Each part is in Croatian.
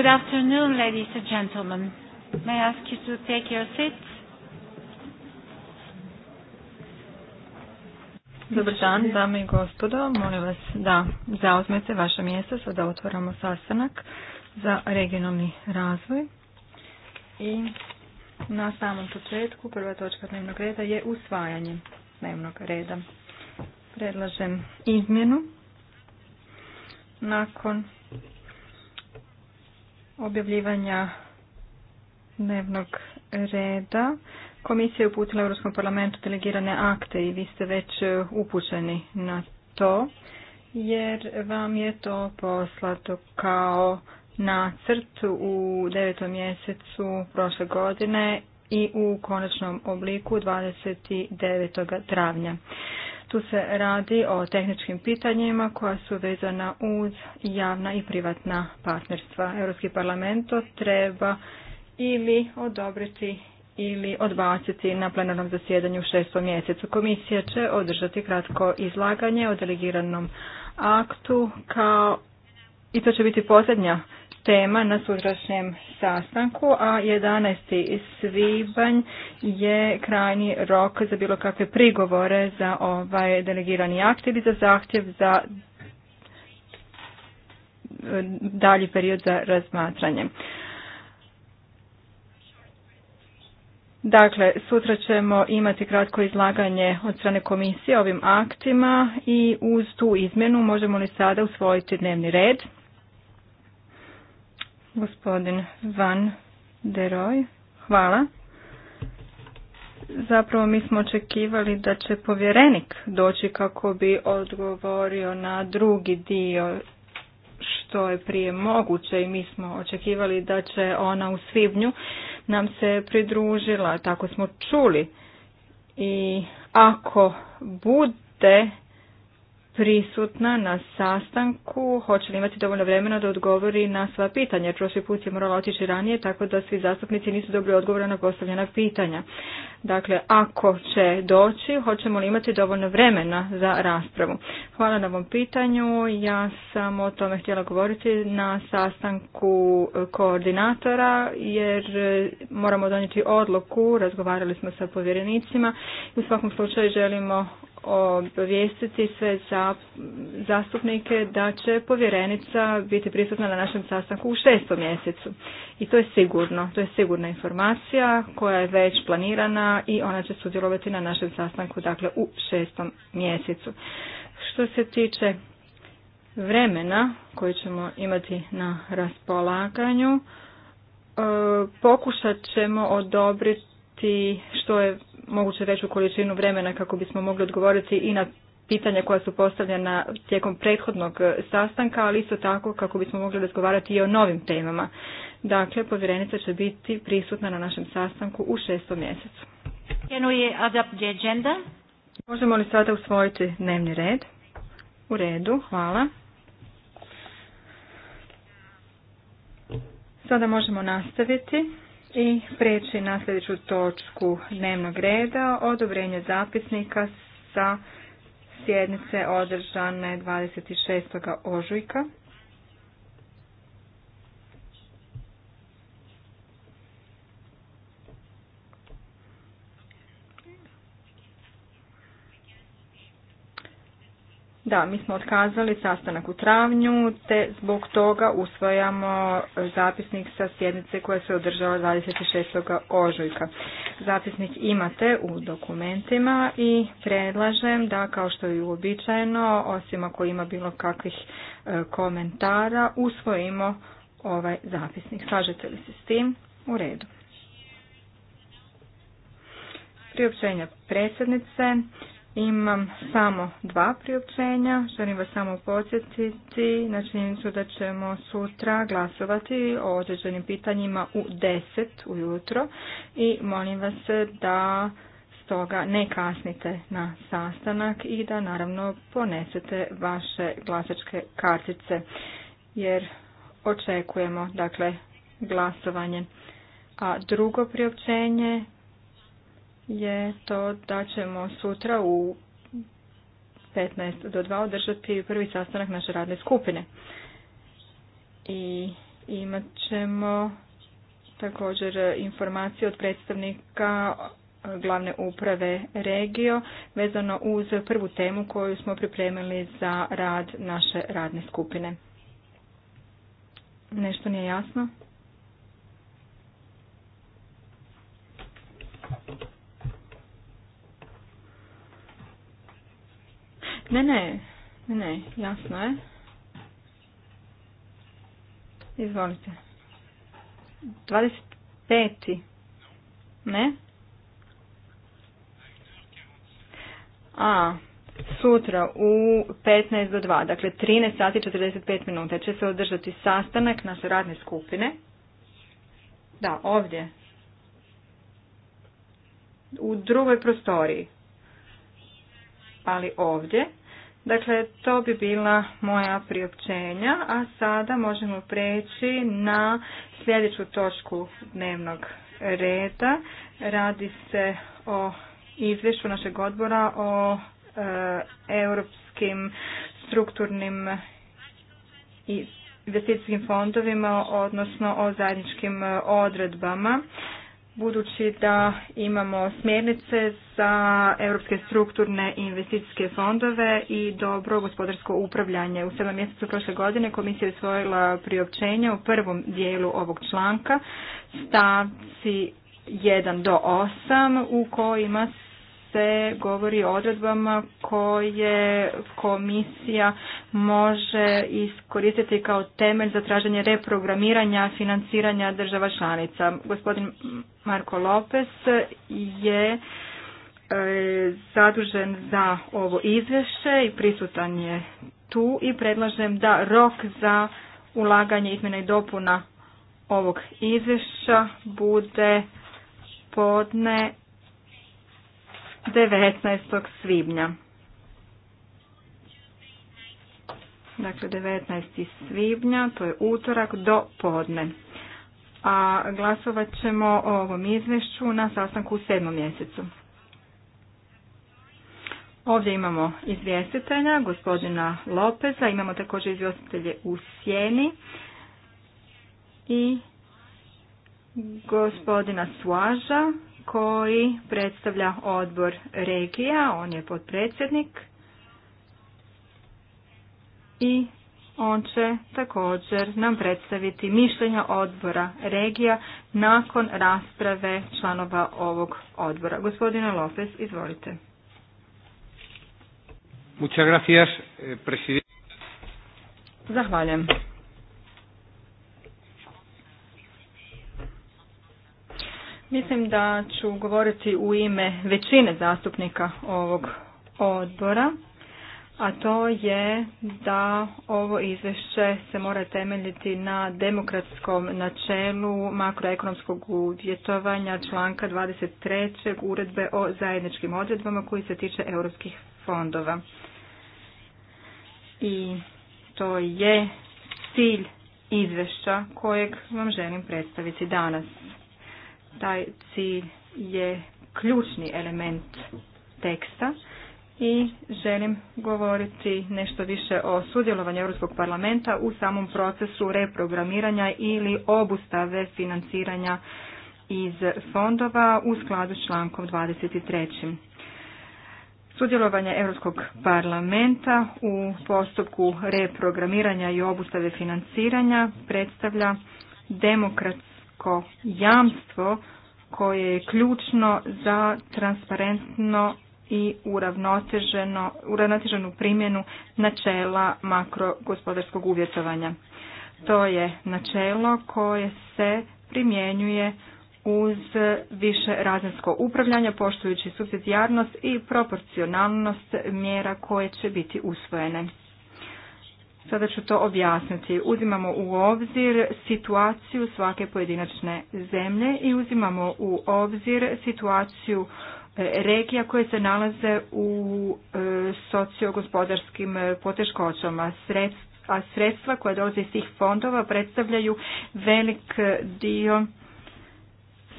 Good afternoon, ladies and gentlemen. May I ask you to take your seats? Dobar dan, dame i gospodo. Molim vas da zauzmete vaše mjesto. Sada otvaramo sastanak za regionalni razvoj. I na samom početku prva točka dnevnog reda je usvajanje dnevnog reda. Predlažem izmjenu nakon objavljivanja dnevnog reda. Komisija je uputila Europskom parlamentu delegirane akte i vi ste već e, upućeni na to, jer vam je to poslato kao nacrt u devetom mjesecu prošle godine i u konačnom obliku 29. travnja. Tu se radi o tehničkim pitanjima koja su vezana uz javna i privatna partnerstva. Europski parlament treba ili odobriti ili odbaciti na plenarnom zasjedanju u šestom mjesecu. Komisija će održati kratko izlaganje o delegiranom aktu kao i to će biti posljednja tema na sutrašnjem sastanku, a 11. svibanj je krajnji rok za bilo kakve prigovore za ovaj delegirani akt ili za zahtjev za e, dalji period za razmatranje. Dakle, sutra ćemo imati kratko izlaganje od strane komisije ovim aktima i uz tu izmjenu možemo li sada usvojiti dnevni red gospodin Van Roy. Hvala. Zapravo mi smo očekivali da će povjerenik doći kako bi odgovorio na drugi dio što je prije moguće i mi smo očekivali da će ona u svibnju nam se pridružila, tako smo čuli. I ako bude prisutna na sastanku, hoće li imati dovoljno vremena da odgovori na sva pitanja. Prošli put je morala otići ranije, tako da svi zastupnici nisu dobili odgovora na postavljena pitanja. Dakle, ako će doći, hoćemo li imati dovoljno vremena za raspravu. Hvala na ovom pitanju. Ja sam o tome htjela govoriti na sastanku koordinatora, jer moramo donijeti odluku, razgovarali smo sa povjerenicima. i U svakom slučaju želimo obavijestiti sve za zastupnike da će povjerenica biti prisutna na našem sastanku u šestom mjesecu. I to je sigurno, to je sigurna informacija koja je već planirana i ona će sudjelovati na našem sastanku dakle u šestom mjesecu. Što se tiče vremena koje ćemo imati na raspolaganju, e, pokušat ćemo odobriti što je moguće veću količinu vremena kako bismo mogli odgovoriti i na pitanja koja su postavljena tijekom prethodnog e, sastanka, ali isto tako kako bismo mogli razgovarati i o novim temama. Dakle, povjerenica će biti prisutna na našem sastanku u šestom mjesecu. Možemo li sada usvojiti dnevni red? U redu, hvala. Sada možemo nastaviti i preći na sljedeću točku dnevnog reda, odobrenje zapisnika sa sjednice održane 26. ožujka. Da, mi smo otkazali sastanak u travnju, te zbog toga usvajamo e, zapisnik sa sjednice koja se održava 26. ožujka. Zapisnik imate u dokumentima i predlažem da, kao što je uobičajeno, osim ako ima bilo kakvih e, komentara, usvojimo ovaj zapisnik. Slažete li se s tim? U redu. Priopćenja predsjednice. Imam samo dva priopćenja. Želim vas samo podsjetiti na činjenicu da ćemo sutra glasovati o određenim pitanjima u 10 ujutro i molim vas da stoga ne kasnite na sastanak i da naravno ponesete vaše glasačke kartice jer očekujemo dakle glasovanje. A drugo priopćenje je to da ćemo sutra u 15 do 2 održati prvi sastanak naše radne skupine. I imat ćemo također informacije od predstavnika glavne uprave regio vezano uz prvu temu koju smo pripremili za rad naše radne skupine. Nešto nije jasno? Ne, ne, ne, ne, jasno je. Izvolite. 25. Ne? A, sutra u 15 do 2, dakle 13 sati 45 minuta će se održati sastanak naše radne skupine. Da, ovdje. U drugoj prostoriji. Ali ovdje. Dakle, to bi bila moja priopćenja, a sada možemo preći na sljedeću točku dnevnog reda. Radi se o izvješću našeg odbora o e, europskim strukturnim i investicijskim fondovima, odnosno o zajedničkim e, odredbama budući da imamo smjernice za europske strukturne i investicijske fondove i dobro gospodarsko upravljanje. U 7. mjesecu prošle godine komisija je usvojila priopćenje u prvom dijelu ovog članka stavci 1 do 8 u kojima se govori o odredbama koje komisija može iskoristiti kao temelj za traženje reprogramiranja financiranja država članica. Gospodin Marko Lopez je e, zadužen za ovo izvješće i prisutan je tu i predlažem da rok za ulaganje izmjena i dopuna ovog izvješća bude podne 19. svibnja. Dakle, 19. svibnja, to je utorak do podne. A glasovat ćemo o ovom izvješću na sastanku u sedmom mjesecu. Ovdje imamo izvjestitelja, gospodina Lopeza, imamo također izvjestitelje u sjeni i gospodina Suaža, koji predstavlja odbor regija, on je podpredsjednik i on će također nam predstaviti mišljenja odbora regija nakon rasprave članova ovog odbora. Gospodine Lopez, izvolite. Muchas gracias, eh, Zahvaljujem. Mislim da ću govoriti u ime većine zastupnika ovog odbora, a to je da ovo izvješće se mora temeljiti na demokratskom načelu makroekonomskog uvjetovanja članka 23. uredbe o zajedničkim odredbama koji se tiče europskih fondova. I to je cilj izvješća kojeg vam želim predstaviti danas. Taj cilj je ključni element teksta i želim govoriti nešto više o sudjelovanju Europskog parlamenta u samom procesu reprogramiranja ili obustave financiranja iz fondova u skladu s člankom 23. Sudjelovanje Europskog parlamenta u postupku reprogramiranja i obustave financiranja predstavlja demokratski jamstvo koje je ključno za transparentno i uravnoteženu primjenu načela makrogospodarskog uvjetovanja. To je načelo koje se primjenjuje uz više razinsko upravljanje, poštujući subsidijarnost i proporcionalnost mjera koje će biti usvojene. Sada ću to objasniti. Uzimamo u obzir situaciju svake pojedinačne zemlje i uzimamo u obzir situaciju e, regija koje se nalaze u e, sociogospodarskim e, poteškoćama. A sredstva koja dolaze iz tih fondova predstavljaju velik dio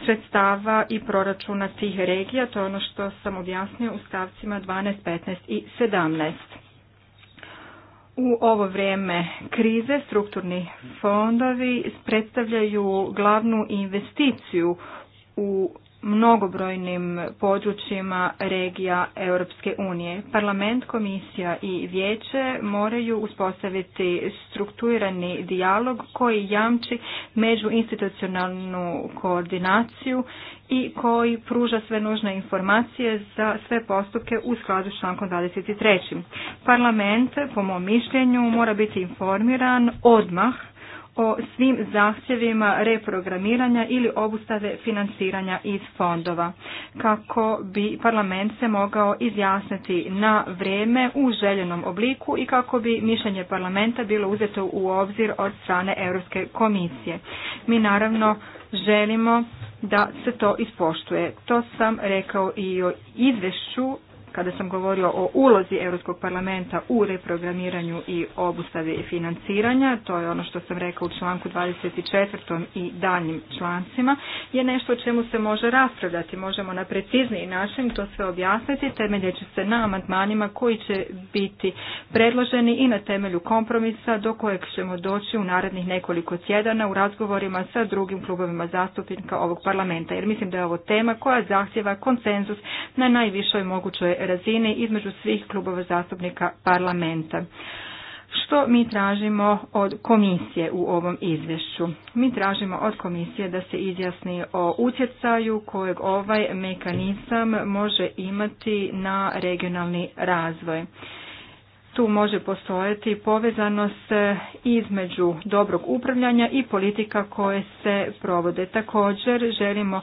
sredstava i proračuna tih regija. To je ono što sam objasnio u stavcima 12, 15 i 17. U ovo vrijeme krize strukturni fondovi predstavljaju glavnu investiciju u mnogobrojnim područjima regija Europske unije. Parlament, komisija i vijeće moraju uspostaviti strukturirani dijalog koji jamči međuinstitucionalnu koordinaciju i koji pruža sve nužne informacije za sve postupke u skladu s člankom 23. Parlament, po mom mišljenju, mora biti informiran odmah o svim zahtjevima reprogramiranja ili obustave financiranja iz fondova kako bi parlament se mogao izjasniti na vrijeme u željenom obliku i kako bi mišljenje parlamenta bilo uzeto u obzir od strane Europske komisije. Mi naravno želimo da se to ispoštuje. To sam rekao i o izvješću kada sam govorio o ulozi Europskog parlamenta u reprogramiranju i obustavi financiranja, to je ono što sam rekao u članku 24. i daljim člancima, je nešto o čemu se može raspravljati. Možemo na precizniji način to sve objasniti, temeljeći se na amandmanima koji će biti predloženi i na temelju kompromisa do kojeg ćemo doći u narednih nekoliko tjedana u razgovorima sa drugim klubovima zastupnika ovog parlamenta, jer mislim da je ovo tema koja zahtjeva konsenzus na najvišoj mogućoj razini između svih klubova zastupnika parlamenta. Što mi tražimo od komisije u ovom izvješću? Mi tražimo od komisije da se izjasni o utjecaju kojeg ovaj mekanizam može imati na regionalni razvoj. Tu može postojati povezanost između dobrog upravljanja i politika koje se provode. Također želimo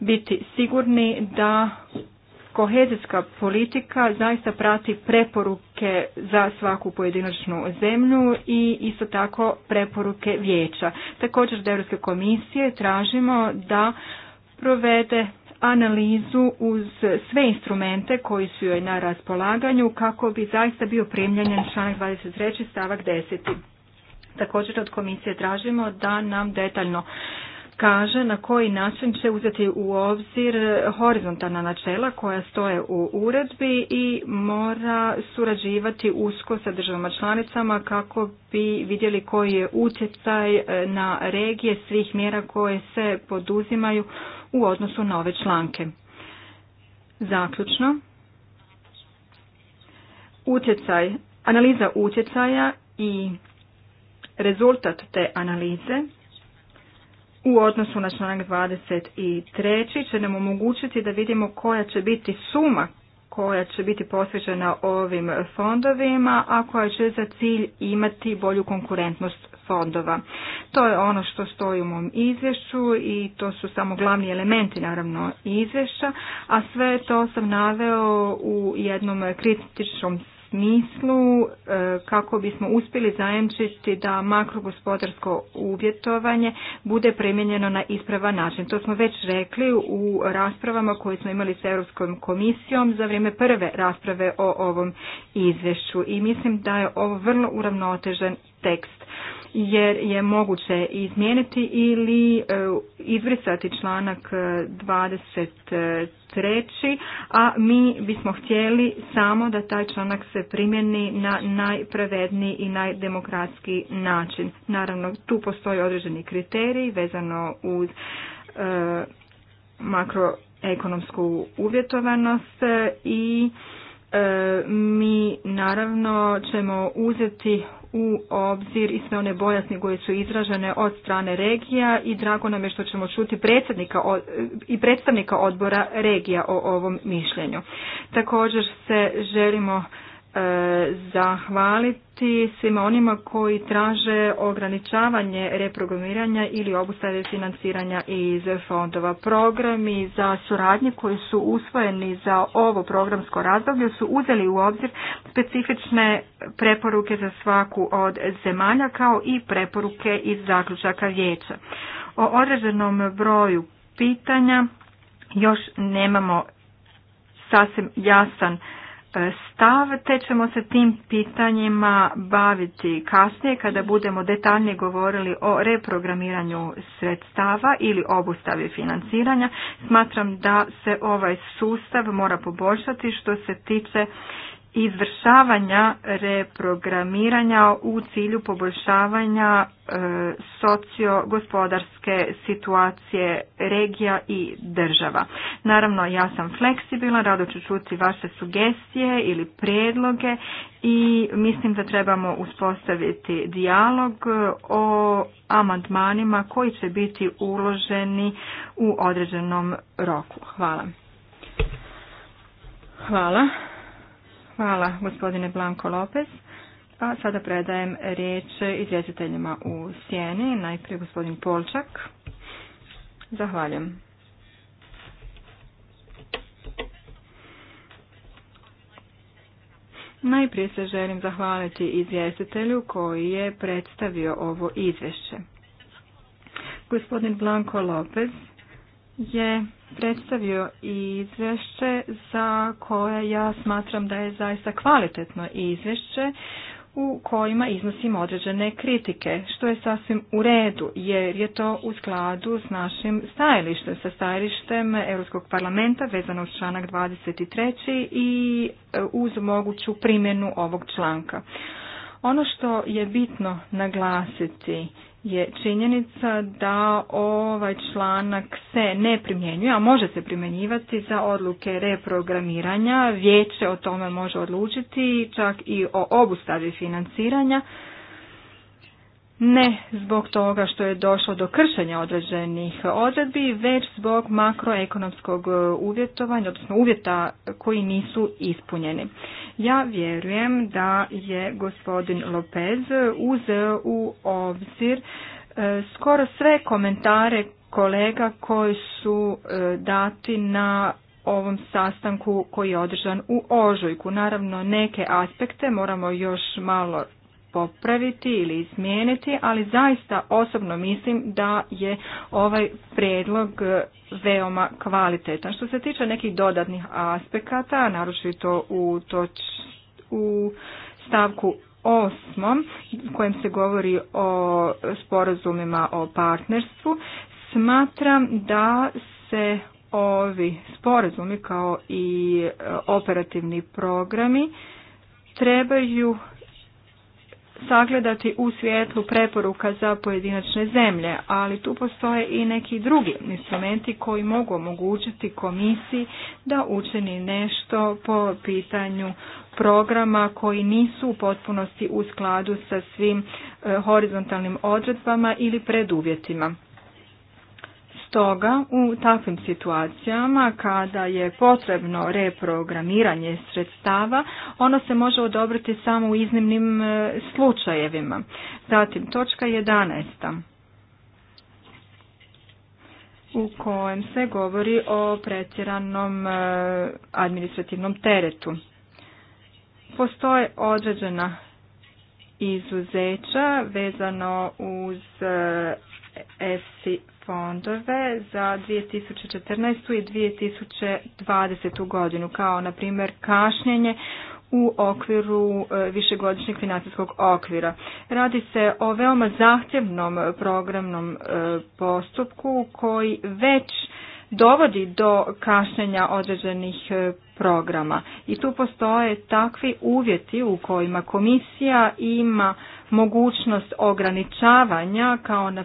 biti sigurni da kohezijska politika zaista prati preporuke za svaku pojedinačnu zemlju i isto tako preporuke vijeća. Također od Europske komisije tražimo da provede analizu uz sve instrumente koji su joj na raspolaganju kako bi zaista bio primljenjen članak 23. stavak 10. Također od komisije tražimo da nam detaljno kaže na koji način će uzeti u obzir horizontalna načela koja stoje u uredbi i mora surađivati usko sa državama članicama kako bi vidjeli koji je utjecaj e, na regije svih mjera koje se poduzimaju u odnosu na ove članke. Zaključno, utjecaj, analiza utjecaja i rezultat te analize u odnosu na članak 23. će nam omogućiti da vidimo koja će biti suma koja će biti posvećena ovim fondovima, a koja će za cilj imati bolju konkurentnost fondova. To je ono što stoji u mom izvješću i to su samo glavni elementi naravno izvješća, a sve to sam naveo u jednom kritičnom smislu e, kako bismo uspjeli zajemčiti da makrogospodarsko uvjetovanje bude primijenjeno na ispravan način. To smo već rekli u raspravama koje smo imali s Europskom komisijom za vrijeme prve rasprave o ovom izvješću i mislim da je ovo vrlo uravnotežen tekst jer je moguće izmijeniti ili e, izbrisati članak 23. E, a mi bismo htjeli samo da taj članak se primjeni na najpravedniji i najdemokratski način. Naravno, tu postoji određeni kriteriji vezano uz e, makroekonomsku uvjetovanost i E, mi naravno ćemo uzeti u obzir i sve one bojasni koje su izražene od strane regija i drago nam je što ćemo čuti predsjednika e, i predstavnika odbora regija o ovom mišljenju. Također se želimo E, zahvaliti svima onima koji traže ograničavanje reprogramiranja ili obustave financiranja iz fondova. Programi za suradnje koji su usvojeni za ovo programsko razdoblje su uzeli u obzir specifične preporuke za svaku od zemalja kao i preporuke iz zaključaka vijeća. O određenom broju pitanja još nemamo sasvim jasan stav, te ćemo se tim pitanjima baviti kasnije kada budemo detaljnije govorili o reprogramiranju sredstava ili obustavi financiranja. Smatram da se ovaj sustav mora poboljšati što se tiče izvršavanja reprogramiranja u cilju poboljšavanja e, sociogospodarske situacije regija i država. Naravno, ja sam fleksibilna, rado ću čuti vaše sugestije ili predloge i mislim da trebamo uspostaviti dijalog o amandmanima koji će biti uloženi u određenom roku. Hvala. Hvala. Hvala gospodine Blanko Lopez. A sada predajem riječ izvjestiteljima u sjeni. Najprije gospodin Polčak. Zahvaljujem. Najprije se želim zahvaliti izvjestitelju koji je predstavio ovo izvješće. Gospodin Blanko Lopez je predstavio izvješće za koje ja smatram da je zaista kvalitetno izvješće u kojima iznosim određene kritike, što je sasvim u redu, jer je to u skladu s našim stajalištem, sa stajalištem Europskog parlamenta vezano uz članak 23. i e, uz moguću primjenu ovog članka. Ono što je bitno naglasiti je činjenica da ovaj članak se ne primjenjuje, a može se primjenjivati za odluke reprogramiranja. Vijeće o tome može odlučiti, čak i o obustavi financiranja. Ne zbog toga što je došlo do kršenja određenih odredbi, već zbog makroekonomskog uvjetovanja, odnosno uvjeta koji nisu ispunjeni. Ja vjerujem da je gospodin Lopez uzeo u obzir e, skoro sve komentare kolega koji su e, dati na ovom sastanku koji je održan u ožujku. Naravno, neke aspekte moramo još malo popraviti ili izmijeniti, ali zaista osobno mislim da je ovaj predlog veoma kvalitetan. Što se tiče nekih dodatnih aspekata, naročito u, toč, u stavku osmom kojem se govori o sporazumima o partnerstvu, smatram da se ovi sporazumi kao i e, operativni programi trebaju sagledati u svijetlu preporuka za pojedinačne zemlje, ali tu postoje i neki drugi instrumenti koji mogu omogućiti komisiji da učini nešto po pitanju programa koji nisu u potpunosti u skladu sa svim eh, horizontalnim odredbama ili preduvjetima. Stoga u takvim situacijama kada je potrebno reprogramiranje sredstava, ono se može odobriti samo u iznimnim e, slučajevima. Zatim točka 11 u kojem se govori o pretjeranom e, administrativnom teretu. Postoje određena izuzeća vezano uz ESI fondove za 2014. i 2020. godinu, kao na primjer kašnjenje u okviru e, višegodišnjeg financijskog okvira. Radi se o veoma zahtjevnom programnom e, postupku koji već dovodi do kašnjenja određenih e, programa. I tu postoje takvi uvjeti u kojima komisija ima mogućnost ograničavanja kao na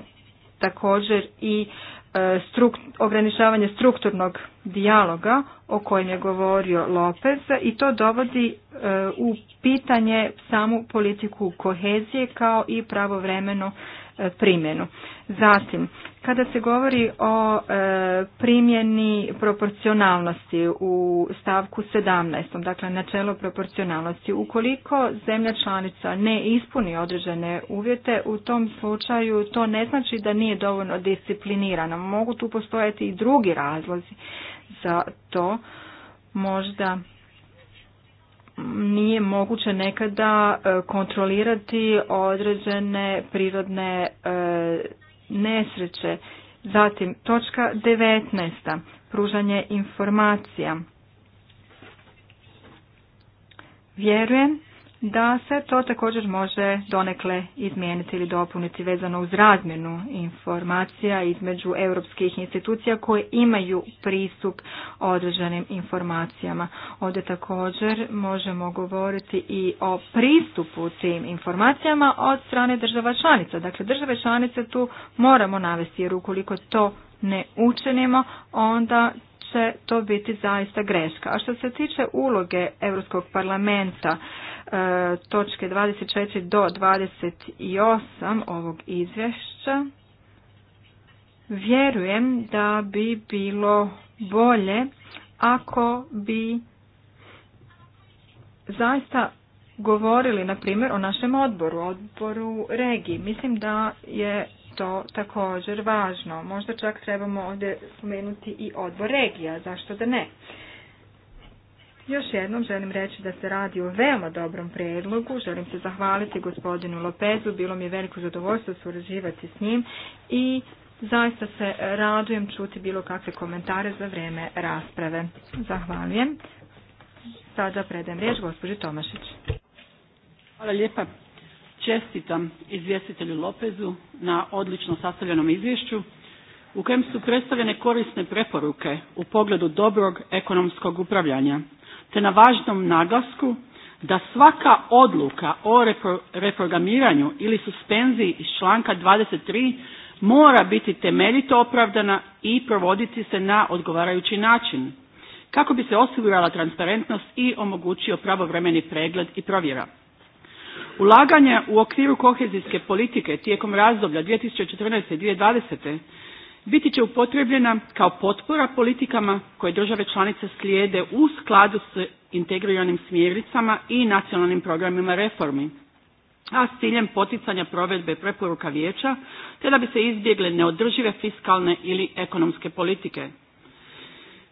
također i e, struk, ograničavanje strukturnog dijaloga o kojem je govorio Lopez i to dovodi e, u pitanje samu politiku kohezije kao i pravovremenu e, primjenu. Zatim, kada se govori o e, primjeni proporcionalnosti u stavku 17. dakle načelo proporcionalnosti, ukoliko zemlja članica ne ispuni određene uvjete, u tom slučaju to ne znači da nije dovoljno disciplinirano. Mogu tu postojati i drugi razlozi za to. Možda nije moguće nekada e, kontrolirati određene prirodne e, nesreće. Zatim točka 19. Pružanje informacija. Vjerujem da se to također može donekle izmijeniti ili dopuniti vezano uz razmjenu informacija između europskih institucija koje imaju pristup određenim informacijama. Ovdje također možemo govoriti i o pristupu tim informacijama od strane država članica. Dakle, države članice tu moramo navesti jer ukoliko to ne učinimo, onda će to biti zaista greška. A što se tiče uloge Europskog parlamenta e, točke 24 do 28 ovog izvješća, vjerujem da bi bilo bolje ako bi zaista govorili, na primjer, o našem odboru, odboru regiji. Mislim da je to također važno. Možda čak trebamo ovdje spomenuti i odbor regija, zašto da ne? Još jednom želim reći da se radi o veoma dobrom predlogu. Želim se zahvaliti gospodinu Lopezu. Bilo mi je veliko zadovoljstvo surađivati s njim i zaista se radujem čuti bilo kakve komentare za vrijeme rasprave. Zahvaljujem. Sada predajem riječ gospođi Tomašić. Hvala lijepa Čestitam izvjestitelju Lopezu na odlično sastavljenom izvješću u kojem su predstavljene korisne preporuke u pogledu dobrog ekonomskog upravljanja, te na važnom naglasku da svaka odluka o reprogramiranju ili suspenziji iz članka 23 mora biti temeljito opravdana i provoditi se na odgovarajući način, kako bi se osigurala transparentnost i omogućio pravovremeni pregled i provjera. Ulaganje u okviru kohezijske politike tijekom razdoblja 2014. i 2020. biti će upotrebljena kao potpora politikama koje države članice slijede u skladu s integriranim smjernicama i nacionalnim programima reformi, a s ciljem poticanja provedbe preporuka vijeća te da bi se izbjegle neodržive fiskalne ili ekonomske politike.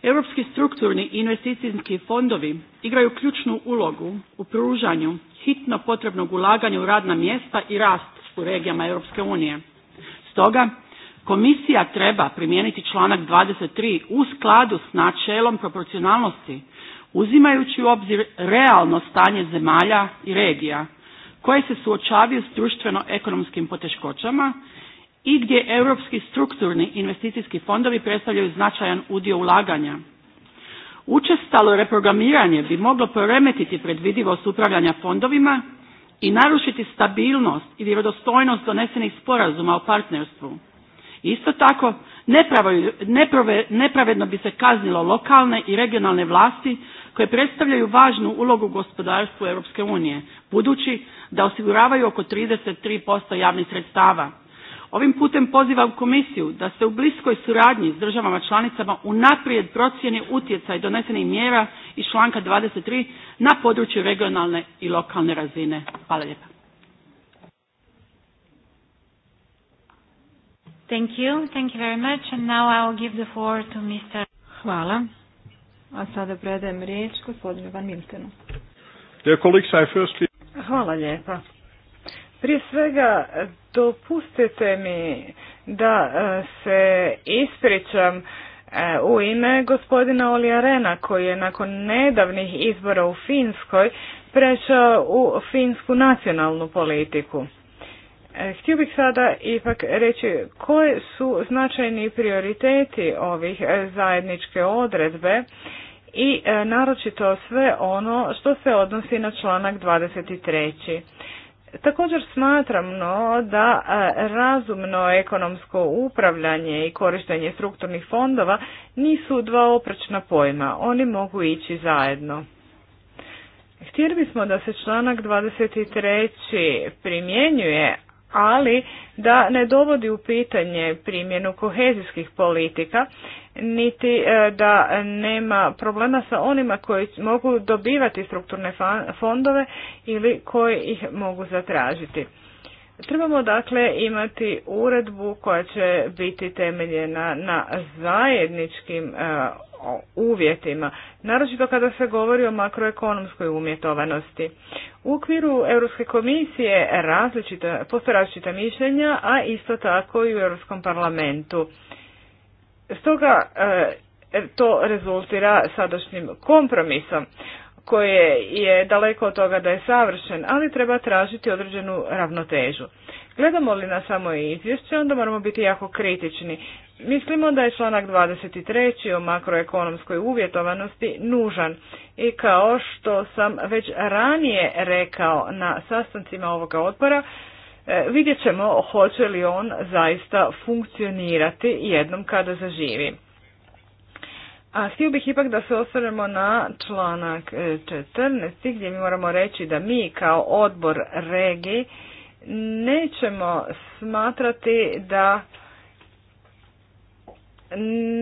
Europski strukturni investicijski fondovi igraju ključnu ulogu u pružanju hitno potrebnog ulaganja u radna mjesta i rast u regijama Europske unije. Stoga, komisija treba primijeniti članak 23 u skladu s načelom proporcionalnosti, uzimajući u obzir realno stanje zemalja i regija koje se suočavaju s društveno-ekonomskim poteškoćama i gdje europski strukturni investicijski fondovi predstavljaju značajan udio ulaganja. Učestalo reprogramiranje bi moglo poremetiti predvidivost upravljanja fondovima i narušiti stabilnost i vjerodostojnost donesenih sporazuma o partnerstvu. Isto tako, nepravedno bi se kaznilo lokalne i regionalne vlasti koje predstavljaju važnu ulogu gospodarstvu Europske unije, budući da osiguravaju oko 33% javnih sredstava. Ovim putem pozivam komisiju da se u bliskoj suradnji s državama članicama unaprijed procijeni utjecaj donesenih mjera iz članka 23 na području regionalne i lokalne razine. Hvala lijepa. Thank you. Thank you very much. And now I will give the floor to Mr. Hvala. A sada predajem riječ gospodinu Van Miltenu. Hvala lijepa. Prije svega Dopustite mi da e, se ispričam e, u ime gospodina Olijarena koji je nakon nedavnih izbora u Finskoj prešao u finsku nacionalnu politiku. E, htio bih sada ipak reći koji su značajni prioriteti ovih zajedničke odredbe i naročito sve ono što se odnosi na članak 23. Također smatram da e, razumno ekonomsko upravljanje i korištenje strukturnih fondova nisu dva oprečna pojma, oni mogu ići zajedno. Htjeli bismo da se članak 23. primjenjuje, ali da ne dovodi u pitanje primjenu kohezijskih politika, niti e, da nema problema sa onima koji mogu dobivati strukturne fondove ili koji ih mogu zatražiti. Trebamo dakle imati uredbu koja će biti temeljena na zajedničkim e, uvjetima, naročito kada se govori o makroekonomskoj umjetovanosti. U okviru Europske komisije različita, postoje različita mišljenja, a isto tako i u Europskom parlamentu. Stoga e, to rezultira sadašnjim kompromisom koje je daleko od toga da je savršen, ali treba tražiti određenu ravnotežu. Gledamo li na samo izvješće, onda moramo biti jako kritični. Mislimo da je članak 23. o makroekonomskoj uvjetovanosti nužan i kao što sam već ranije rekao na sastancima ovoga odbora, e, vidjet ćemo hoće li on zaista funkcionirati jednom kada zaživi. A htio bih ipak da se osvrnemo na članak 14. E, gdje mi moramo reći da mi kao odbor regi nećemo smatrati da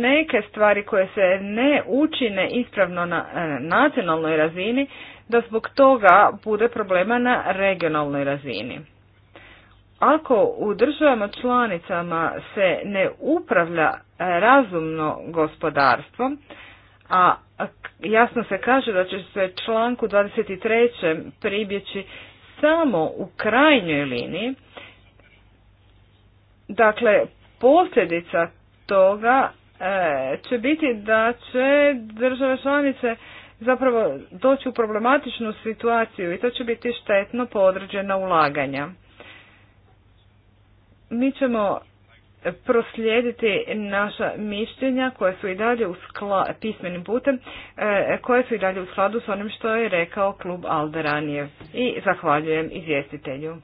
neke stvari koje se ne učine ispravno na e, nacionalnoj razini, da zbog toga bude problema na regionalnoj razini. Ako u državama članicama se ne upravlja razumno gospodarstvom, a jasno se kaže da će se članku 23. pribjeći samo u krajnjoj liniji, dakle posljedica toga e, će biti da će države članice zapravo doći u problematičnu situaciju i to će biti štetno po određena ulaganja. Mi ćemo proslijediti naša mišljenja koja su i dalje u skla, pismenim putem, e, koje su i dalje u skladu s onim što je rekao klub alderanije I zahvaljujem izvjestitelju.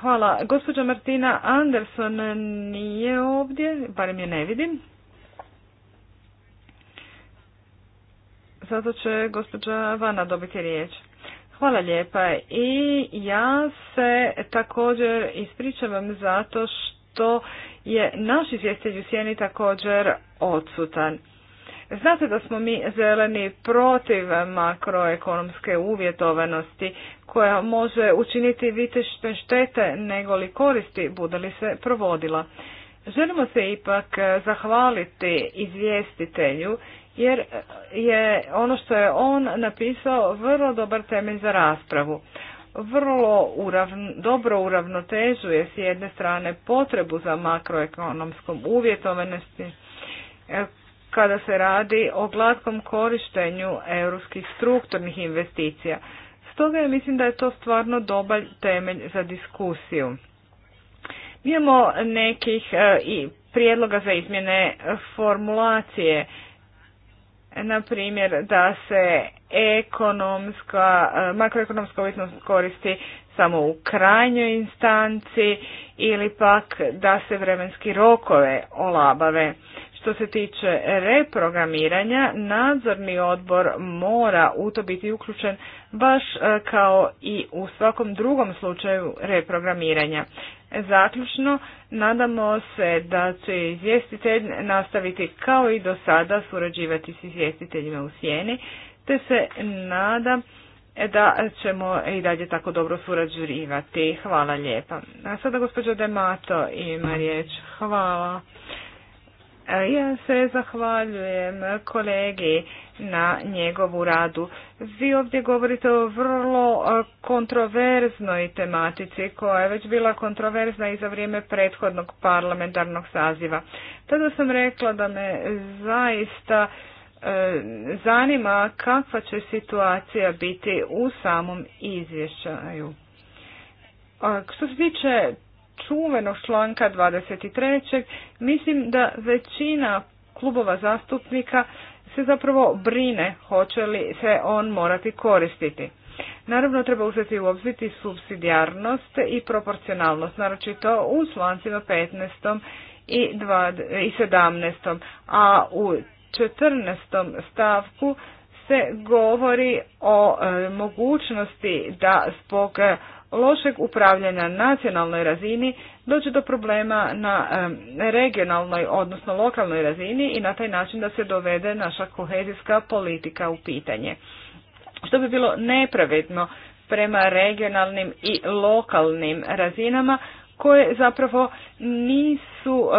Hvala. Gospođa Martina Anderson nije ovdje, barem je ne vidim. Zato će gospođa Vana dobiti riječ. Hvala lijepa. I ja se također ispričavam zato što je naš izvjestitelj u sjeni također odsutan. Znate da smo mi zeleni protiv makroekonomske uvjetovanosti koja može učiniti vitešte štete nego li koristi bude li se provodila. Želimo se ipak zahvaliti izvjestitelju jer je ono što je on napisao vrlo dobar temelj za raspravu. Vrlo dobro uravnotežuje s jedne strane potrebu za makroekonomskom uvjetovanosti kada se radi o glatkom korištenju europskih strukturnih investicija. Stoga mislim da je to stvarno dobar temelj za diskusiju. imamo nekih e, i prijedloga za izmjene formulacije, na primjer da se ekonomska, e, makroekonomska ovisnost koristi samo u krajnjoj instanci ili pak da se vremenski rokove olabave. Što se tiče reprogramiranja, nadzorni odbor mora u to biti uključen baš e, kao i u svakom drugom slučaju reprogramiranja. Zaključno, nadamo se da će izvjestitelj nastaviti kao i do sada surađivati s izvjestiteljima u sjeni, te se nadam da ćemo i dalje tako dobro surađivati. Hvala lijepa. A sada gospođo Demato ima riječ. Hvala. E, ja se zahvaljujem kolegi na njegovu radu. Vi ovdje govorite o vrlo e, kontroverznoj tematici koja je već bila kontroverzna i za vrijeme prethodnog parlamentarnog saziva. Tada sam rekla da me zaista e, zanima kakva će situacija biti u samom izvješćaju. Što se tiče čuvenog članka 23. mislim da većina klubova zastupnika se zapravo brine hoće li se on morati koristiti. Naravno treba uzeti u obziti subsidijarnost i proporcionalnost, naročito u člancima 15. i 17. A u 14. stavku se govori o e, mogućnosti da zbog e, lošeg upravljanja nacionalnoj razini dođe do problema na regionalnoj, odnosno lokalnoj razini i na taj način da se dovede naša kohezijska politika u pitanje. Što bi bilo nepravedno prema regionalnim i lokalnim razinama koje zapravo nisu e,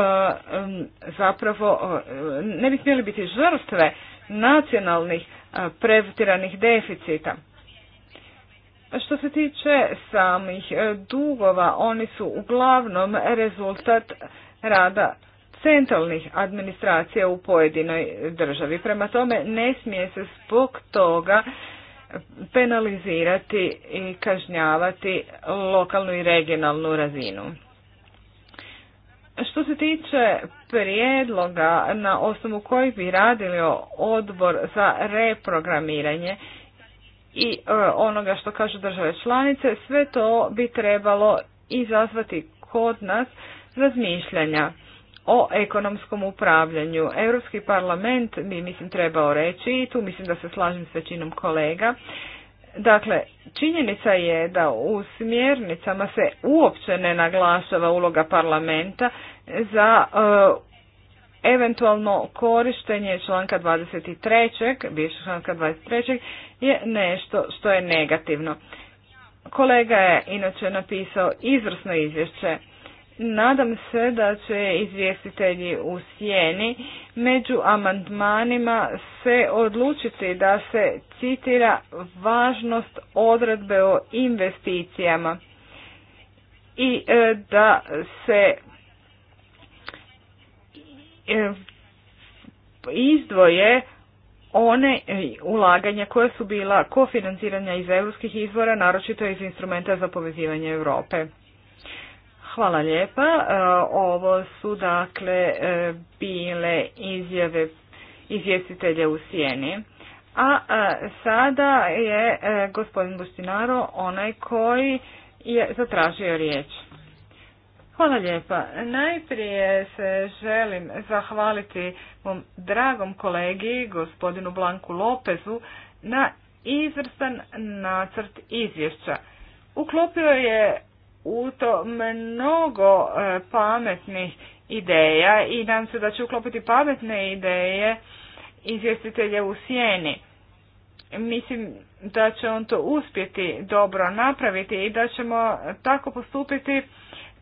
zapravo e, ne bi smjeli biti žrtve nacionalnih e, prevtiranih deficita. Što se tiče samih e, dugova, oni su uglavnom rezultat rada centralnih administracija u pojedinoj državi. Prema tome ne smije se zbog toga penalizirati i kažnjavati lokalnu i regionalnu razinu. Što se tiče prijedloga na osnovu kojih bi radili odbor za reprogramiranje, i e, onoga što kažu države članice, sve to bi trebalo izazvati kod nas razmišljanja o ekonomskom upravljanju. Europski parlament bi mislim trebao reći i tu mislim da se slažem s većinom kolega. Dakle, činjenica je da u smjernicama se uopće ne naglašava uloga parlamenta za e, eventualno korištenje članka 23. bivšeg članka 23 je nešto što je negativno. Kolega je inače napisao izvrsno izvješće. Nadam se da će izvjestitelji u sjeni među amandmanima se odlučiti da se citira važnost odredbe o investicijama i e, da se e, izdvoje one e, ulaganja koja su bila kofinanciranja iz europskih izvora, naročito iz instrumenta za povezivanje Europe. Hvala lijepa. E, ovo su dakle e, bile izjave izvjestitelja u sjeni. A sada je gospodin Bustinaro onaj koji je zatražio riječ. Hvala lijepa. Najprije se želim zahvaliti mom dragom kolegi, gospodinu Blanku Lopezu, na izvrstan nacrt izvješća. Uklopio je u to mnogo e, pametnih ideja i nadam se da će uklopiti pametne ideje izvjestitelje u sjeni. Mislim da će on to uspjeti dobro napraviti i da ćemo tako postupiti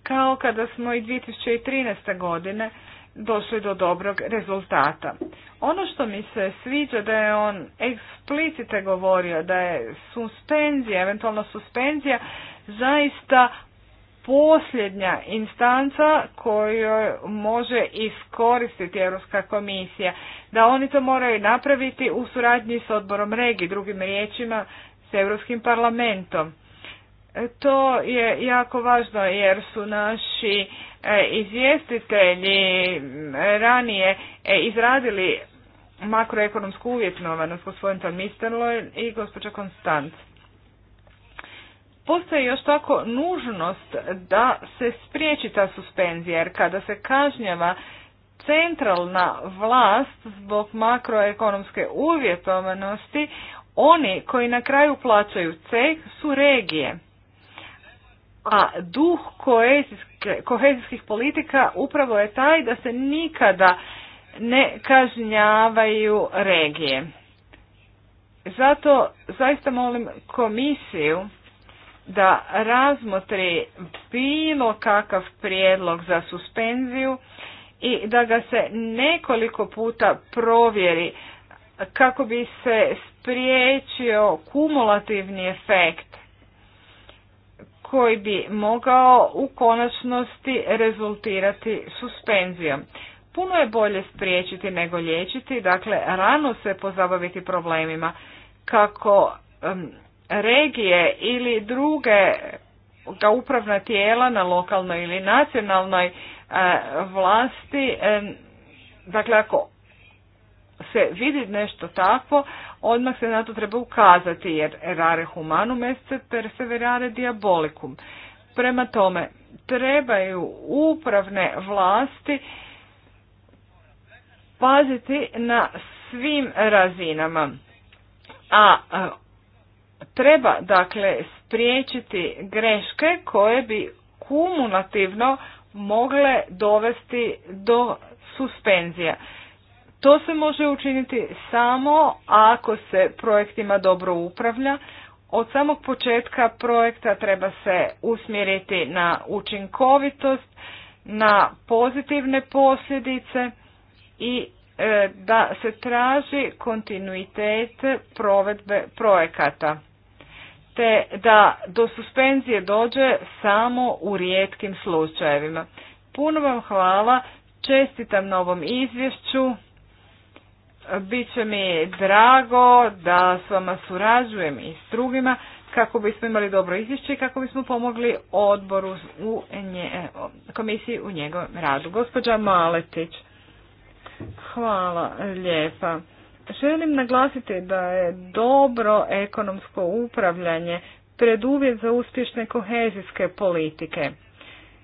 kao kada smo i 2013. godine došli do dobrog rezultata. Ono što mi se sviđa da je on eksplicite govorio da je suspenzija, eventualno suspenzija, zaista posljednja instanca koju može iskoristiti Europska komisija. Da oni to moraju napraviti u suradnji s odborom regi, drugim riječima s Europskim parlamentom. To je jako važno jer su naši e, izvjestitelji ranije e, izradili makroekonomsku uvjetnovanost gospodin Mister Misterloj i gospođa Konstant. Postoji još tako nužnost da se spriječi ta suspenzija, jer kada se kažnjava centralna vlast zbog makroekonomske uvjetovanosti, oni koji na kraju plaćaju ceh su regije a duh kohezijskih politika upravo je taj da se nikada ne kažnjavaju regije. Zato zaista molim komisiju da razmotri bilo kakav prijedlog za suspenziju i da ga se nekoliko puta provjeri kako bi se spriječio kumulativni efekt koji bi mogao u konačnosti rezultirati suspenzijom. Puno je bolje spriječiti nego liječiti, dakle rano se pozabaviti problemima kako regije ili druge ga upravna tijela na lokalnoj ili nacionalnoj e, vlasti, dakle ako se vidi nešto tako, odmah se na to treba ukazati jer rare humanum est perseverare diabolicum. Prema tome, trebaju upravne vlasti paziti na svim razinama. A treba dakle spriječiti greške koje bi kumulativno mogle dovesti do suspenzija. To se može učiniti samo ako se projektima dobro upravlja. Od samog početka projekta treba se usmjeriti na učinkovitost, na pozitivne posljedice i e, da se traži kontinuitet provedbe projekata te da do suspenzije dođe samo u rijetkim slučajevima. Puno vam hvala, čestitam na ovom izvješću Bit će mi drago da s vama surađujem i s drugima kako bismo imali dobro izvješće i kako bismo pomogli odboru u nje, e, komisiji u njegovom radu. Gospođa Maletić, hvala lijepa. Želim naglasiti da je dobro ekonomsko upravljanje preduvjet za uspješne kohezijske politike.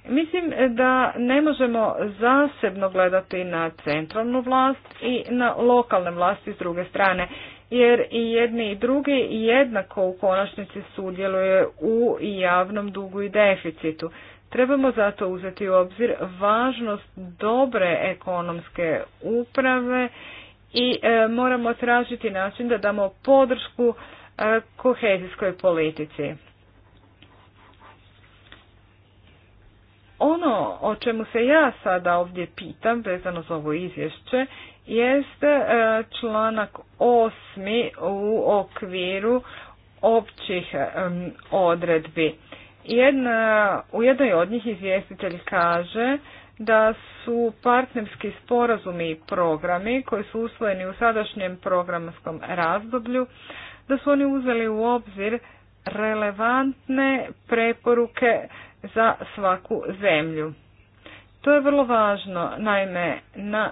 Mislim e, da ne možemo zasebno gledati na centralnu vlast i na lokalne vlasti s druge strane, jer i jedni i drugi jednako u konačnici sudjeluje u javnom dugu i deficitu. Trebamo zato uzeti u obzir važnost dobre ekonomske uprave i e, moramo tražiti način da damo podršku e, kohezijskoj politici. Ono o čemu se ja sada ovdje pitam vezano za ovo izvješće jeste članak osmi u okviru općih e, odredbi. Jedna, u jednoj od njih izvjestitelj kaže da su partnerski sporazumi i programi koji su usvojeni u sadašnjem programskom razdoblju, da su oni uzeli u obzir relevantne preporuke za svaku zemlju. To je vrlo važno. Naime, na,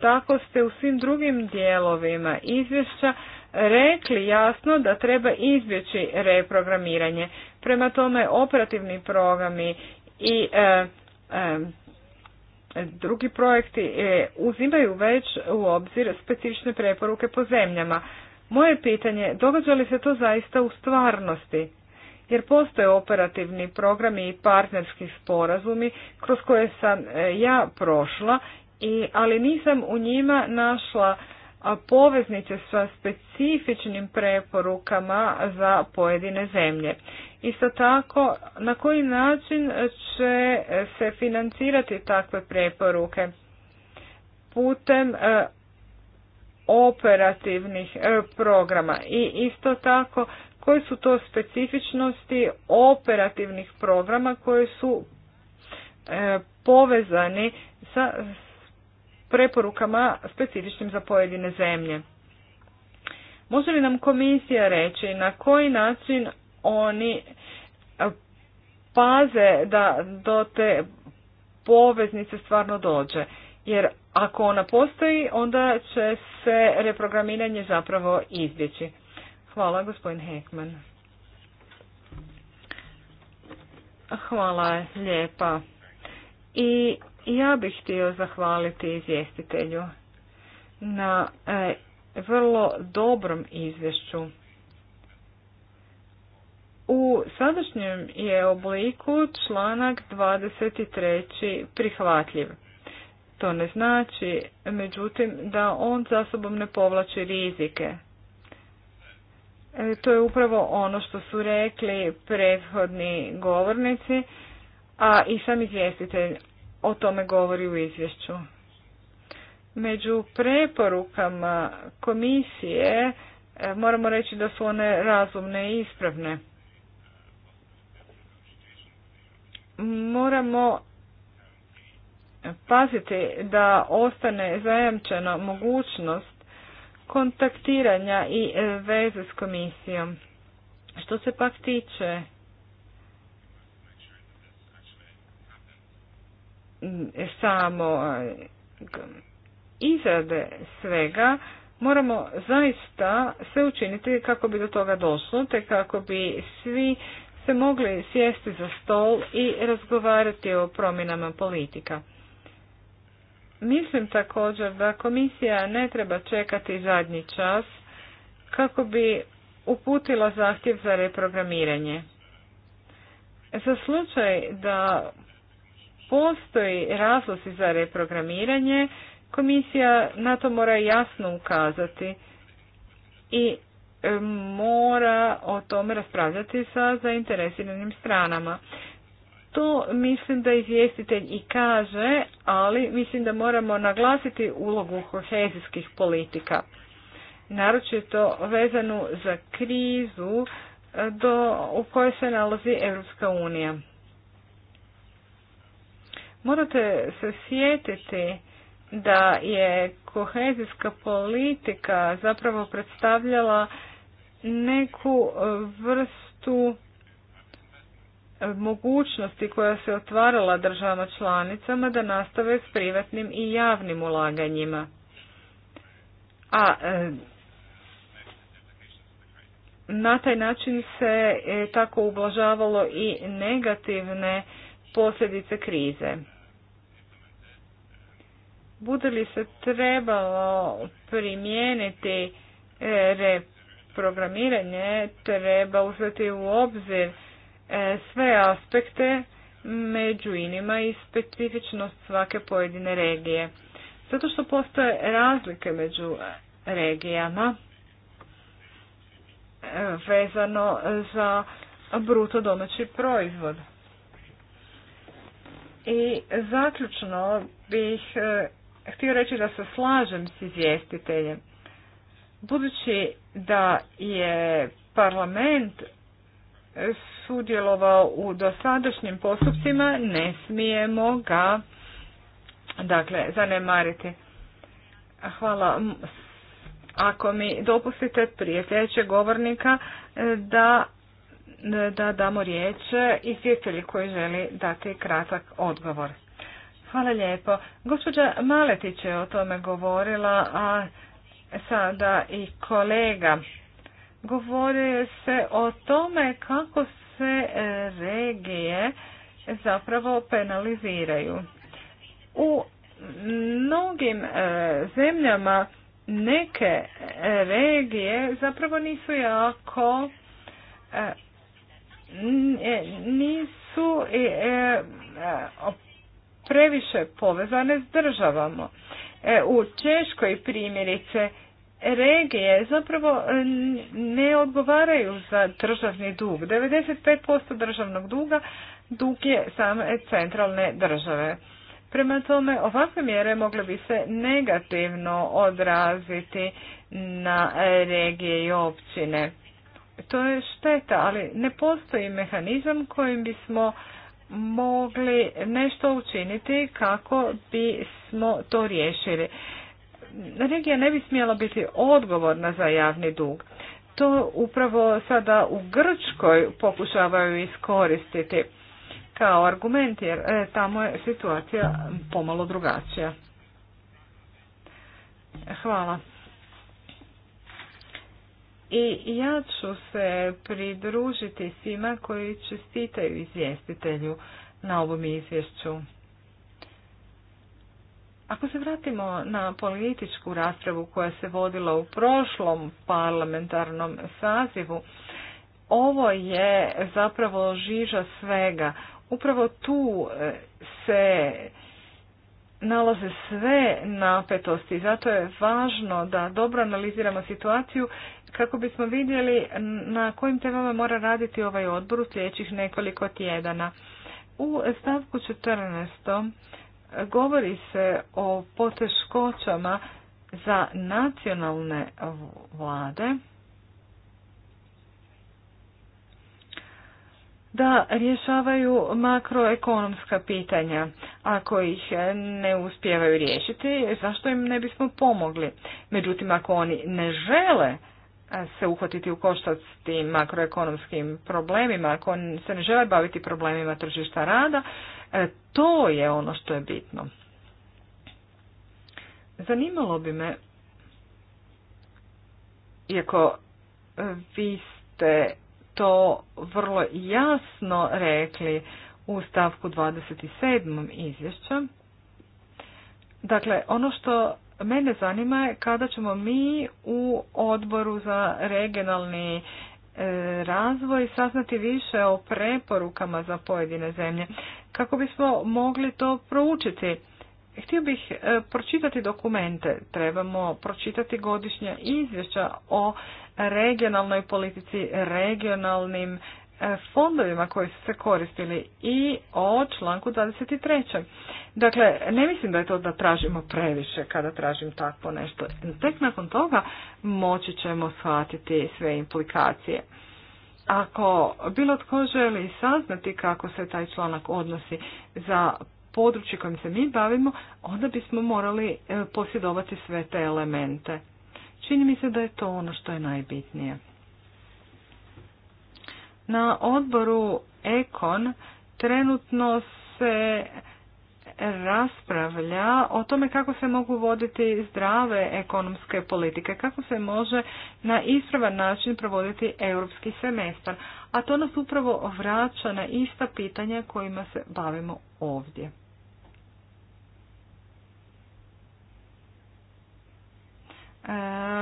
tako ste u svim drugim dijelovima izvješća rekli jasno da treba izbjeći reprogramiranje. Prema tome, operativni programi i e, e, drugi projekti e, uzimaju već u obzir specifične preporuke po zemljama. Moje pitanje, događa li se to zaista u stvarnosti? jer postoje operativni programi i partnerski sporazumi kroz koje sam e, ja prošla, ali nisam u njima našla poveznice sa specifičnim preporukama za pojedine zemlje. Isto tako, na koji način će se financirati takve preporuke? Putem e, operativnih e, programa i isto tako koje su to specifičnosti operativnih programa koje su e, povezani sa preporukama specifičnim za pojedine zemlje. Može li nam komisija reći na koji način oni e, paze da do te poveznice stvarno dođe? Jer ako ona postoji, onda će se reprogramiranje zapravo izbjeći. Hvala, gospodin Hekman. Hvala lijepa. I ja bih htio zahvaliti izvjestitelju na e, vrlo dobrom izvješću. U sadašnjem je obliku članak 23. prihvatljiv. To ne znači, međutim, da on za sobom ne povlači rizike. E, to je upravo ono što su rekli prethodni govornici, a i sam izvjestitelj o tome govori u izvješću. Među preporukama komisije e, moramo reći da su one razumne i ispravne. Moramo paziti da ostane zajamčena mogućnost kontaktiranja i e, veze s komisijom. Što se pak tiče samo e, izrade svega, moramo zaista sve učiniti kako bi do toga došlo, te kako bi svi se mogli sjesti za stol i razgovarati o promjenama politika. Mislim također da komisija ne treba čekati zadnji čas kako bi uputila zahtjev za reprogramiranje. Za slučaj da postoji razlozi za reprogramiranje, komisija na to mora jasno ukazati i e, mora o tome raspravljati sa zainteresiranim stranama. To mislim da izvjestitelj i kaže, ali mislim da moramo naglasiti ulogu kohezijskih politika. Naročito vezanu za krizu eh, do, u kojoj se nalazi Europska unija. Morate se sjetiti da je kohezijska politika zapravo predstavljala neku eh, vrstu mogućnosti koja se otvarala državama članicama da nastave s privatnim i javnim ulaganjima. A e, na taj način se e, tako ublažavalo i negativne posljedice krize. Bude li se trebalo primijeniti e, reprogramiranje, treba uzeti u obzir E, sve aspekte, među inima i specifičnost svake pojedine regije. Zato što postoje razlike među regijama e, vezano za bruto domaći proizvod. I zaključno bih e, htio reći da se slažem s izvjestiteljem. Budući da je parlament sudjelovao u dosadašnjim postupcima, ne smijemo ga dakle, zanemariti. Hvala. Ako mi dopustite prije sljedećeg govornika e, da, da damo riječ izvjetelji koji želi dati kratak odgovor. Hvala lijepo. Gospođa Maletić je o tome govorila, a sada i kolega govori se o tome kako se e, regije zapravo penaliziraju. U mnogim e, zemljama neke e, regije zapravo nisu jako nisu previše povezane s državama. U Češkoj primjerice regije zapravo e, ne odgovaraju za državni dug. 95% državnog duga dug je same centralne države. Prema tome, ovakve mjere mogle bi se negativno odraziti na regije i općine. To je šteta, ali ne postoji mehanizam kojim bismo mogli nešto učiniti kako bismo to riješili regija ne bi smjela biti odgovorna za javni dug. To upravo sada u Grčkoj pokušavaju iskoristiti kao argument jer e, tamo je situacija pomalo drugačija. Hvala. I ja ću se pridružiti svima koji čestitaju izvjestitelju na ovom izvješću. Ako se vratimo na političku raspravu koja se vodila u prošlom parlamentarnom sazivu, ovo je zapravo žiža svega. Upravo tu e, se nalaze sve napetosti. Zato je važno da dobro analiziramo situaciju kako bismo vidjeli na kojim temama mora raditi ovaj odbor u sljedećih nekoliko tjedana. U stavku 14 govori se o poteškoćama za nacionalne vlade da rješavaju makroekonomska pitanja. Ako ih ne uspijevaju riješiti, zašto im ne bismo pomogli? Međutim, ako oni ne žele se uhvatiti u koštac s tim makroekonomskim problemima, ako se ne žele baviti problemima tržišta rada, E, to je ono što je bitno. Zanimalo bi me, iako e, vi ste to vrlo jasno rekli u stavku 27. izvješća, dakle, ono što Mene zanima je kada ćemo mi u odboru za regionalni E, razvoj saznati više o preporukama za pojedine zemlje kako bismo mogli to proučiti. Htio bih e, pročitati dokumente, trebamo pročitati godišnja izvješća o regionalnoj politici, regionalnim fondovima koji su se koristili i o članku 23. Dakle, ne mislim da je to da tražimo previše kada tražim takvo nešto. Tek nakon toga moći ćemo shvatiti sve implikacije. Ako bilo tko želi saznati kako se taj članak odnosi za područje kojim se mi bavimo, onda bismo morali e, posjedovati sve te elemente. Čini mi se da je to ono što je najbitnije. Na odboru Ekon trenutno se raspravlja o tome kako se mogu voditi zdrave ekonomske politike, kako se može na ispravan način provoditi europski semestar. A to nas upravo vraća na ista pitanja kojima se bavimo ovdje.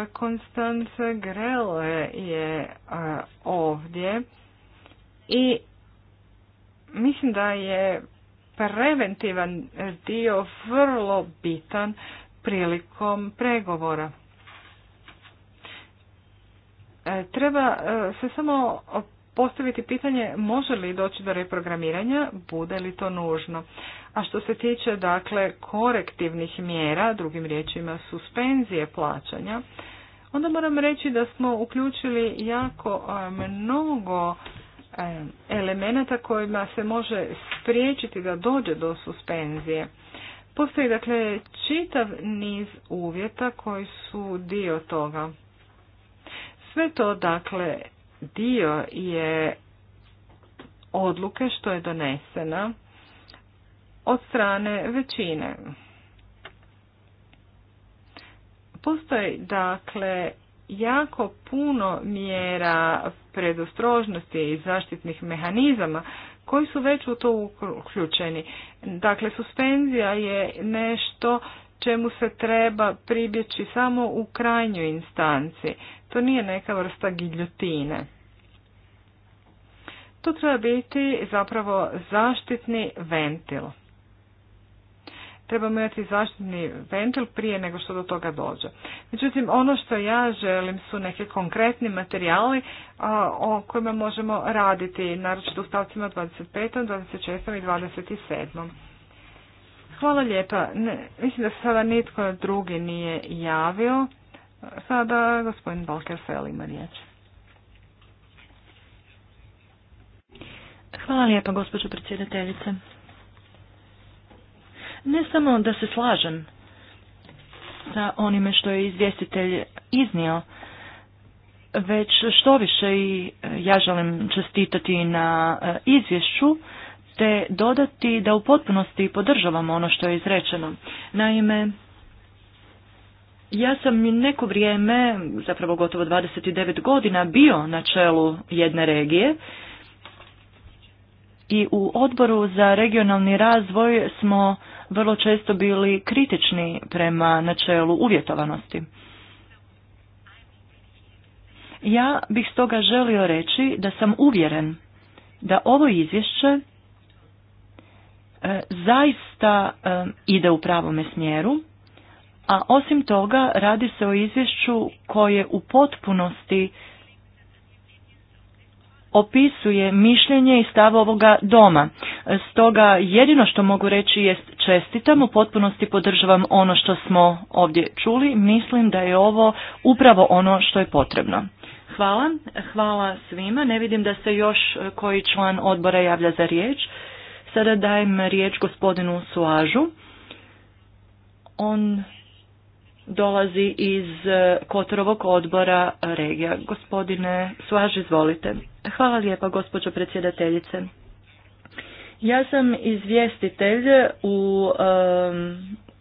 E, Konstance Grele je e, ovdje. I mislim da je preventivan dio vrlo bitan prilikom pregovora. E, treba e, se samo postaviti pitanje može li doći do reprogramiranja, bude li to nužno. A što se tiče dakle korektivnih mjera, drugim riječima suspenzije plaćanja, onda moram reći da smo uključili jako e, mnogo E, elemenata kojima se može spriječiti da dođe do suspenzije. Postoji dakle čitav niz uvjeta koji su dio toga. Sve to dakle dio je odluke što je donesena od strane većine. Postoji dakle jako puno mjera predostrožnosti i zaštitnih mehanizama koji su već u to uključeni. Dakle, suspenzija je nešto čemu se treba pribjeći samo u krajnjoj instanci. To nije neka vrsta giljotine. To treba biti zapravo zaštitni ventil trebamo imati zaštitni ventil prije nego što do toga dođe. Međutim, ono što ja želim su neke konkretni materijali a, o kojima možemo raditi, naročito u stavcima 25., 26. i 27. Hvala lijepa. Ne, mislim da se sada nitko drugi nije javio. Sada gospodin Balker ima riječ. Hvala lijepa, gospođo predsjedateljice. Ne samo da se slažem sa onime što je izvjestitelj iznio, već što više i e, ja želim čestitati na e, izvješću, te dodati da u potpunosti podržavamo ono što je izrečeno. Naime, ja sam neko vrijeme, zapravo gotovo 29 godina, bio na čelu jedne regije i u odboru za regionalni razvoj smo vrlo često bili kritični prema načelu uvjetovanosti. Ja bih stoga želio reći da sam uvjeren da ovo izvješće e, zaista e, ide u pravome smjeru, a osim toga radi se o izvješću koje u potpunosti opisuje mišljenje i stav ovoga doma. Stoga jedino što mogu reći jest čestitam, u potpunosti podržavam ono što smo ovdje čuli. Mislim da je ovo upravo ono što je potrebno. Hvala, hvala svima. Ne vidim da se još koji član odbora javlja za riječ. Sada dajem riječ gospodinu Suažu. On dolazi iz e, Kotorovog odbora regija. Gospodine Svaž, izvolite. Hvala lijepa, gospođo predsjedateljice. Ja sam izvjestitelj u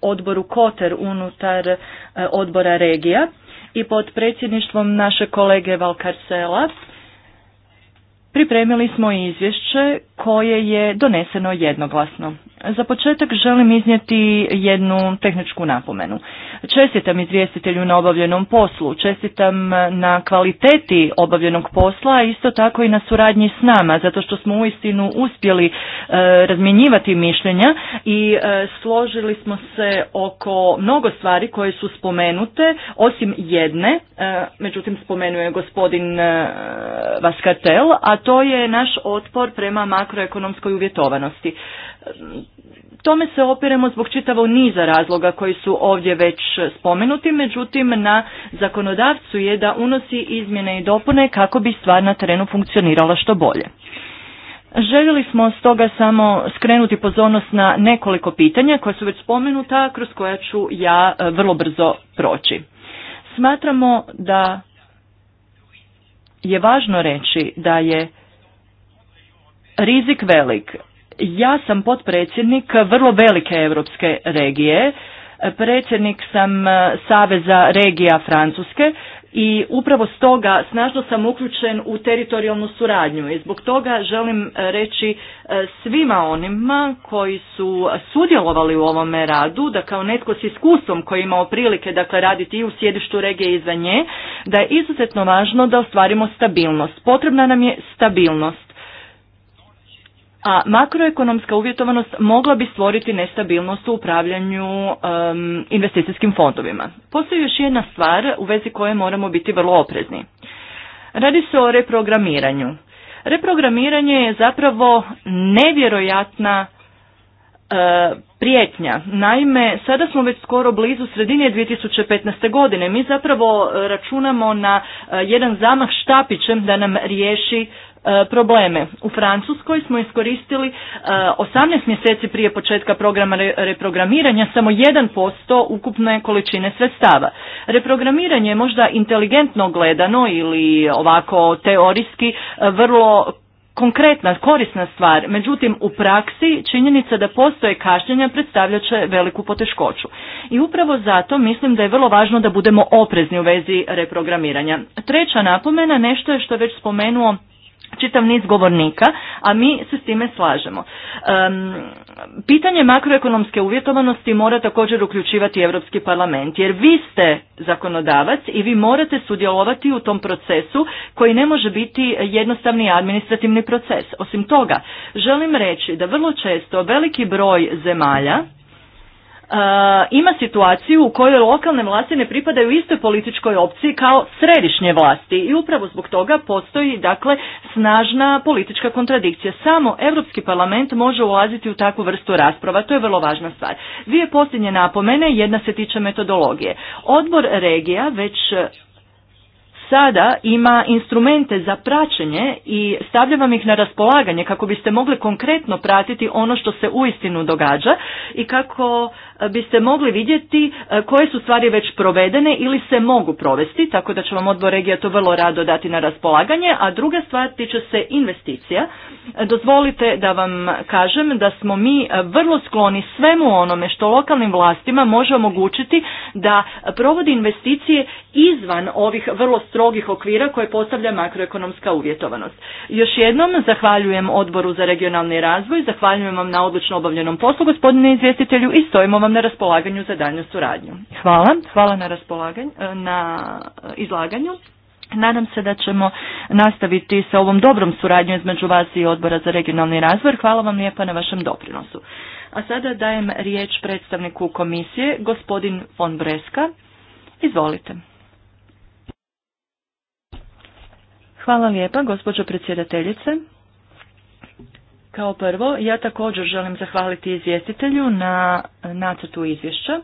odboru Koter unutar e, odbora regija i pod predsjedništvom naše kolege Valkarsela pripremili smo izvješće koje je doneseno jednoglasno. Za početak želim iznijeti jednu tehničku napomenu. Čestitam izvjestitelju na obavljenom poslu, čestitam na kvaliteti obavljenog posla, a isto tako i na suradnji s nama, zato što smo uistinu uspjeli e, razmjenjivati mišljenja i e, složili smo se oko mnogo stvari koje su spomenute, osim jedne, e, međutim spomenuje je gospodin e, Vaskatel, a to je naš otpor prema makroekonomskoj uvjetovanosti. Tome se opiremo zbog čitavog niza razloga koji su ovdje već spomenuti, međutim na zakonodavcu je da unosi izmjene i dopune kako bi stvar na terenu funkcionirala što bolje. Željeli smo stoga samo skrenuti pozornost na nekoliko pitanja koja su već spomenuta, kroz koja ću ja e, vrlo brzo proći. Smatramo da je važno reći da je rizik velik ja sam potpredsjednik vrlo velike europske regije, predsjednik sam e, Saveza regija Francuske i upravo stoga snažno sam uključen u teritorijalnu suradnju i zbog toga želim e, reći e, svima onima koji su sudjelovali u ovome radu, da kao netko s iskustvom koji je imao prilike dakle, raditi i u sjedištu regije i za nje, da je izuzetno važno da ostvarimo stabilnost. Potrebna nam je stabilnost a makroekonomska uvjetovanost mogla bi stvoriti nestabilnost u upravljanju investicijskim fondovima. Postoji još jedna stvar u vezi koje moramo biti vrlo oprezni. Radi se o reprogramiranju. Reprogramiranje je zapravo nevjerojatna e, prijetnja. Naime, sada smo već skoro blizu sredine 2015. godine. Mi zapravo e, računamo na e, jedan zamah štapićem da nam riješi E, probleme. U Francuskoj smo iskoristili 18 e, mjeseci prije početka programa reprogramiranja samo 1% ukupne količine sredstava. Reprogramiranje je možda inteligentno gledano ili ovako teorijski e, vrlo konkretna, korisna stvar, međutim u praksi činjenica da postoje kašnjenja predstavljat će veliku poteškoću. I upravo zato mislim da je vrlo važno da budemo oprezni u vezi reprogramiranja. Treća napomena, nešto je što je već spomenuo čitav niz govornika, a mi se s time slažemo. pitanje makroekonomske uvjetovanosti mora također uključivati Europski parlament, jer vi ste zakonodavac i vi morate sudjelovati u tom procesu koji ne može biti jednostavni administrativni proces. Osim toga, želim reći da vrlo često veliki broj zemalja ima situaciju u kojoj lokalne vlasti ne pripadaju istoj političkoj opciji kao središnje vlasti i upravo zbog toga postoji dakle snažna politička kontradikcija. Samo Europski parlament može ulaziti u takvu vrstu rasprava, to je vrlo važna stvar. Dvije posljednje napomene, jedna se tiče metodologije. Odbor regija već e, sada ima instrumente za praćenje i stavlja vam ih na raspolaganje kako biste mogli konkretno pratiti ono što se uistinu događa i kako biste mogli vidjeti e, koje su stvari već provedene ili se mogu provesti, tako da će vam odbor regija to vrlo rado dati na raspolaganje, a druga stvar tiče se investicija. Dozvolite da vam kažem da smo mi vrlo skloni svemu onome što lokalnim vlastima može omogućiti da provodi investicije izvan ovih vrlo strogih okvira koje postavlja makroekonomska uvjetovanost. Još jednom zahvaljujem odboru za regionalni razvoj, zahvaljujem vam na odlično obavljenom poslu gospodine izvjestitelju i stojimo vam na raspolaganju za daljnju suradnju. Hvala, hvala na raspolaganju, eh, na eh, izlaganju. Nadam se da ćemo nastaviti sa ovom dobrom suradnjom između vas i odbora za regionalni razvoj. Hvala vam lijepa na vašem doprinosu. A sada dajem riječ predstavniku komisije, gospodin von Breska. Izvolite. Hvala lijepa, gospođo predsjedateljice. Kao prvo, ja također želim zahvaliti izvjestitelju na nacrtu izvješća.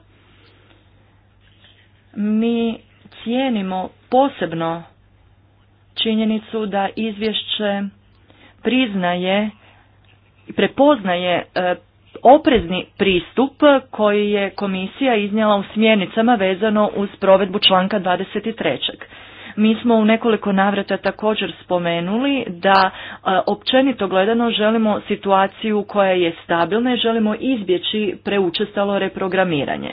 Mi cijenimo posebno činjenicu da izvješće priznaje i prepoznaje e, oprezni pristup koji je komisija iznijela u smjernicama vezano uz provedbu članka 23. Mi smo u nekoliko navrata također spomenuli da e, općenito gledano želimo situaciju koja je stabilna i želimo izbjeći preučestalo reprogramiranje.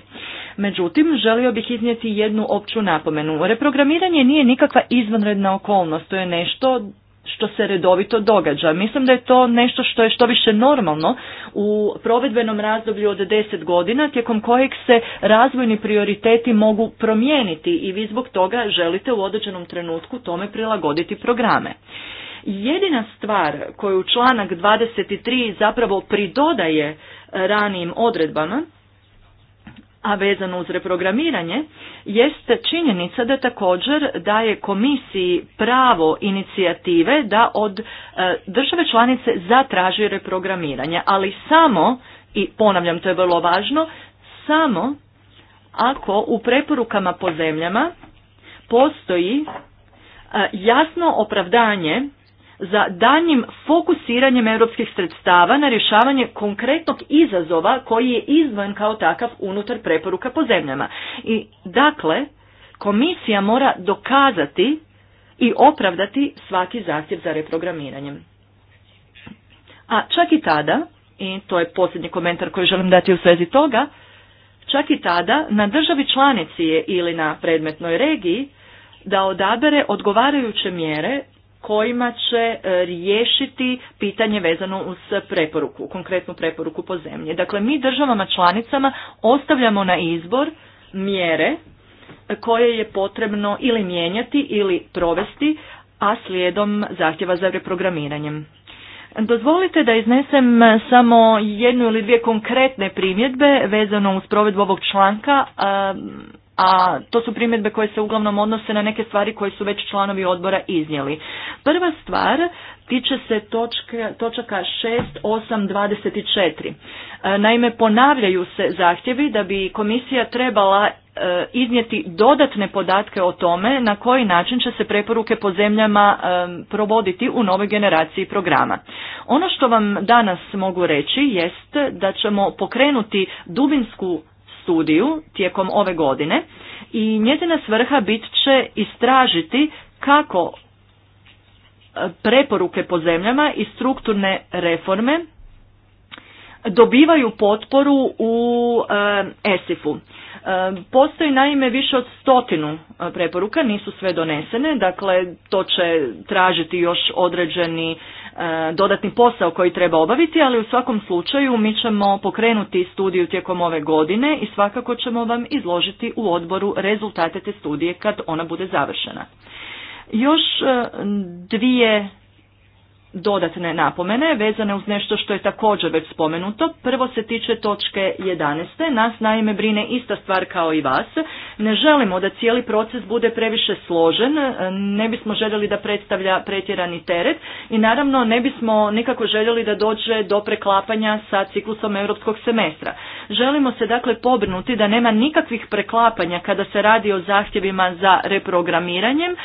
Međutim, želio bih iznijeti jednu opću napomenu. Reprogramiranje nije nikakva izvanredna okolnost, to je nešto što se redovito događa. Mislim da je to nešto što je što više normalno u provedbenom razdoblju od 10 godina tijekom kojeg se razvojni prioriteti mogu promijeniti i vi zbog toga želite u određenom trenutku tome prilagoditi programe. Jedina stvar koju članak 23 zapravo pridodaje ranijim odredbama a vezano uz reprogramiranje, jest činjenica da također daje komisiji pravo inicijative da od e, države članice zatraži reprogramiranje, ali samo, i ponavljam to je vrlo važno, samo ako u preporukama po zemljama postoji e, jasno opravdanje za danjim fokusiranjem europskih sredstava na rješavanje konkretnog izazova koji je izdvojen kao takav unutar preporuka po zemljama. I dakle, komisija mora dokazati i opravdati svaki zahtjev za reprogramiranjem. A čak i tada, i to je posljednji komentar koji želim dati u svezi toga, čak i tada na državi članici je ili na predmetnoj regiji da odabere odgovarajuće mjere kojima će e, riješiti pitanje vezano uz preporuku, konkretnu preporuku po zemlji. Dakle, mi državama članicama ostavljamo na izbor mjere koje je potrebno ili mijenjati ili provesti, a slijedom zahtjeva za reprogramiranjem. Dozvolite da iznesem samo jednu ili dvije konkretne primjedbe vezano uz provedbu ovog članka, a to su primjedbe koje se uglavnom odnose na neke stvari koje su već članovi odbora iznijeli. Prva stvar tiče se točka, točaka 6.8.24. E, naime, ponavljaju se zahtjevi da bi komisija trebala e, iznijeti dodatne podatke o tome na koji način će se preporuke po zemljama e, provoditi u novoj generaciji programa. Ono što vam danas mogu reći jest da ćemo pokrenuti dubinsku studiju tijekom ove godine i njezina svrha bit će istražiti kako e, preporuke po zemljama i strukturne reforme dobivaju potporu u e, ESIF-u. E, postoji naime više od stotinu preporuka, nisu sve donesene, dakle to će tražiti još određeni E, dodatni posao koji treba obaviti, ali u svakom slučaju mi ćemo pokrenuti studiju tijekom ove godine i svakako ćemo vam izložiti u odboru rezultate te studije kad ona bude završena. Još e, dvije dodatne napomene vezane uz nešto što je također već spomenuto. Prvo se tiče točke 11. Nas naime brine ista stvar kao i vas. Ne želimo da cijeli proces bude previše složen, e, ne bismo željeli da predstavlja pretjerani teret i naravno ne bismo nikako željeli da dođe do preklapanja sa ciklusom europskog semestra. Želimo se dakle pobrinuti da nema nikakvih preklapanja kada se radi o zahtjevima za reprogramiranjem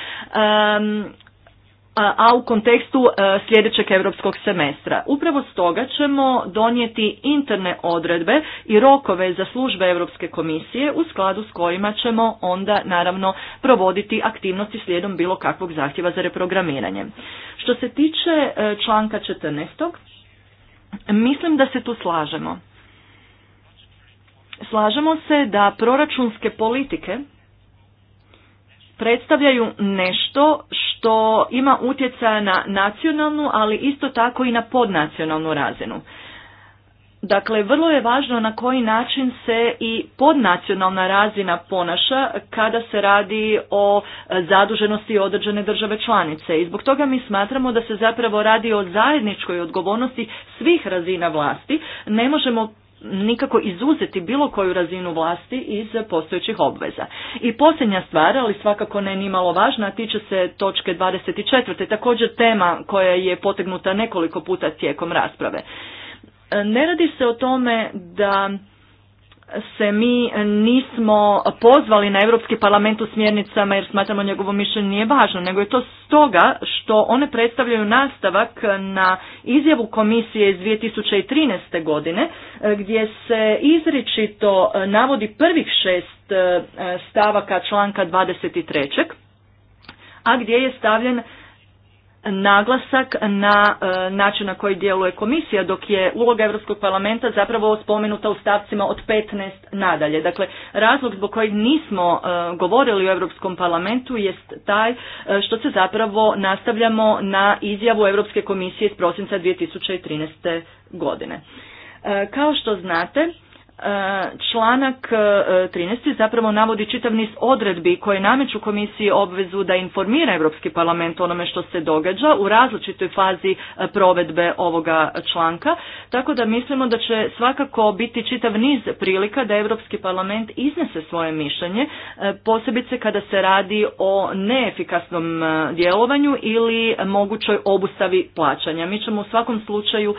a u kontekstu e, sljedećeg europskog semestra. Upravo stoga ćemo donijeti interne odredbe i rokove za službe Europske komisije u skladu s kojima ćemo onda naravno provoditi aktivnosti slijedom bilo kakvog zahtjeva za reprogramiranje. Što se tiče e, članka 14. mislim da se tu slažemo. Slažemo se da proračunske politike predstavljaju nešto što ima utjecaja na nacionalnu, ali isto tako i na podnacionalnu razinu. Dakle, vrlo je važno na koji način se i podnacionalna razina ponaša kada se radi o zaduženosti određene države članice. I zbog toga mi smatramo da se zapravo radi o zajedničkoj odgovornosti svih razina vlasti. Ne možemo nikako izuzeti bilo koju razinu vlasti iz postojećih obveza. I posljednja stvar, ali svakako ne ni malo važna, tiče se točke 24. Također tema koja je potegnuta nekoliko puta tijekom rasprave. E, ne radi se o tome da se mi nismo pozvali na Europski parlament u smjernicama jer smatramo njegovo mišljenje nije važno, nego je to stoga što one predstavljaju nastavak na izjavu komisije iz 2013. godine e, gdje se izričito e, navodi prvih šest e, stavaka članka 23. a gdje je stavljen naglasak na e, način na koji djeluje komisija, dok je uloga Europskog parlamenta zapravo spomenuta u stavcima od 15 nadalje. Dakle, razlog zbog kojeg nismo e, govorili u Europskom parlamentu jest taj e, što se zapravo nastavljamo na izjavu Europske komisije iz prosinca 2013. godine. Kao što znate, E, članak 13. E, zapravo navodi čitav niz odredbi koje nameću komisiji obvezu da informira Europski parlament onome što se događa u različitoj fazi e, provedbe ovoga članka, tako da mislimo da će svakako biti čitav niz prilika da Europski parlament iznese svoje mišljenje, posebice kada se radi o neefikasnom djelovanju ili mogućoj obustavi plaćanja. Mi ćemo u svakom slučaju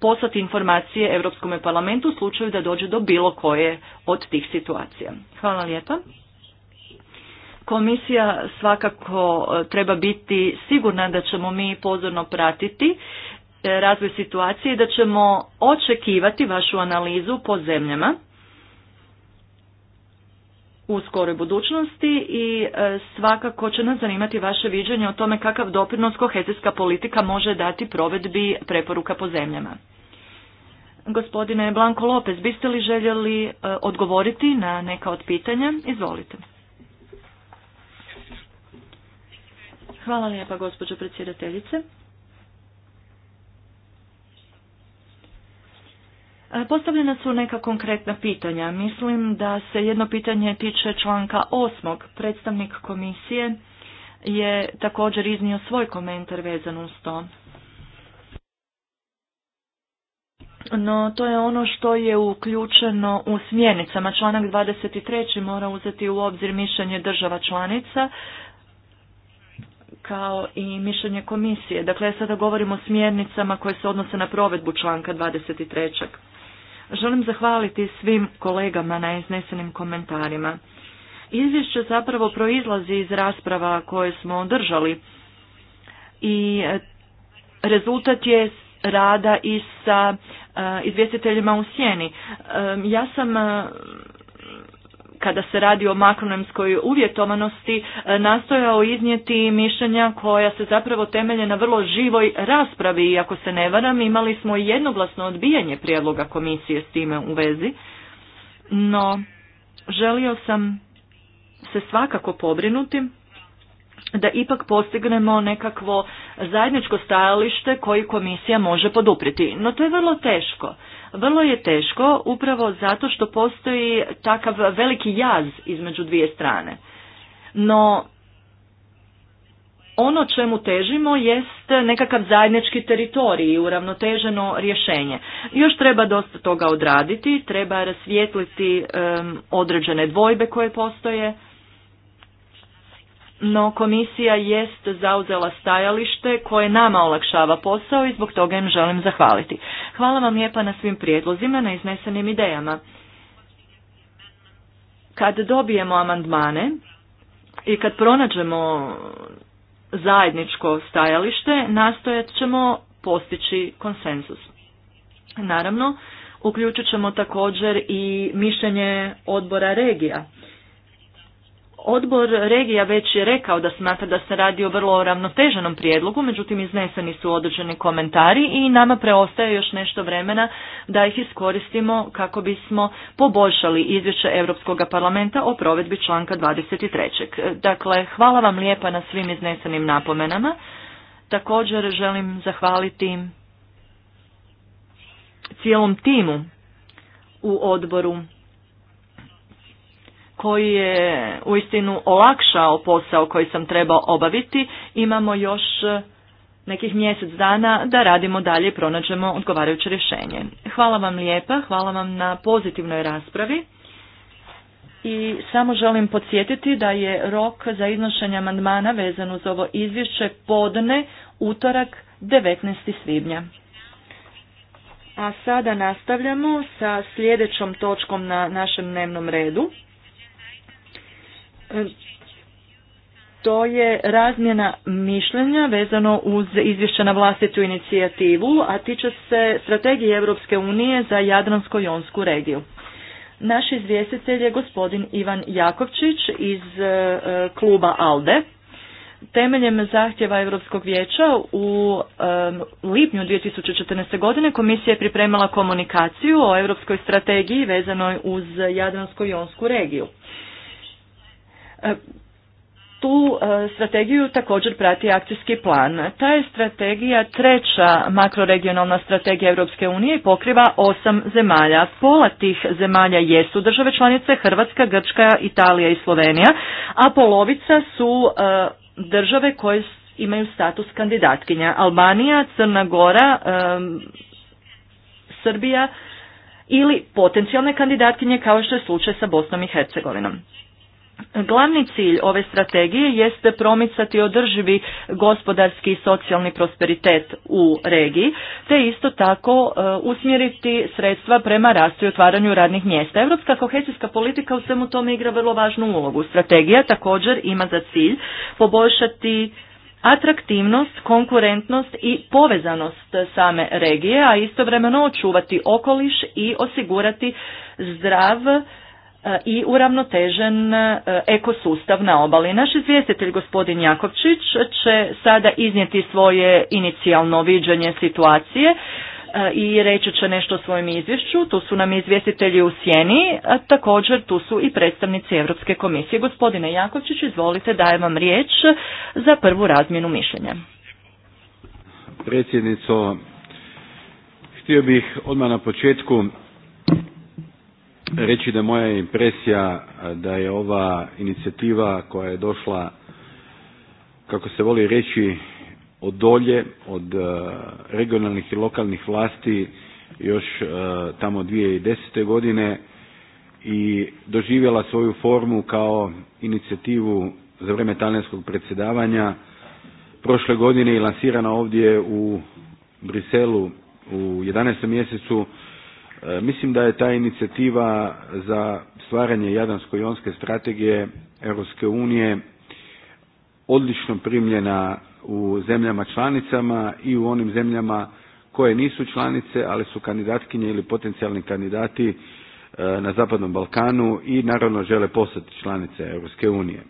poslati informacije Europskom parlamentu u slučaju da dođe do bilo koje od tih situacija. Hvala lijepa. Komisija svakako e, treba biti sigurna da ćemo mi pozorno pratiti e, razvoj situacije i da ćemo očekivati vašu analizu po zemljama u skoroj budućnosti i e, svakako će nas zanimati vaše viđenje o tome kakav doprinos kohezijska politika može dati provedbi preporuka po zemljama. Gospodine Blanko Lopez, biste li željeli e, odgovoriti na neka od pitanja? Izvolite. Hvala lijepa, gospođo predsjedateljice. E, postavljena su neka konkretna pitanja. Mislim da se jedno pitanje tiče članka osmog. Predstavnik komisije je također iznio svoj komentar vezan uz to. no to je ono što je uključeno u smjernicama. Članak 23. mora uzeti u obzir mišljenje država članica kao i mišljenje komisije. Dakle, sada govorimo o smjernicama koje se odnose na provedbu članka 23. Želim zahvaliti svim kolegama na iznesenim komentarima. Izvješće zapravo proizlazi iz rasprava koje smo održali i rezultat je rada i sa Eh, izvjestiteljima u sjeni. Ja sam eh, kada se radi o makronemskoj uvjetovanosti eh, nastojao iznijeti mišljenja koja se zapravo temelje na vrlo živoj raspravi i ako se ne varam imali smo i jednoglasno odbijanje prijedloga komisije s time u vezi, no želio sam se svakako pobrinuti da ipak postignemo nekakvo zajedničko stajalište koji komisija može poduprijeti. No to je vrlo teško. Vrlo je teško upravo zato što postoji takav veliki jaz između dvije strane. No ono čemu težimo jest nekakav zajednički teritorij i uravnoteženo rješenje. Još treba dosta toga odraditi, treba rasvijetliti određene dvojbe koje postoje no komisija jest zauzela stajalište koje nama olakšava posao i zbog toga im želim zahvaliti. Hvala vam lijepa na svim prijedlozima, na iznesenim idejama. Kad dobijemo amandmane i kad pronađemo zajedničko stajalište, nastojat ćemo postići konsenzus. Naravno, uključit ćemo također i mišljenje odbora regija Odbor regija već je rekao da smatra da se radi o vrlo ravnoteženom prijedlogu, međutim izneseni su određeni komentari i nama preostaje još nešto vremena da ih iskoristimo kako bismo poboljšali izvješće Europskog parlamenta o provedbi članka 23. Dakle, hvala vam lijepa na svim iznesenim napomenama. Također želim zahvaliti cijelom timu u odboru koji je uistinu olakšao posao koji sam trebao obaviti. Imamo još e, nekih mjesec dana da radimo dalje i pronađemo odgovarajuće rješenje. Hvala vam lijepa, hvala vam na pozitivnoj raspravi. I samo želim podsjetiti da je rok za iznošenje amandmana vezan uz ovo izvješće podne utorak 19. svibnja. A sada nastavljamo sa sljedećom točkom na našem dnevnom redu. E, to je razmjena mišljenja vezano uz izvješće na vlastitu inicijativu, a tiče se strategije Europske unije za Jadransko-Jonsku regiju. Naš izvjestitelj je gospodin Ivan Jakovčić iz e, kluba ALDE. Temeljem zahtjeva Europskog vijeća u um, lipnju 2014. godine komisija je pripremala komunikaciju o europskoj strategiji vezanoj uz Jadransko-Jonsku regiju. E, tu e, strategiju također prati akcijski plan. Ta je strategija treća makroregionalna strategija Europske unije i pokriva osam zemalja. Pola tih zemalja jesu države članice Hrvatska, Grčka, Italija i Slovenija, a polovica su e, države koje imaju status kandidatkinja. Albanija, Crna Gora, Srbija ili potencijalne kandidatkinje kao što je slučaj sa Bosnom i Hercegovinom. Glavni cilj ove strategije jeste promicati održivi gospodarski i socijalni prosperitet u regiji, te isto tako e, usmjeriti sredstva prema rastu i otvaranju radnih mjesta. Europska kohezijska politika u svemu tome igra vrlo važnu ulogu. Strategija također ima za cilj poboljšati atraktivnost, konkurentnost i povezanost same regije, a istovremeno očuvati okoliš i osigurati zdrav E, i uravnotežen e, ekosustav na obali. Naš izvjestitelj gospodin Jakovčić će sada iznijeti svoje inicijalno viđenje situacije e, i reći će nešto o svojem izvješću. Tu su nam izvjestitelji u Sjeni, a također tu su i predstavnici Europske komisije. Gospodine Jakovčić, izvolite, dajem vam riječ za prvu razmjenu mišljenja. Predsjednico, htio bih odmah na početku reći da moja impresija da je ova inicijativa koja je došla, kako se voli reći, od dolje, od regionalnih i lokalnih vlasti još tamo 2010. godine i doživjela svoju formu kao inicijativu za vreme talijanskog predsjedavanja prošle godine i lansirana ovdje u Briselu u 11. mjesecu E, mislim da je ta inicijativa za stvaranje jadansko jonske strategije Europske unije odlično primljena u zemljama članicama i u onim zemljama koje nisu članice, ali su kandidatkinje ili potencijalni kandidati e, na Zapadnom Balkanu i naravno žele postati članice Europske unije.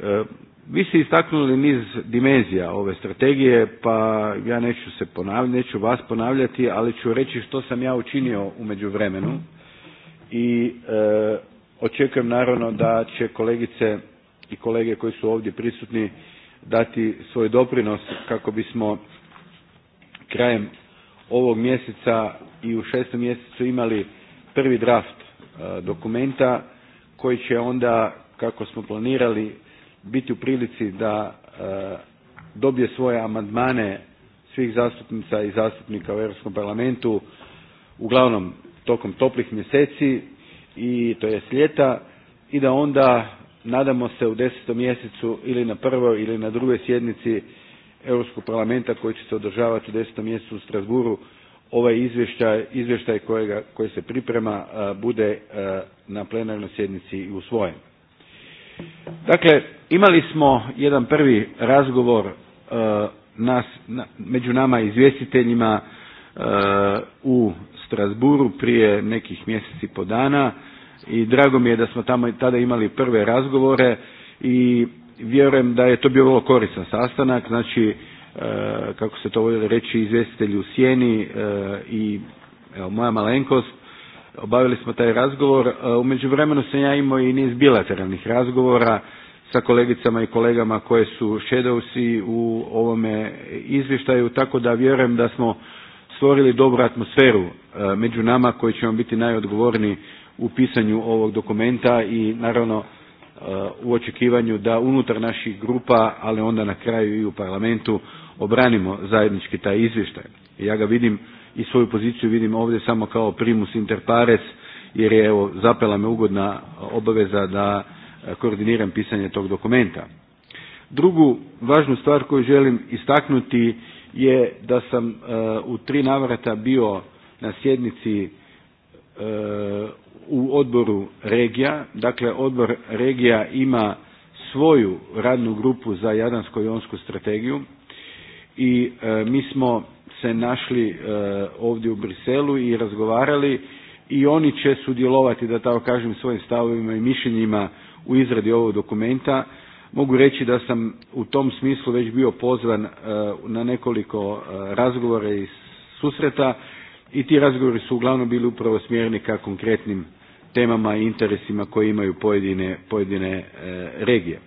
E, vi ste istaknuli niz dimenzija ove strategije, pa ja neću se ponavljati, neću vas ponavljati, ali ću reći što sam ja učinio u međuvremenu i e, očekujem naravno da će kolegice i kolege koji su ovdje prisutni dati svoj doprinos kako bismo krajem ovog mjeseca i u šestom mjesecu imali prvi draft e, dokumenta koji će onda kako smo planirali biti u prilici da e, dobije svoje amandmane svih zastupnica i zastupnika u Europskom parlamentu uglavnom tokom toplih mjeseci i to je ljeta i da onda nadamo se u desetom mjesecu ili na prvoj ili na drugoj sjednici Europskog parlamenta koji će se održavati u desetom mjesecu u Strasburu ovaj izvještaj, izvještaj kojega, koji se priprema e, bude e, na plenarnoj sjednici i usvojen. Dakle, imali smo jedan prvi razgovor e, nas, među nama izvjestiteljima e, u Strasburu prije nekih mjeseci po dana i drago mi je da smo tamo tada imali prve razgovore i vjerujem da je to bio vrlo koristan sastanak, znači e, kako se to voljeli reći izvjestitelji u sjeni i evo, moja malenkost obavili smo taj razgovor. E, u međuvremenu sam ja imao i niz bilateralnih razgovora sa kolegicama i kolegama koje su shadowsi u ovome izvještaju, tako da vjerujem da smo stvorili dobru atmosferu e, među nama koji ćemo biti najodgovorniji u pisanju ovog dokumenta i naravno e, u očekivanju da unutar naših grupa, ali onda na kraju i u parlamentu obranimo zajednički taj izvještaj. Ja ga vidim i svoju poziciju vidim ovdje samo kao primus inter pares jer je evo zapela me ugodna obaveza da e, koordiniram pisanje tog dokumenta. Drugu važnu stvar koju želim istaknuti je da sam e, u tri navrata bio na sjednici e, u odboru regija, dakle odbor regija ima svoju radnu grupu za jadansko jonsku strategiju i mi smo se našli e, ovdje u Briselu i razgovarali i oni će sudjelovati, da tako kažem, svojim stavovima i mišljenjima u izradi ovog dokumenta. Mogu reći da sam u tom smislu već bio pozvan e, na nekoliko e, razgovora i susreta i ti razgovori su uglavnom bili upravo smjereni ka konkretnim temama i interesima koje imaju pojedine, pojedine regije.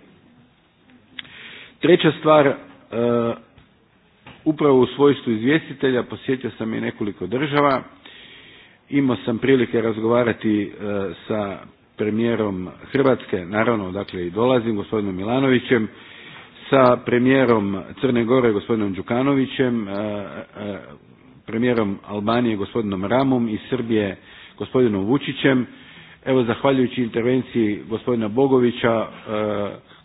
Treća stvar Upravo u svojstvu izvjestitelja posjetio sam i nekoliko država. Imao sam prilike razgovarati e, sa premijerom Hrvatske, naravno dakle i dolazim, gospodinom Milanovićem, sa premijerom Crne Gore, gospodinom Đukanovićem, e, e, premijerom Albanije, gospodinom Ramom i Srbije, gospodinom Vučićem. Evo, zahvaljujući intervenciji gospodina Bogovića,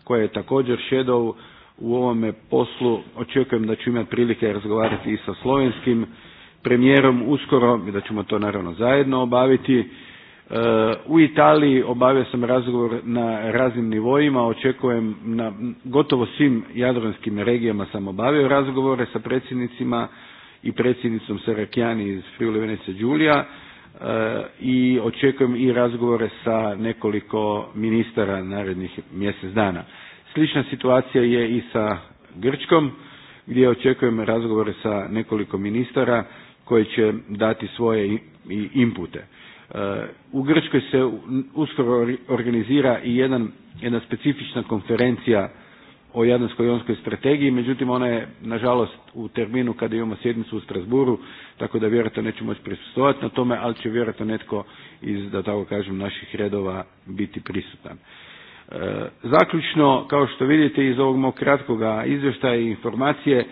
koja je također šedov u ovome poslu. Očekujem da ću imati prilike razgovarati i sa slovenskim premijerom uskoro i da ćemo to naravno zajedno obaviti. E, u Italiji obavio sam razgovor na raznim nivoima, očekujem na gotovo svim jadronskim regijama sam obavio razgovore sa predsjednicima i predsjednicom Sarakjani iz Friuli Venice Giulia e, i očekujem i razgovore sa nekoliko ministara narednih mjesec dana. Slična situacija je i sa Grčkom gdje očekujem razgovore sa nekoliko ministara koji će dati svoje impute. E, u Grčkoj se uskoro organizira i jedan, jedna specifična konferencija o Jadransko-jonskoj strategiji, međutim ona je nažalost u terminu kada imamo sjednicu u Strasburu, tako da vjerojatno nećemo moći prisustovati na tome, ali će vjerojatno netko iz, da tako kažem, naših redova biti prisutan. Zaključno, kao što vidite iz ovog mog kratkoga izvještaja i informacije, e,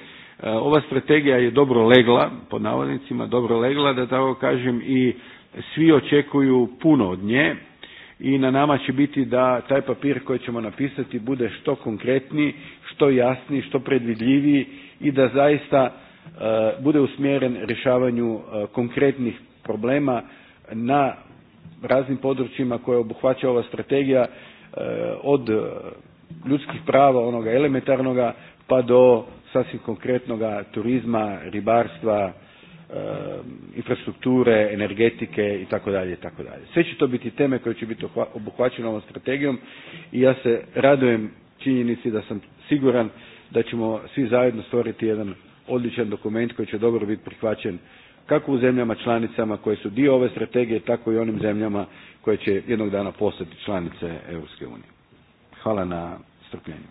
ova strategija je dobro legla, po navodnicima dobro legla, da tako kažem, i svi očekuju puno od nje i na nama će biti da taj papir koji ćemo napisati bude što konkretniji, što jasniji, što predvidljiviji i da zaista e, bude usmjeren rješavanju e, konkretnih problema na raznim područjima koje obuhvaća ova strategija Eh, od eh, ljudskih prava onoga elementarnoga pa do sasvim konkretnoga turizma, ribarstva, eh, infrastrukture, energetike i tako dalje tako Sve će to biti teme koje će biti obuhvaćene ovom strategijom i ja se radujem činjenici da sam siguran da ćemo svi zajedno stvoriti jedan odličan dokument koji će dobro biti prihvaćen kako u zemljama članicama koje su dio ove strategije, tako i onim zemljama koje će jednog dana postati članice Europske unije. Hvala na strpljenju.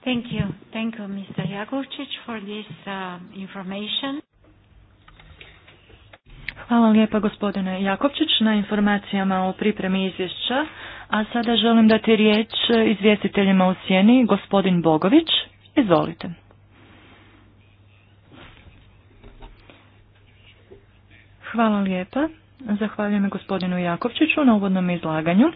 Thank you. Thank you, Mr. Jakovčić, for this uh, information. Hvala lijepa gospodine Jakovčić na informacijama o pripremi izvješća, a sada želim dati riječ izvjestiteljima u sjeni, gospodin Bogović, izvolite. Hvala lijepa. Zahvaljujem gospodinu Jakovčiću na uvodnom izlaganju.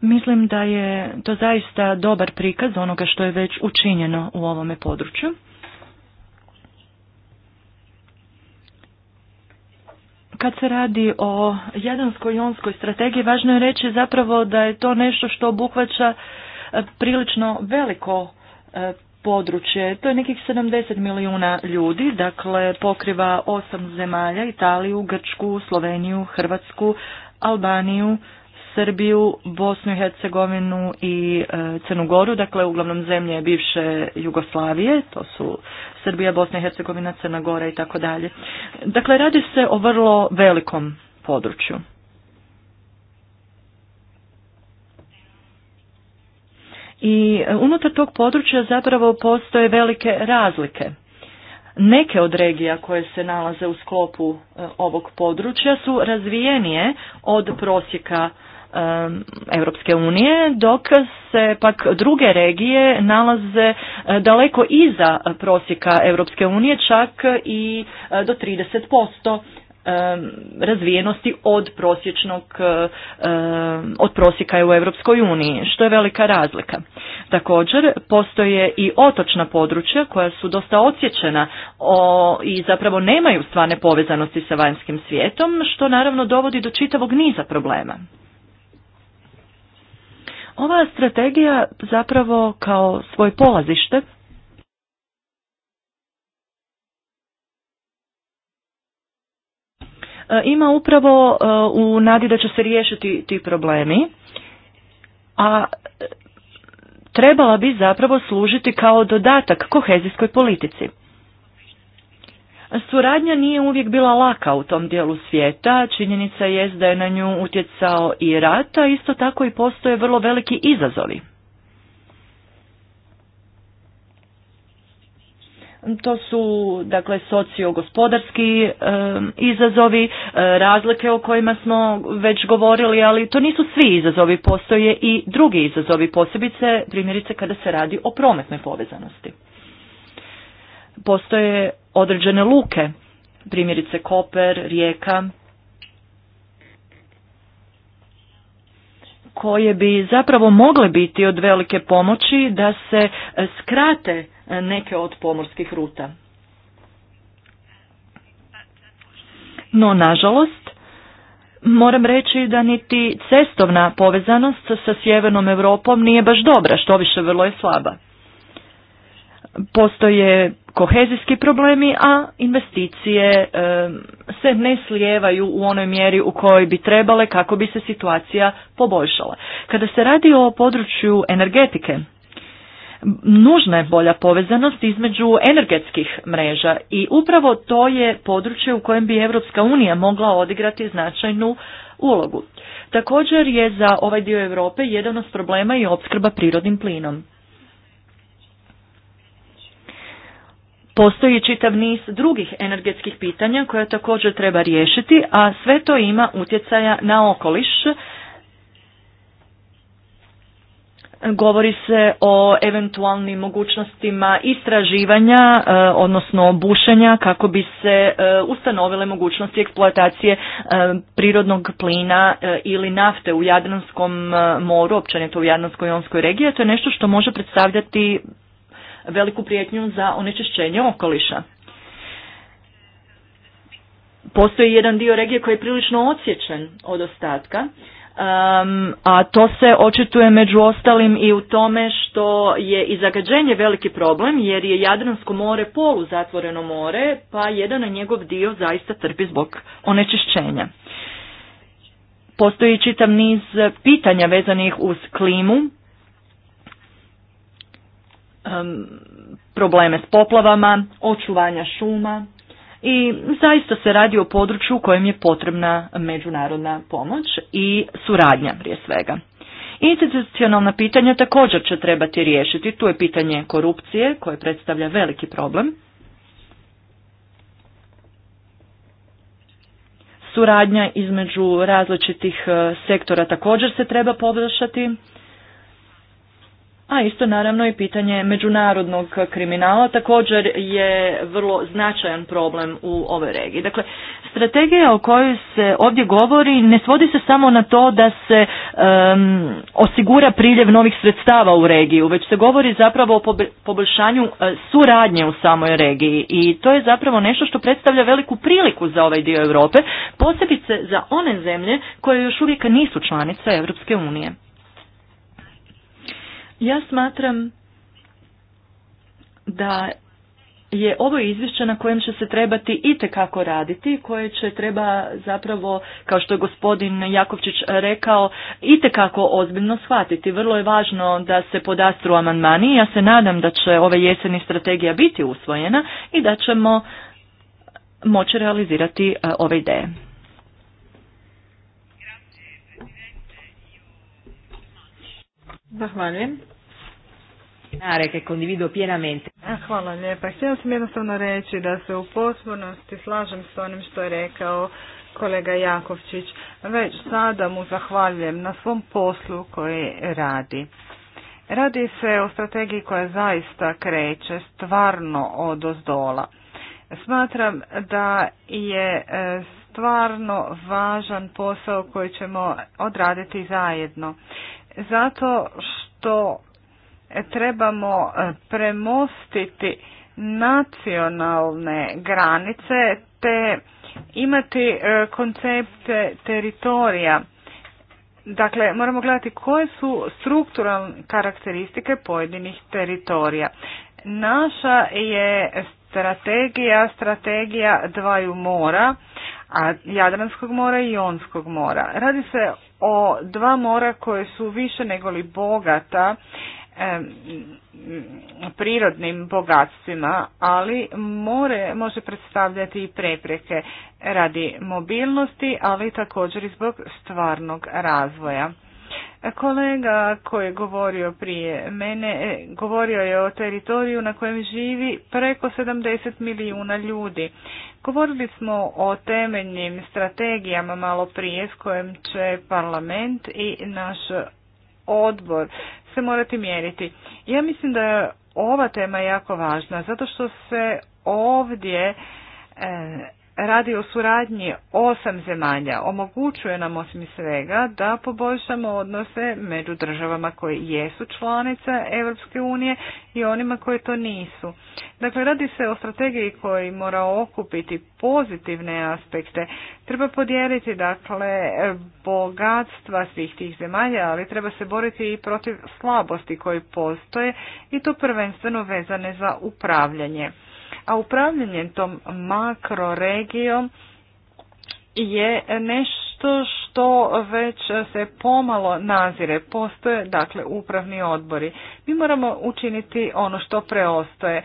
Mislim da je to zaista dobar prikaz onoga što je već učinjeno u ovome području. Kad se radi o Jadansko-Jonskoj strategiji, važno je reći zapravo da je to nešto što obuhvaća e, prilično veliko e, područje, to je nekih 70 milijuna ljudi, dakle pokriva osam zemalja, Italiju, Grčku, Sloveniju, Hrvatsku, Albaniju, Srbiju, Bosnu i Hercegovinu i e, Crnu Goru, dakle uglavnom zemlje bivše Jugoslavije, to su Srbija, Bosna i Hercegovina, Crna Gora i tako dalje. Dakle, radi se o vrlo velikom području. i unutar tog područja zapravo postoje velike razlike. Neke od regija koje se nalaze u sklopu e, ovog područja su razvijenije od prosjeka e, Europske unije, dok se pak druge regije nalaze e, daleko iza prosjeka Europske unije, čak i do 30% razvijenosti od prosječnog od prosjeka u Europskoj uniji, što je velika razlika. Također postoje i otočna područja koja su dosta odsječena i zapravo nemaju stvarne povezanosti sa vanjskim svijetom, što naravno dovodi do čitavog niza problema. Ova strategija zapravo kao svoj polazište E, ima upravo e, u nadi da će se riješiti ti problemi, a e, trebala bi zapravo služiti kao dodatak kohezijskoj politici. Suradnja nije uvijek bila laka u tom dijelu svijeta, činjenica je da je na nju utjecao i rata, isto tako i postoje vrlo veliki izazovi To su dakle sociogospodarski e, izazovi, razlike o kojima smo već govorili, ali to nisu svi izazovi, postoje i drugi izazovi, posebice primjerice kada se radi o prometnoj povezanosti. Postoje određene luke, primjerice Koper, Rijeka, koje bi zapravo mogle biti od velike pomoći da se skrate neke od pomorskih ruta. No, nažalost, moram reći da niti cestovna povezanost sa sjevernom Europom nije baš dobra, što više vrlo je slaba. Postoje kohezijski problemi, a investicije se ne slijevaju u onoj mjeri u kojoj bi trebale kako bi se situacija poboljšala. Kada se radi o području energetike, Nužna je bolja povezanost između energetskih mreža i upravo to je područje u kojem bi Europska unija mogla odigrati značajnu ulogu. Također je za ovaj dio Europe jedan od problema i opskrba prirodnim plinom. Postoji čitav niz drugih energetskih pitanja koja također treba riješiti, a sve to ima utjecaja na okoliš govori se o eventualnim mogućnostima istraživanja, e, odnosno bušenja kako bi se e, ustanovile mogućnosti eksploatacije e, prirodnog plina ili nafte u Jadranskom moru, općenito u Jadranskoj jonskoj regiji, to je nešto što može predstavljati veliku prijetnju za onečišćenje okoliša. Postoji jedan dio regije koji je prilično odsječen od ostatka, Um, a to se očituje među ostalim i u tome što je i zagađenje veliki problem jer je Jadransko more poluzatvoreno more pa jedan na njegov dio zaista trpi zbog onečišćenja. Postoji čitav niz pitanja vezanih uz klimu, um, probleme s poplavama, očuvanja šuma, i zaista se radi o području u kojem je potrebna međunarodna pomoć i suradnja prije svega. Institucionalna pitanja također će trebati riješiti. Tu je pitanje korupcije koje predstavlja veliki problem. Suradnja između različitih e, sektora također se treba poboljšati. A isto naravno i pitanje međunarodnog kriminala također je vrlo značajan problem u ovoj regiji. Dakle, strategija o kojoj se ovdje govori ne svodi se samo na to da se osigura priljev novih sredstava u regiju, već se govori zapravo o poboljšanju e, suradnje u samoj regiji i to je zapravo nešto što predstavlja veliku priliku za ovaj dio Europe, posebice za one zemlje koje još uvijek nisu članice Europske unije. Ja smatram da je ovo izvješće na kojem će se trebati itekako raditi, koje će treba zapravo, kao što je gospodin Jakovčić rekao, itekako ozbiljno shvatiti. Vrlo je važno da se podastru amandmani. Ja se nadam da će ove jeseni strategija biti usvojena i da ćemo moći realizirati e, ove ideje. Zahvaljujem. Hvala lijepa. Htjela sam jednostavno reći da se u potpunosti slažem s onim što je rekao kolega Jakovčić. Već sada mu zahvaljujem na svom poslu koji radi. Radi se o strategiji koja zaista kreće stvarno od ozdola. Smatram da je e, stvarno važan posao koji ćemo odraditi zajedno. Zato što trebamo e, premostiti nacionalne granice te imati e, koncepte teritorija. Dakle, moramo gledati koje su strukturalne karakteristike pojedinih teritorija. Naša je strategija, strategija dvaju mora, a Jadranskog mora i Jonskog mora. Radi se o dva mora koje su više nego li bogata prirodnim bogatstvima, ali more može predstavljati i prepreke radi mobilnosti, ali također i zbog stvarnog razvoja. Kolega koji je govorio prije mene, e, govorio je o teritoriju na kojem živi preko 70 milijuna ljudi. Govorili smo o temeljnim strategijama malo prije s kojim će parlament i naš odbor se morati mjeriti. Ja mislim da je ova tema jako važna zato što se ovdje e, radi o suradnji osam zemalja, omogućuje nam osim svega da poboljšamo odnose među državama koje jesu članice Europske unije i onima koje to nisu. Dakle, radi se o strategiji koji mora okupiti pozitivne aspekte. Treba podijeliti, dakle, bogatstva svih tih zemalja, ali treba se boriti i protiv slabosti koji postoje i to prvenstveno vezane za upravljanje a upravljanje tom makroregijom je nešto što već se pomalo nazire. Postoje dakle upravni odbori. Mi moramo učiniti ono što preostaje.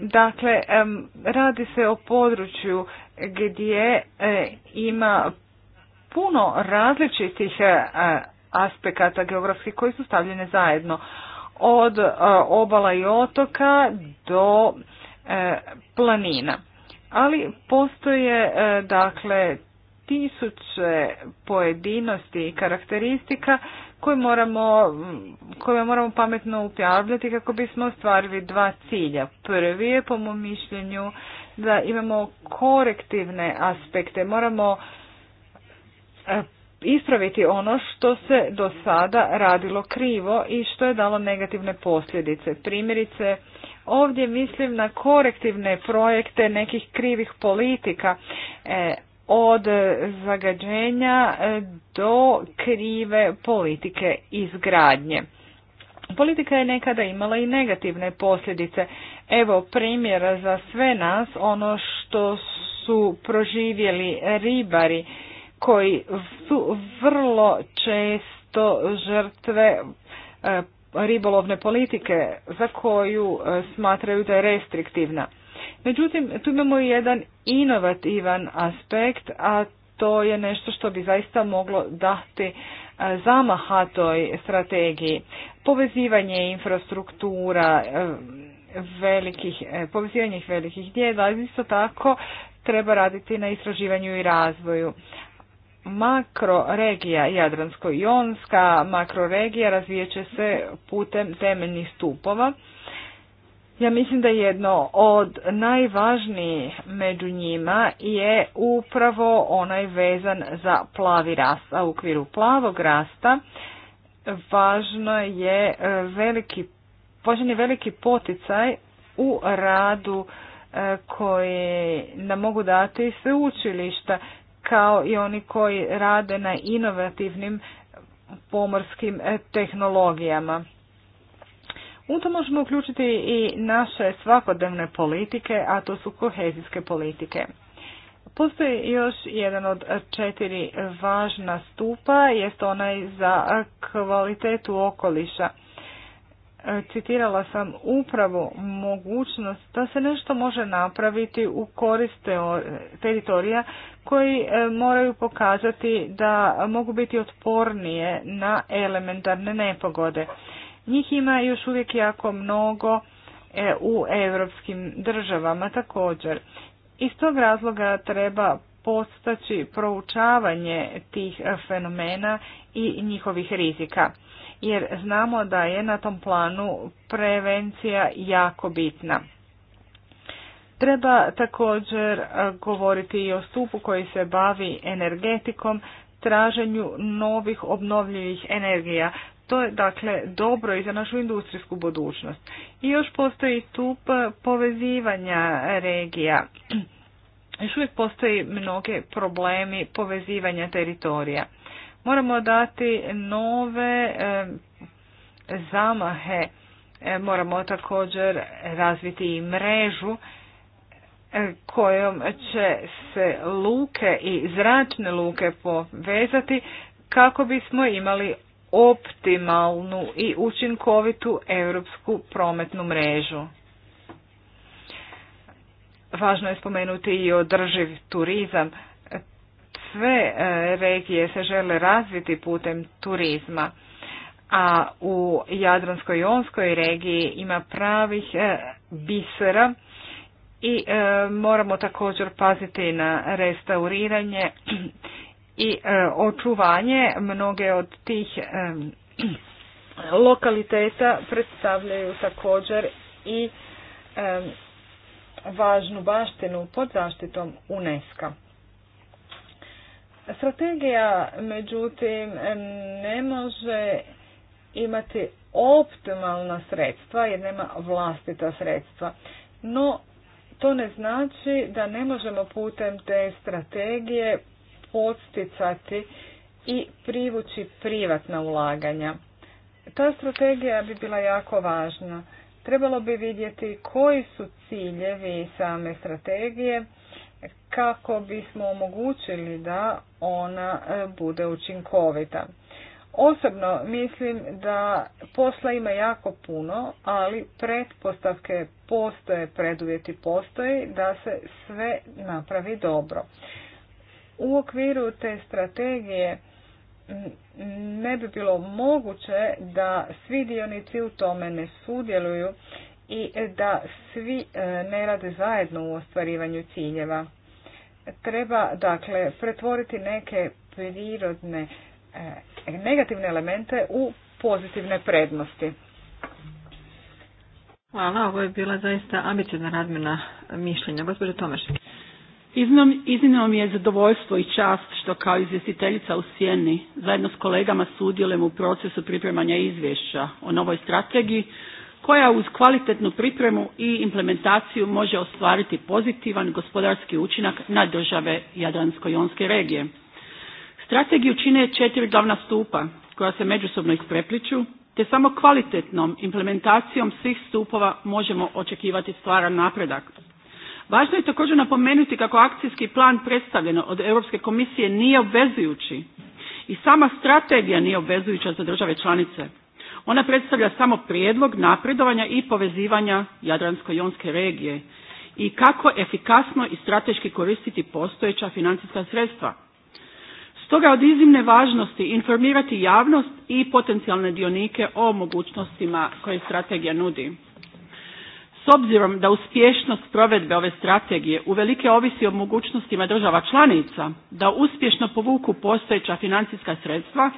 Dakle, radi se o području gdje e, ima puno različitih e, aspekata geografskih koji su stavljene zajedno. Od e, obala i otoka do E, planina. Ali postoje e, dakle tisuće pojedinosti i karakteristika koje moramo, koje moramo pametno upjavljati kako bismo ostvarili dva cilja. Prvi je po mom mišljenju da imamo korektivne aspekte, moramo e, ispraviti ono što se do sada radilo krivo i što je dalo negativne posljedice. Primjerice, Ovdje mislim na korektivne projekte nekih krivih politika e, od zagađenja e, do krive politike izgradnje. Politika je nekada imala i negativne posljedice. Evo primjera za sve nas, ono što su proživjeli ribari koji su vrlo često žrtve e, ribolovne politike za koju e, smatraju da je restriktivna. Međutim, tu imamo i jedan inovativan aspekt, a to je nešto što bi zaista moglo dati e, zamaha toj strategiji. Povezivanje infrastruktura e, velikih, povezivanje velikih dijela, isto tako treba raditi na istraživanju i razvoju makroregija Jadransko-Jonska, makroregija razvijeće će se putem temeljnih stupova. Ja mislim da jedno od najvažnijih među njima je upravo onaj vezan za plavi rast, a u okviru plavog rasta važno je e, veliki, važan je veliki poticaj u radu e, koji nam mogu dati sveučilišta kao i oni koji rade na inovativnim pomorskim e, tehnologijama. U to možemo uključiti i naše svakodnevne politike, a to su kohezijske politike. Postoji još jedan od četiri važna stupa, jest onaj za kvalitetu okoliša. E, citirala sam upravo mogućnost da se nešto može napraviti u korist teritorija koji e, moraju pokazati da mogu biti otpornije na elementarne nepogode. Njih ima još uvijek jako mnogo e, u europskim državama također. Iz tog razloga treba postaći proučavanje tih e, fenomena i njihovih rizika. Jer znamo da je na tom planu prevencija jako bitna. Treba također govoriti i o stupu koji se bavi energetikom, traženju novih obnovljivih energija. To je dakle dobro i za našu industrijsku budućnost. I još postoji stup povezivanja regija. Još uvijek postoji mnoge problemi povezivanja teritorija. Moramo dati nove zamahe, e, moramo također razviti i mrežu kojom će se luke i zračne luke povezati kako bismo imali optimalnu i učinkovitu europsku prometnu mrežu. Važno je spomenuti i održiv turizam. Sve e, regije se žele razviti putem turizma, a u Jadronskoj i Jonskoj regiji ima pravih e, bisera i e, moramo također paziti na restauriranje i e, očuvanje mnoge od tih e, lokaliteta predstavljaju također i važnu baštinu pod zaštitom UNESCO. Strategija međutim ne može imati optimalna sredstva jer nema vlastita sredstva. No, to ne znači da ne možemo putem te strategije posticati i privući privatna ulaganja. Ta strategija bi bila jako važna. Trebalo bi vidjeti koji su ciljevi same strategije kako bismo omogućili da ona e, bude učinkovita. Osobno mislim da posla ima jako puno, ali pretpostavke postoje, preduvjeti postoje da se sve napravi dobro. U okviru te strategije ne bi bilo moguće da svi dionici u tome ne sudjeluju i da svi e, ne rade zajedno u ostvarivanju ciljeva. Treba dakle pretvoriti neke prirodne e, negativne elemente u pozitivne prednosti. Hvala, ovo je bila zaista ambicijna razmjena mišljenja. Gospođo Tomaš. Iznimno mi je zadovoljstvo i čast što kao izvjestiteljica u Sjeni zajedno s kolegama sudjelujem u procesu pripremanja izvješća o novoj strategiji koja uz kvalitetnu pripremu i implementaciju može ostvariti pozitivan gospodarski učinak na države Jadransko-jonske regije. Strategiju čine četiri glavna stupa koja se međusobno isprepliču, te samo kvalitetnom implementacijom svih stupova možemo očekivati stvaran napredak. Važno je također napomenuti kako akcijski plan predstavljen od Europske komisije nije obvezujući i sama strategija nije obvezujuća za države članice. Ona predstavlja samo prijedlog napredovanja i povezivanja Jadransko-jonske regije i kako efikasno i strateški koristiti postojeća financijska sredstva. Stoga je od iznimne važnosti informirati javnost i potencijalne dionike o mogućnostima koje strategija nudi. S obzirom da uspješnost provedbe ove strategije uvelike ovisi o mogućnostima država članica da uspješno povuku postojeća financijska sredstva,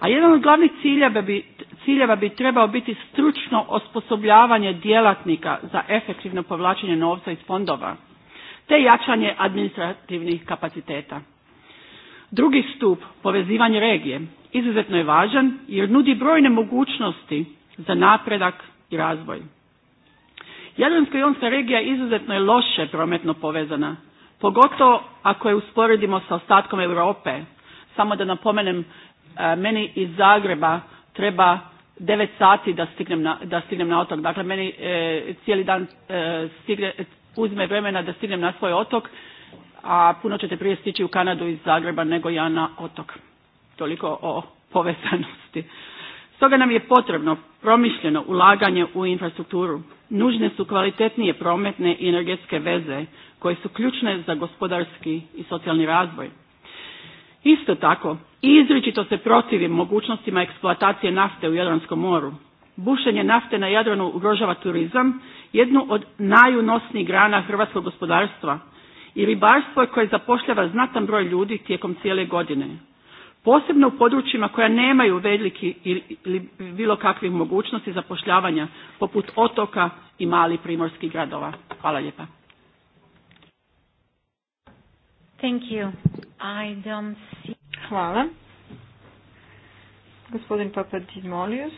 a jedan od glavnih ciljeva bi, ciljeva bi trebao biti stručno osposobljavanje djelatnika za efektivno povlačenje novca iz fondova te jačanje administrativnih kapaciteta. Drugi stup, povezivanje regije, izuzetno je važan jer nudi brojne mogućnosti za napredak i razvoj. i jonska regija izuzetno je loše prometno povezana, pogotovo ako je usporedimo sa ostatkom Europe. Samo da napomenem, e, meni iz Zagreba treba 9 sati da stignem na, da stignem na otok. Dakle, meni e, cijeli dan e, uzme vremena da stignem na svoj otok a puno ćete prije stići u Kanadu iz Zagreba nego ja na otok. Toliko o povezanosti. Stoga nam je potrebno promišljeno ulaganje u infrastrukturu. Nužne su kvalitetnije prometne i energetske veze koje su ključne za gospodarski i socijalni razvoj. Isto tako, izričito se protivim mogućnostima eksploatacije nafte u Jadranskom moru. Bušenje nafte na Jadranu ugrožava turizam, jednu od najunosnijih grana hrvatskog gospodarstva, i ribarstvo koje zapošljava znatan broj ljudi tijekom cijele godine. Posebno u područjima koja nemaju veliki ili bilo kakvih mogućnosti zapošljavanja, poput otoka i malih primorskih gradova. Hvala lijepa. Thank you. I don't Hvala. Gospodin Papadimolius,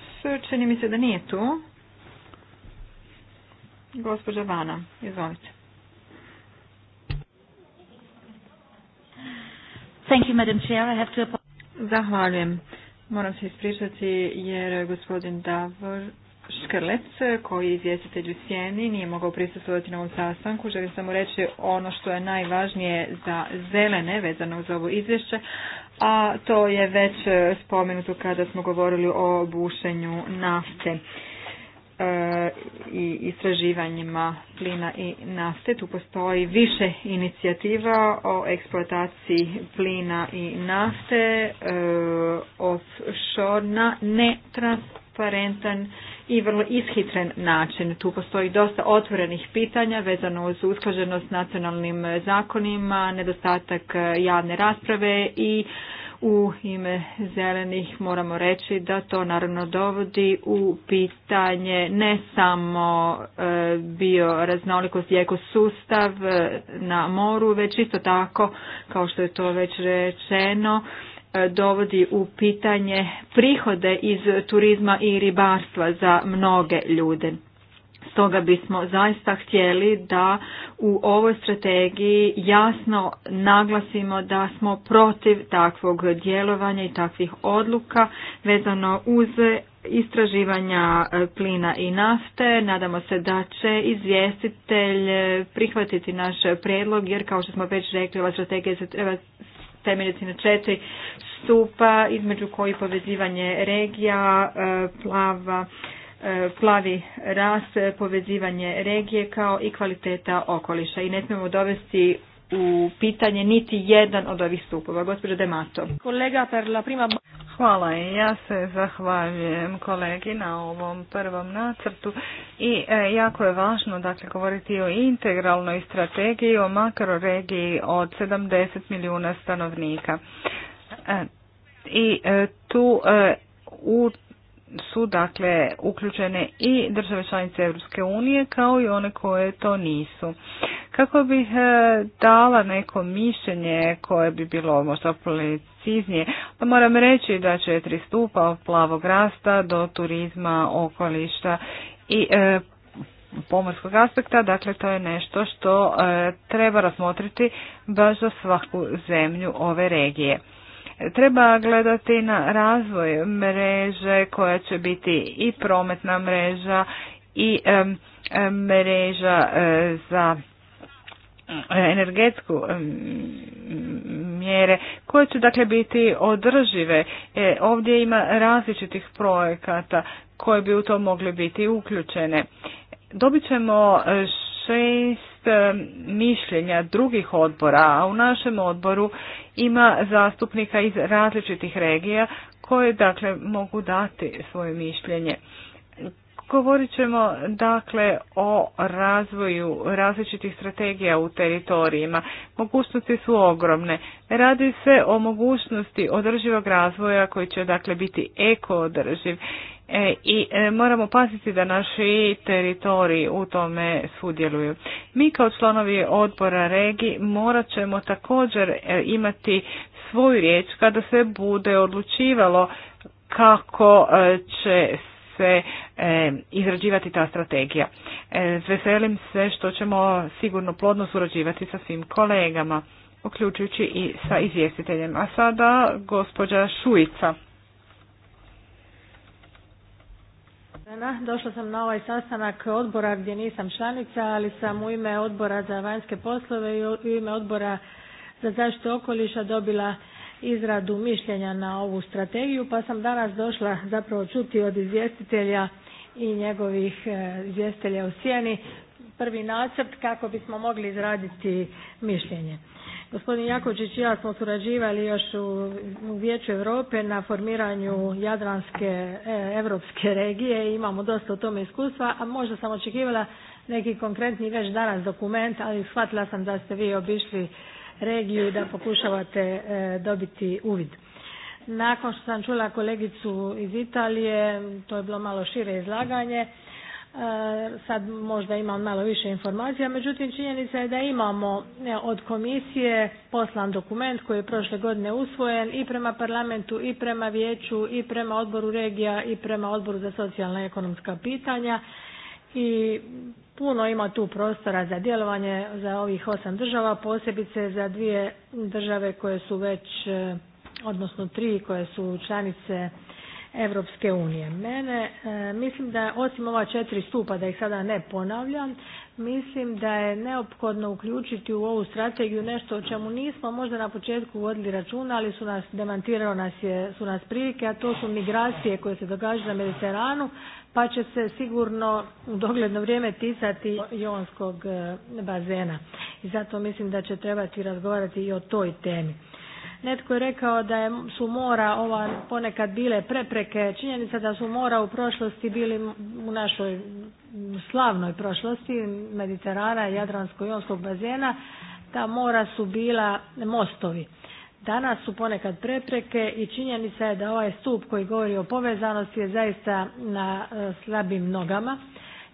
čini mi se da nije tu. Gospođa Vana, izvolite. Thank you, Zahvaljujem. Moram se ispričati jer gospodin Davor Škrlec, koji je izvjestitelj u Sjeni, nije mogao prisustovati na ovom sastanku. Želim samo reći ono što je najvažnije za zelene vezano uz ovo izvješće, a to je već spomenuto kada smo govorili o bušenju nafte. E, i istraživanjima plina i nafte. Tu postoji više inicijativa o eksploataciji plina i nafte, e, offshore na netransparentan i vrlo ishitren način. Tu postoji dosta otvorenih pitanja vezano uz usklađenost nacionalnim zakonima, nedostatak javne rasprave i u ime zelenih moramo reći da to naravno dovodi u pitanje ne samo e, raznolikost i ekosustav e, na moru, već isto tako, kao što je to već rečeno, e, dovodi u pitanje prihode iz turizma i ribarstva za mnoge ljude. Stoga bismo zaista htjeli da u ovoj strategiji jasno naglasimo da smo protiv takvog djelovanja i takvih odluka vezano uz istraživanja e, plina i nafte. Nadamo se da će izvjestitelj e, prihvatiti naš prijedlog jer kao što smo već rekli ova strategija se treba temeljiti na četiri stupa između koji povezivanje regija, e, plava E, plavi rast, povezivanje regije kao i kvaliteta okoliša i ne smijemo dovesti u pitanje niti jedan od ovih stupova. Gospođa Demato. Kolega la prima... Hvala ja se zahvaljujem kolegi na ovom prvom nacrtu i e, jako je važno dakle, govoriti o integralnoj strategiji, o makroregiji od 70 milijuna stanovnika. E, I tu u su dakle uključene i države članice Europske unije kao i one koje to nisu. Kako bih e, dala neko mišljenje koje bi bilo možda policiznije, pa moram reći da četiri stupa od plavog rasta do turizma, okolišta i e, pomorskog aspekta, dakle to je nešto što e, treba razmotriti baš za svaku zemlju ove regije. Treba gledati na razvoj mreže koja će biti i prometna mreža i mreža e, za e, energetsku mjere koje će dakle biti održive. E, ovdje ima različitih projekata koje bi u to mogli biti uključene. Dobit ćemo šest E, mišljenja drugih odbora, a u našem odboru ima zastupnika iz različitih regija koje dakle mogu dati svoje mišljenje. Govorit ćemo dakle o razvoju različitih strategija u teritorijima. Mogućnosti su ogromne. Radi se o mogućnosti održivog razvoja koji će dakle biti eko održiv E, i e, moramo paziti da naši teritoriji u tome sudjeluju. Mi kao članovi odbora regi morat ćemo također e, imati svoju riječ kada se bude odlučivalo kako će se izrađivati ta strategija. Veselim se što ćemo sigurno plodno surađivati sa svim kolegama, uključujući i sa izvjestiteljem. A sada gospođa Šuica. Došla sam na ovaj sastanak odbora gdje nisam članica, ali sam u ime odbora za vanjske poslove i u ime odbora za zaštitu okoliša dobila izradu mišljenja na ovu strategiju, pa sam danas došla zapravo čuti od izvjestitelja i njegovih e, izvjestitelja u sjeni prvi nacrt kako bismo mogli izraditi mišljenje. Gospodin Jakovčić i ja smo surađivali još u, Vijeću Europe na formiranju Jadranske europske regije i imamo dosta u tome iskustva, a možda sam očekivala neki konkretni već danas dokument, ali shvatila sam da ste vi obišli regiju i da pokušavate e, dobiti uvid. Nakon što sam čula kolegicu iz Italije, to je bilo malo šire izlaganje, E, sad možda imam malo više informacija, međutim činjenica je da imamo e, od komisije poslan dokument koji je prošle godine usvojen i prema parlamentu i prema vijeću i prema odboru regija i prema odboru za socijalna i ekonomska pitanja i puno ima tu prostora za djelovanje za ovih osam država, posebice za dvije države koje su već, e, odnosno tri koje su članice Europske unije. Mene, e, mislim da osim ova četiri stupa, da ih sada ne ponavljam, mislim da je neophodno uključiti u ovu strategiju nešto o čemu nismo možda na početku vodili računa, ali su nas demantirao nas su nas prilike, a to su migracije koje se događaju na Mediteranu, pa će se sigurno u dogledno vrijeme ticati jonskog e, bazena. I zato mislim da će trebati razgovarati i o toj temi. Netko je rekao da je, su mora ova ponekad bile prepreke. Činjenica da su mora u prošlosti bili u našoj slavnoj prošlosti Mediterana, Jadransko-Jonskog bazena, ta mora su bila mostovi. Danas su ponekad prepreke i činjenica je da ovaj stup koji govori o povezanosti je zaista na e, slabim nogama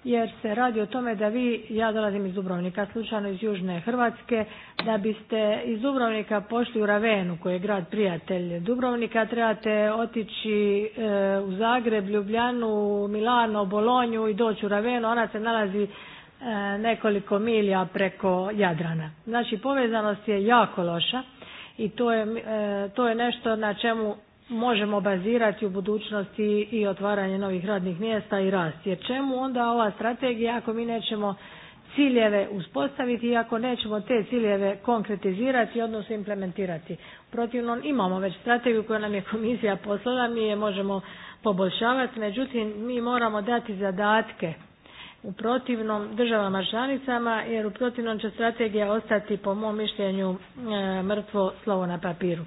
jer se radi o tome da vi, ja dolazim iz Dubrovnika, slučajno iz Južne Hrvatske, da biste iz Dubrovnika pošli u Ravenu, koji je grad prijatelj Dubrovnika, trebate otići e, u Zagreb, Ljubljanu, Milano, Bolonju i doći u Ravenu, ona se nalazi e, nekoliko milija preko Jadrana. Znači, povezanost je jako loša i to je, e, to je nešto na čemu možemo bazirati u budućnosti i otvaranje novih radnih mjesta i rast. Jer čemu onda ova strategija ako mi nećemo ciljeve uspostaviti i ako nećemo te ciljeve konkretizirati odnosno implementirati. U protivnom imamo već strategiju koju nam je komisija poslala, mi je možemo poboljšavati, međutim mi moramo dati zadatke u protivnom državama članicama jer u protivnom će strategija ostati po mom mišljenju e, mrtvo slovo na papiru.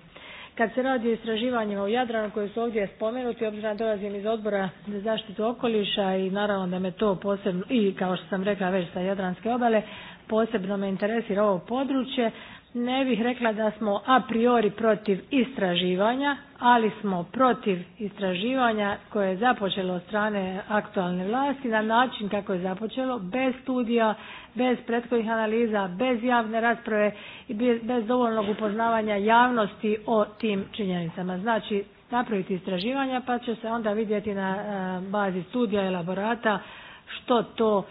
Kad se radi o istraživanjima u Jadranu koje su ovdje spomenuti, obzirom da dolazim iz odbora za zaštitu okoliša i naravno da me to posebno, i kao što sam rekla već sa Jadranske obale, posebno me interesira ovo područje, ne bih rekla da smo a priori protiv istraživanja, ali smo protiv istraživanja koje je započelo od strane aktualne vlasti na način kako je započelo, bez studija, bez prethodnih analiza, bez javne rasprave i bez dovoljnog upoznavanja javnosti o tim činjenicama. Znači, napraviti istraživanja pa će se onda vidjeti na bazi studija i elaborata što to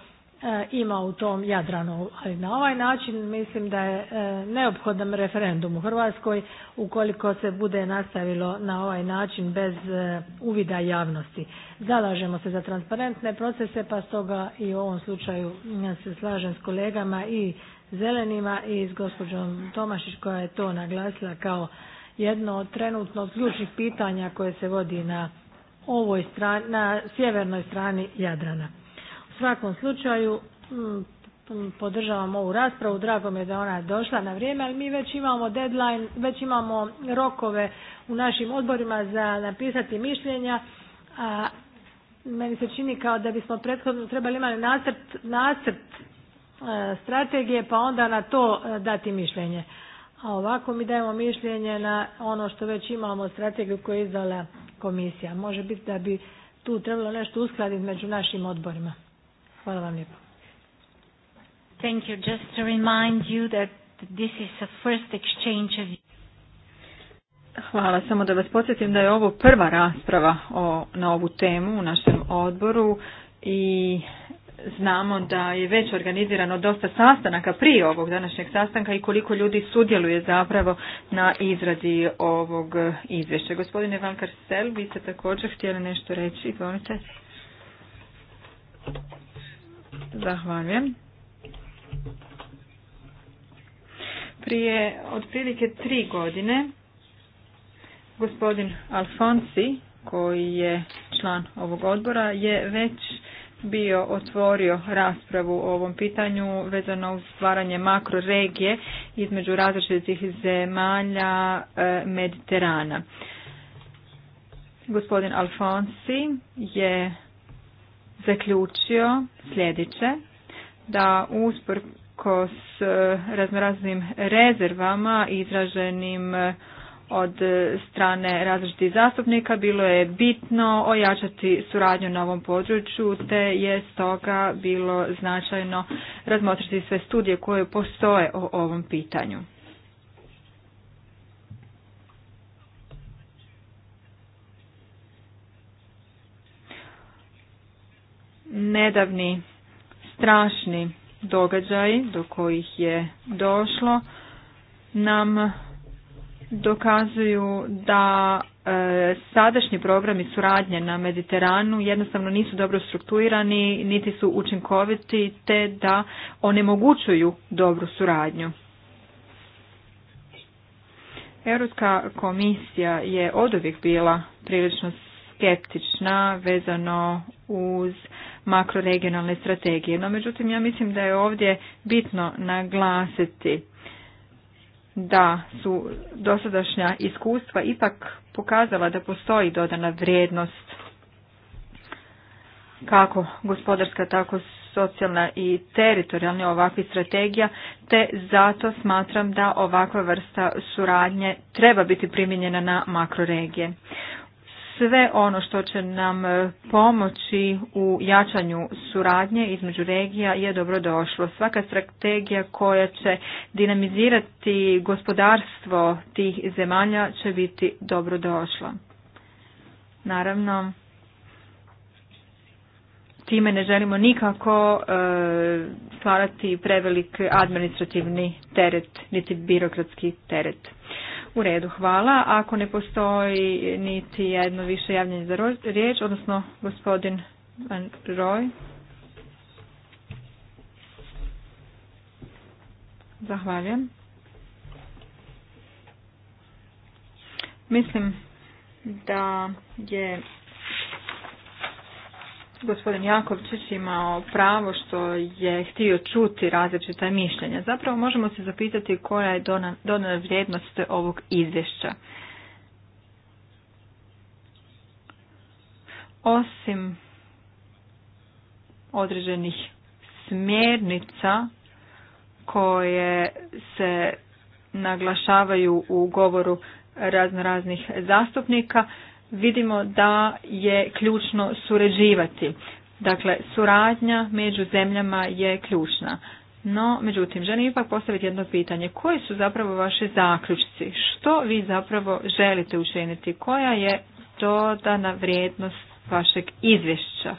E, ima u tom Jadranu. Ali na ovaj način mislim da je e, neophodan referendum u Hrvatskoj ukoliko se bude nastavilo na ovaj način bez e, uvida javnosti. Zalažemo se za transparentne procese pa stoga i u ovom slučaju ja se slažem s kolegama i zelenima i s gospođom Tomašić koja je to naglasila kao jedno od trenutno ključnih pitanja koje se vodi na ovoj strani, na sjevernoj strani Jadrana svakom slučaju mm, podržavam ovu raspravu, drago mi je da je ona došla na vrijeme, ali mi već imamo deadline, već imamo rokove u našim odborima za napisati mišljenja, a meni se čini kao da bismo prethodno trebali imali nacrt, nacrt e, strategije pa onda na to e, dati mišljenje. A ovako mi dajemo mišljenje na ono što već imamo strategiju koju je izdala komisija. Može biti da bi tu trebalo nešto uskladiti među našim odborima. Hvala vam lijepo. Thank you. Just to remind you that this is first exchange Hvala. Samo da vas podsjetim da je ovo prva rasprava o, na ovu temu u našem odboru i znamo da je već organizirano dosta sastanaka prije ovog današnjeg sastanka i koliko ljudi sudjeluje zapravo na izradi ovog izvješća. Gospodine Van Karsel, vi ste također htjeli nešto reći, izvolite. Zahvaljujem. Prije otprilike tri godine gospodin Alfonsi, koji je član ovog odbora, je već bio otvorio raspravu o ovom pitanju vezano uz stvaranje makroregije između različitih zemalja e, Mediterana. Gospodin Alfonsi je zaključio sljedeće, da usprkos e, raznoraznim rezervama izraženim e, od strane različitih zastupnika bilo je bitno ojačati suradnju na ovom području te je stoga bilo značajno razmotriti sve studije koje postoje o ovom pitanju. nedavni strašni događaji do kojih je došlo nam dokazuju da e, sadašnji programi suradnje na Mediteranu jednostavno nisu dobro strukturirani, niti su učinkoviti, te da onemogućuju dobru suradnju. Europska komisija je oduvijek bila prilično skeptična vezano uz makroregionalne strategije. No međutim, ja mislim da je ovdje bitno naglasiti da su dosadašnja iskustva ipak pokazala da postoji dodana vrijednost kako gospodarska, tako socijalna i teritorijalna ovakva strategija, te zato smatram da ovakva vrsta suradnje treba biti primijenjena na makroregije sve ono što će nam e, pomoći u jačanju suradnje između regija je dobrodošlo. Svaka strategija koja će dinamizirati gospodarstvo tih zemalja će biti dobrodošla. Naravno, time ne želimo nikako e, stvarati prevelik administrativni teret, niti birokratski teret. U redu, hvala. Ako ne postoji niti jedno više javljanje za riječ, odnosno gospodin Van Roy. Zahvaljujem. Mislim da je gospodin Jakovčić imao pravo što je htio čuti različita mišljenja. Zapravo možemo se zapitati koja je donana vrijednost ovog izvješća. Osim određenih smjernica koje se naglašavaju u govoru raznoraznih zastupnika, vidimo da je ključno surađivati. Dakle, suradnja među zemljama je ključna. No, međutim, želim ipak postaviti jedno pitanje. Koji su zapravo vaše zaključci? Što vi zapravo želite učiniti? Koja je dodana vrijednost vašeg izvješća?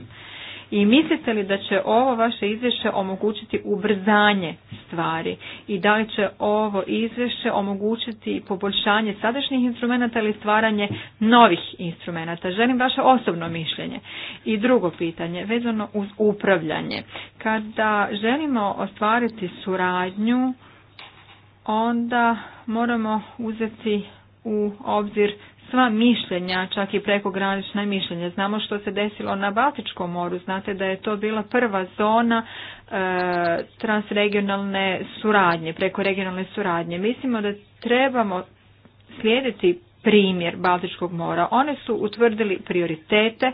I mislite li da će ovo vaše izvješće omogućiti ubrzanje stvari i da li će ovo izvješće omogućiti poboljšanje sadašnjih instrumenta ili stvaranje novih instrumenta. Želim vaše osobno mišljenje. I drugo pitanje, vezano uz upravljanje. Kada želimo ostvariti suradnju, onda moramo uzeti u obzir sva mišljenja, čak i prekogranična mišljenja. Znamo što se desilo na Baltičkom moru, znate da je to bila prva zona e, transregionalne suradnje, regionalne suradnje. Mislimo da trebamo slijediti primjer Baltičkog mora. One su utvrdili prioritete,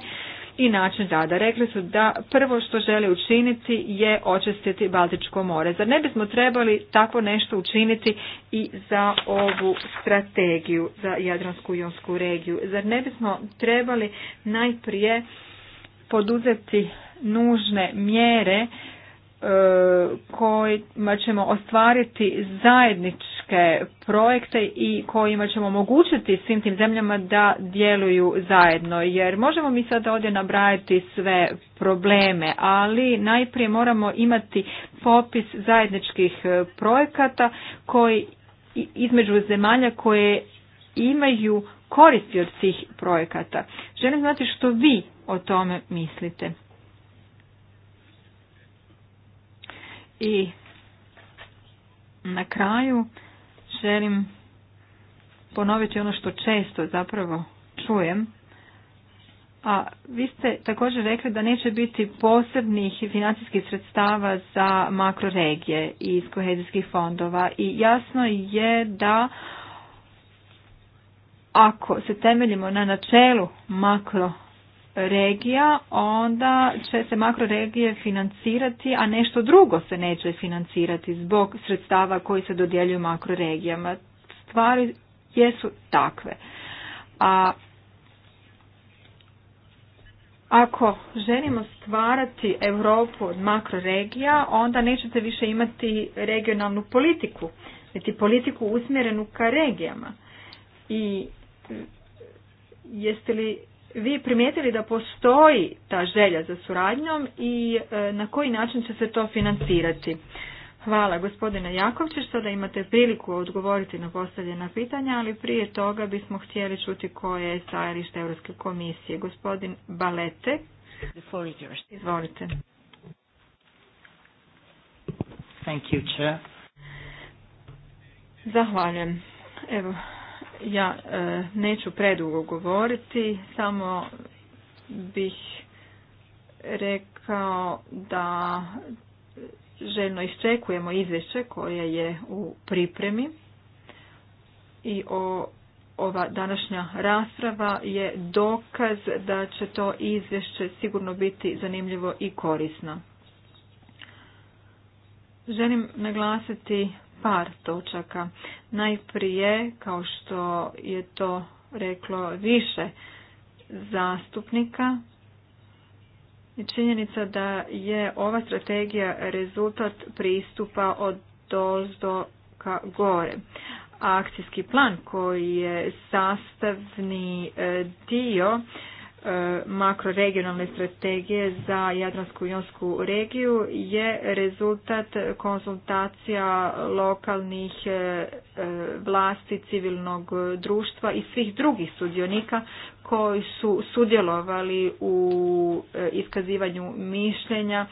i način rada. Rekli su da prvo što žele učiniti je očistiti Baltičko more. Zar ne bismo trebali tako nešto učiniti i za ovu strategiju za Jadransku i Jonsku regiju? Zar ne bismo trebali najprije poduzeti nužne mjere e, kojima ćemo ostvariti zajednički projekte i kojima ćemo omogućiti svim tim zemljama da djeluju zajedno. Jer možemo mi sada ovdje nabrajati sve probleme, ali najprije moramo imati popis zajedničkih e, projekata koji između zemalja koje imaju koristi od tih projekata. Želim znati što vi o tome mislite. I na kraju želim ponoviti ono što često zapravo čujem. A vi ste također rekli da neće biti posebnih financijskih sredstava za makroregije iz kohezijskih fondova i jasno je da ako se temeljimo na načelu makro regija, onda će se makroregije financirati, a nešto drugo se neće financirati zbog sredstava koji se dodjeljuju makroregijama. Stvari jesu takve. A ako želimo stvarati Europu od makroregija, onda nećete više imati regionalnu politiku, niti politiku usmjerenu ka regijama. I jeste li vi primijetili da postoji ta želja za suradnjom i e, na koji način će se to financirati? Hvala gospodine što sada imate priliku odgovoriti na postavljena pitanja, ali prije toga bismo htjeli čuti koje je stajalište Europske komisije. Gospodin Balete, izvolite. Thank you, Zahvaljujem. Evo, ja e, neću predugo govoriti, samo bih rekao da željno iščekujemo izvješće koje je u pripremi i o ova današnja rasprava je dokaz da će to izvješće sigurno biti zanimljivo i korisno. Želim naglasiti par točaka. Najprije, kao što je to reklo više zastupnika, je činjenica da je ova strategija rezultat pristupa od dozdo ka gore. Akcijski plan koji je sastavni e, dio E, makroregionalne strategije za Jadransku i Jonsku regiju je rezultat konsultacija lokalnih e, e, vlasti civilnog društva i svih drugih sudionika koji su sudjelovali u iskazivanju mišljenja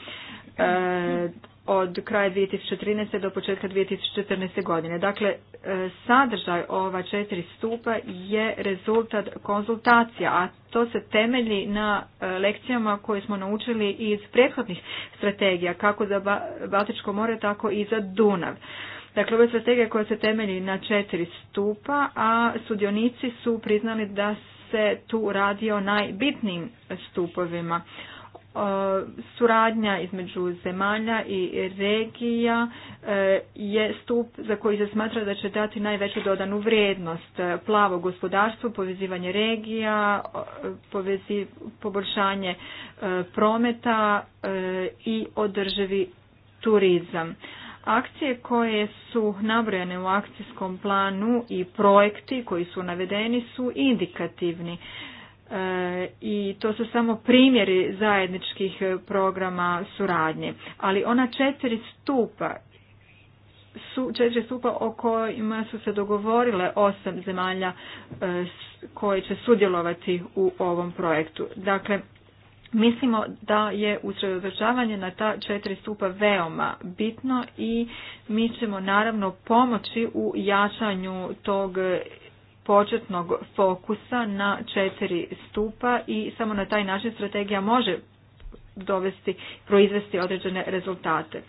od kraja 2013. do početka 2014. godine. Dakle, e, sadržaj ova četiri stupa je rezultat konzultacija, a to se temelji na e, lekcijama koje smo naučili iz prethodnih strategija, kako za Baltičko more, tako i za Dunav. Dakle, ove je strategija koja se temelji na četiri stupa, a sudionici su priznali da se tu radi o najbitnijim stupovima. E, suradnja između zemalja i regija e, je stup za koji se smatra da će dati najveću dodanu vrijednost. Plavo gospodarstvo, povezivanje regija, poboljšanje e, prometa i održivi turizam. Akcije koje su nabrojene u akcijskom planu i projekti koji su navedeni su indikativni i to su samo primjeri zajedničkih programa suradnje. Ali ona četiri stupa su četiri stupa o kojima su se dogovorile osam zemalja e, koje će sudjelovati u ovom projektu. Dakle, Mislimo da je usredotočavanje na ta četiri stupa veoma bitno i mi ćemo naravno pomoći u jačanju tog početnog fokusa na četiri stupa i samo na taj način strategija može dovesti, proizvesti određene rezultate.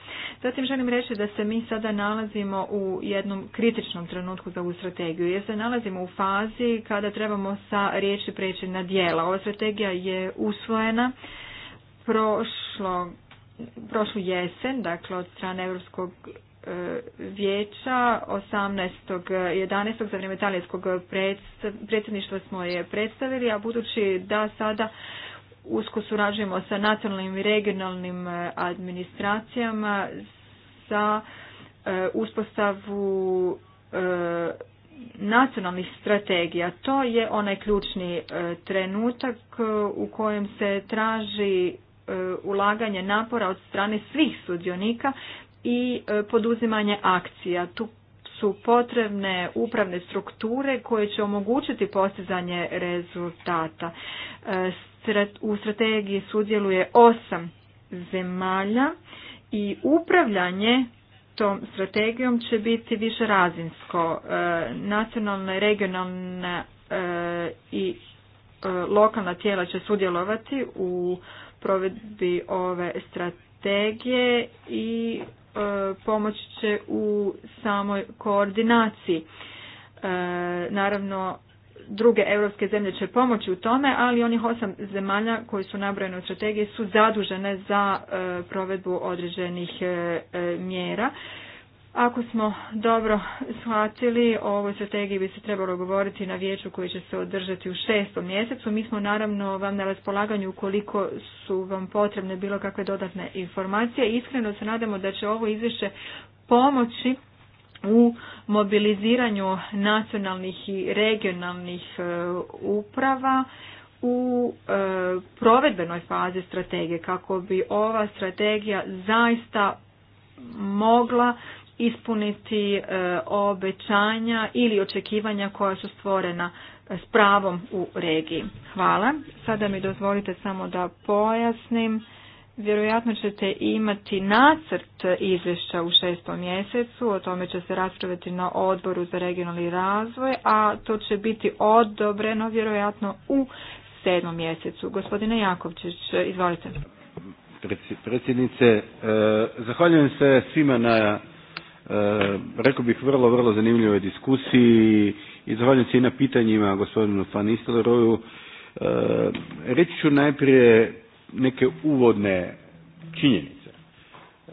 Zatim želim reći da se mi sada nalazimo u jednom kritičnom trenutku za ovu strategiju, jer se nalazimo u fazi kada trebamo sa riječi preći na dijela. Ova strategija je usvojena prošlo, prošlu jesen, dakle od strane Europskog E, vijeća 18.11. za vrijeme talijanskog predsjedništva smo je predstavili, a budući da sada usko surađujemo sa nacionalnim i regionalnim e, administracijama za e, uspostavu nacionalnih strategija. To je onaj ključni trenutak u kojem se traži ulaganje napora od strane svih sudionika i e, poduzimanje akcija. Tu su potrebne upravne strukture koje će omogućiti postizanje rezultata. E, u strategiji sudjeluje osam zemalja i upravljanje tom strategijom će biti više razinsko. E, Nacionalna, regionalna i lokalna tijela će sudjelovati u provedbi ove strategije i E, pomoć će u samoj koordinaciji. E, naravno, druge europske zemlje će pomoći u tome, ali onih osam zemalja koji su nabrojene u strategiji su zadužene za e, provedbu određenih mjera. Ako smo dobro shvatili, o ovoj strategiji bi se trebalo govoriti na vijeću koji će se održati u šestom mjesecu. Mi smo naravno vam na raspolaganju ukoliko su vam potrebne bilo kakve dodatne informacije. Iskreno se nadamo da će ovo izvješće pomoći u mobiliziranju nacionalnih i regionalnih e, uprava u e, provedbenoj fazi strategije kako bi ova strategija zaista mogla ispuniti e, obećanja ili očekivanja koja su stvorena e, s pravom u regiji. Hvala. Sada mi dozvolite samo da pojasnim. Vjerojatno ćete imati nacrt izvješća u šestom mjesecu, o tome će se raspraviti na odboru za regionalni razvoj, a to će biti odobreno vjerojatno u sedmom mjesecu. Gospodine Jakovčić, izvolite. Predsjednice, e, zahvaljujem se svima na Eh, rekao bih vrlo, vrlo zanimljivoj diskusiji i zahvaljujem se i na pitanjima gospodinu Fanisteleroju. Eh, reći ću najprije neke uvodne činjenice. Eh,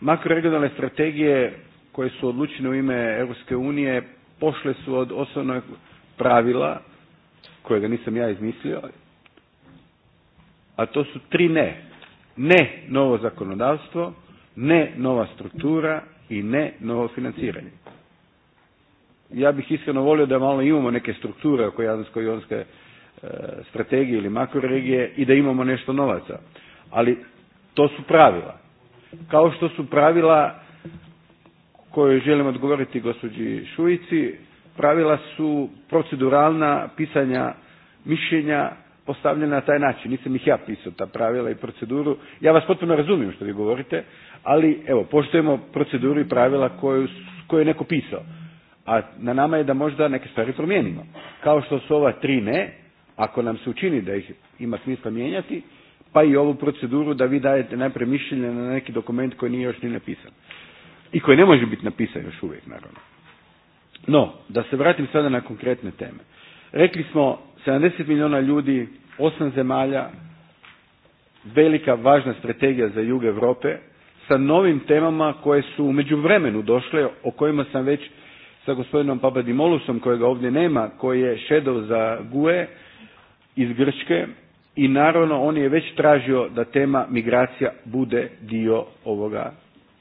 makroregionalne strategije koje su odlučene u ime Europske unije pošle su od osnovnog pravila kojega nisam ja izmislio, a to su tri ne. Ne novo zakonodavstvo, ne nova struktura i ne novo financiranje. Ja bih iskreno volio da malo imamo neke strukture oko jadansko jonske e, strategije ili makroregije i da imamo nešto novaca. Ali to su pravila. Kao što su pravila koje želim odgovoriti gospođi Šuici, pravila su proceduralna pisanja mišljenja postavljena na taj način. Nisam ih ja pisao ta pravila i proceduru. Ja vas potpuno razumijem što vi govorite, ali evo, poštujemo proceduru i pravila koje je neko pisao. A na nama je da možda neke stvari promijenimo. Kao što su ova tri ne, ako nam se učini da ih ima smisla mijenjati, pa i ovu proceduru da vi dajete najprije mišljenje na neki dokument koji nije još ni napisan. I koji ne može biti napisan još uvijek, naravno. No, da se vratim sada na konkretne teme. Rekli smo 70 milijuna ljudi, osam zemalja, velika važna strategija za jug Europe novim temama koje su u međuvremenu došle, o kojima sam već sa gospodinom Papadimolusom, kojega ovdje nema, koji je šedov za GUE iz Grčke i naravno on je već tražio da tema migracija bude dio ovoga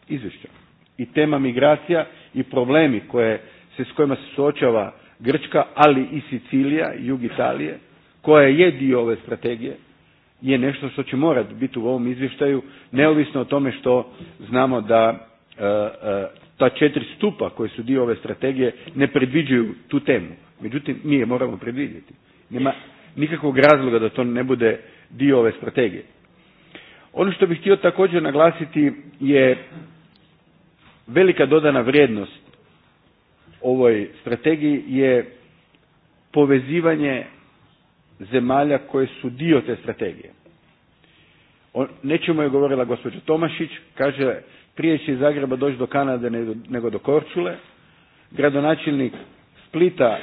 izvješća. I tema migracija i problemi koje se, s kojima se suočava Grčka, ali i Sicilija, jug Italije, koja je dio ove strategije, je nešto što će morati biti u ovom izvještaju neovisno o tome što znamo da e, e, ta četiri stupa koji su dio ove strategije ne predviđaju tu temu. Međutim, mi je moramo predvidjeti. Nema nikakvog razloga da to ne bude dio ove strategije. Ono što bih htio također naglasiti je velika dodana vrijednost ovoj strategiji je povezivanje zemalja koje su dio te strategije. O nečemu je govorila gospođa Tomašić, kaže prije će iz Zagreba doći do Kanade nego do Korčule. Gradonačelnik Splita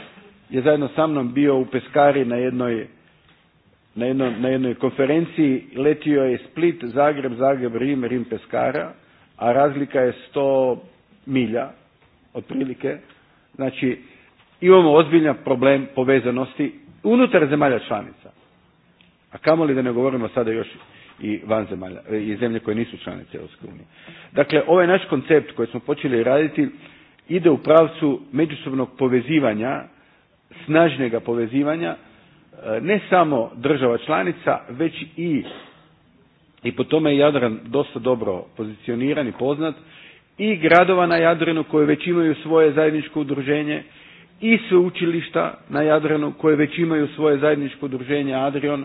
je zajedno sa mnom bio u Peskari na jednoj, na na konferenciji, letio je Split, Zagreb, Zagreb, Rim, Rim Peskara, a razlika je sto milja, otprilike. Znači, imamo ozbiljan problem povezanosti unutar zemalja članica, a kamoli da ne govorimo sada još i van zemalja, e, i zemlje koje nisu članice Europske unije. Dakle, ovaj naš koncept koji smo počeli raditi ide u pravcu međusobnog povezivanja, snažnjega povezivanja, e, ne samo država članica, već i, i po tome je Jadran dosta dobro pozicioniran i poznat, i gradova na Jadranu koji već imaju svoje zajedničko udruženje, i sveučilišta na Jadranu koje već imaju svoje zajedničko udruženje Adrion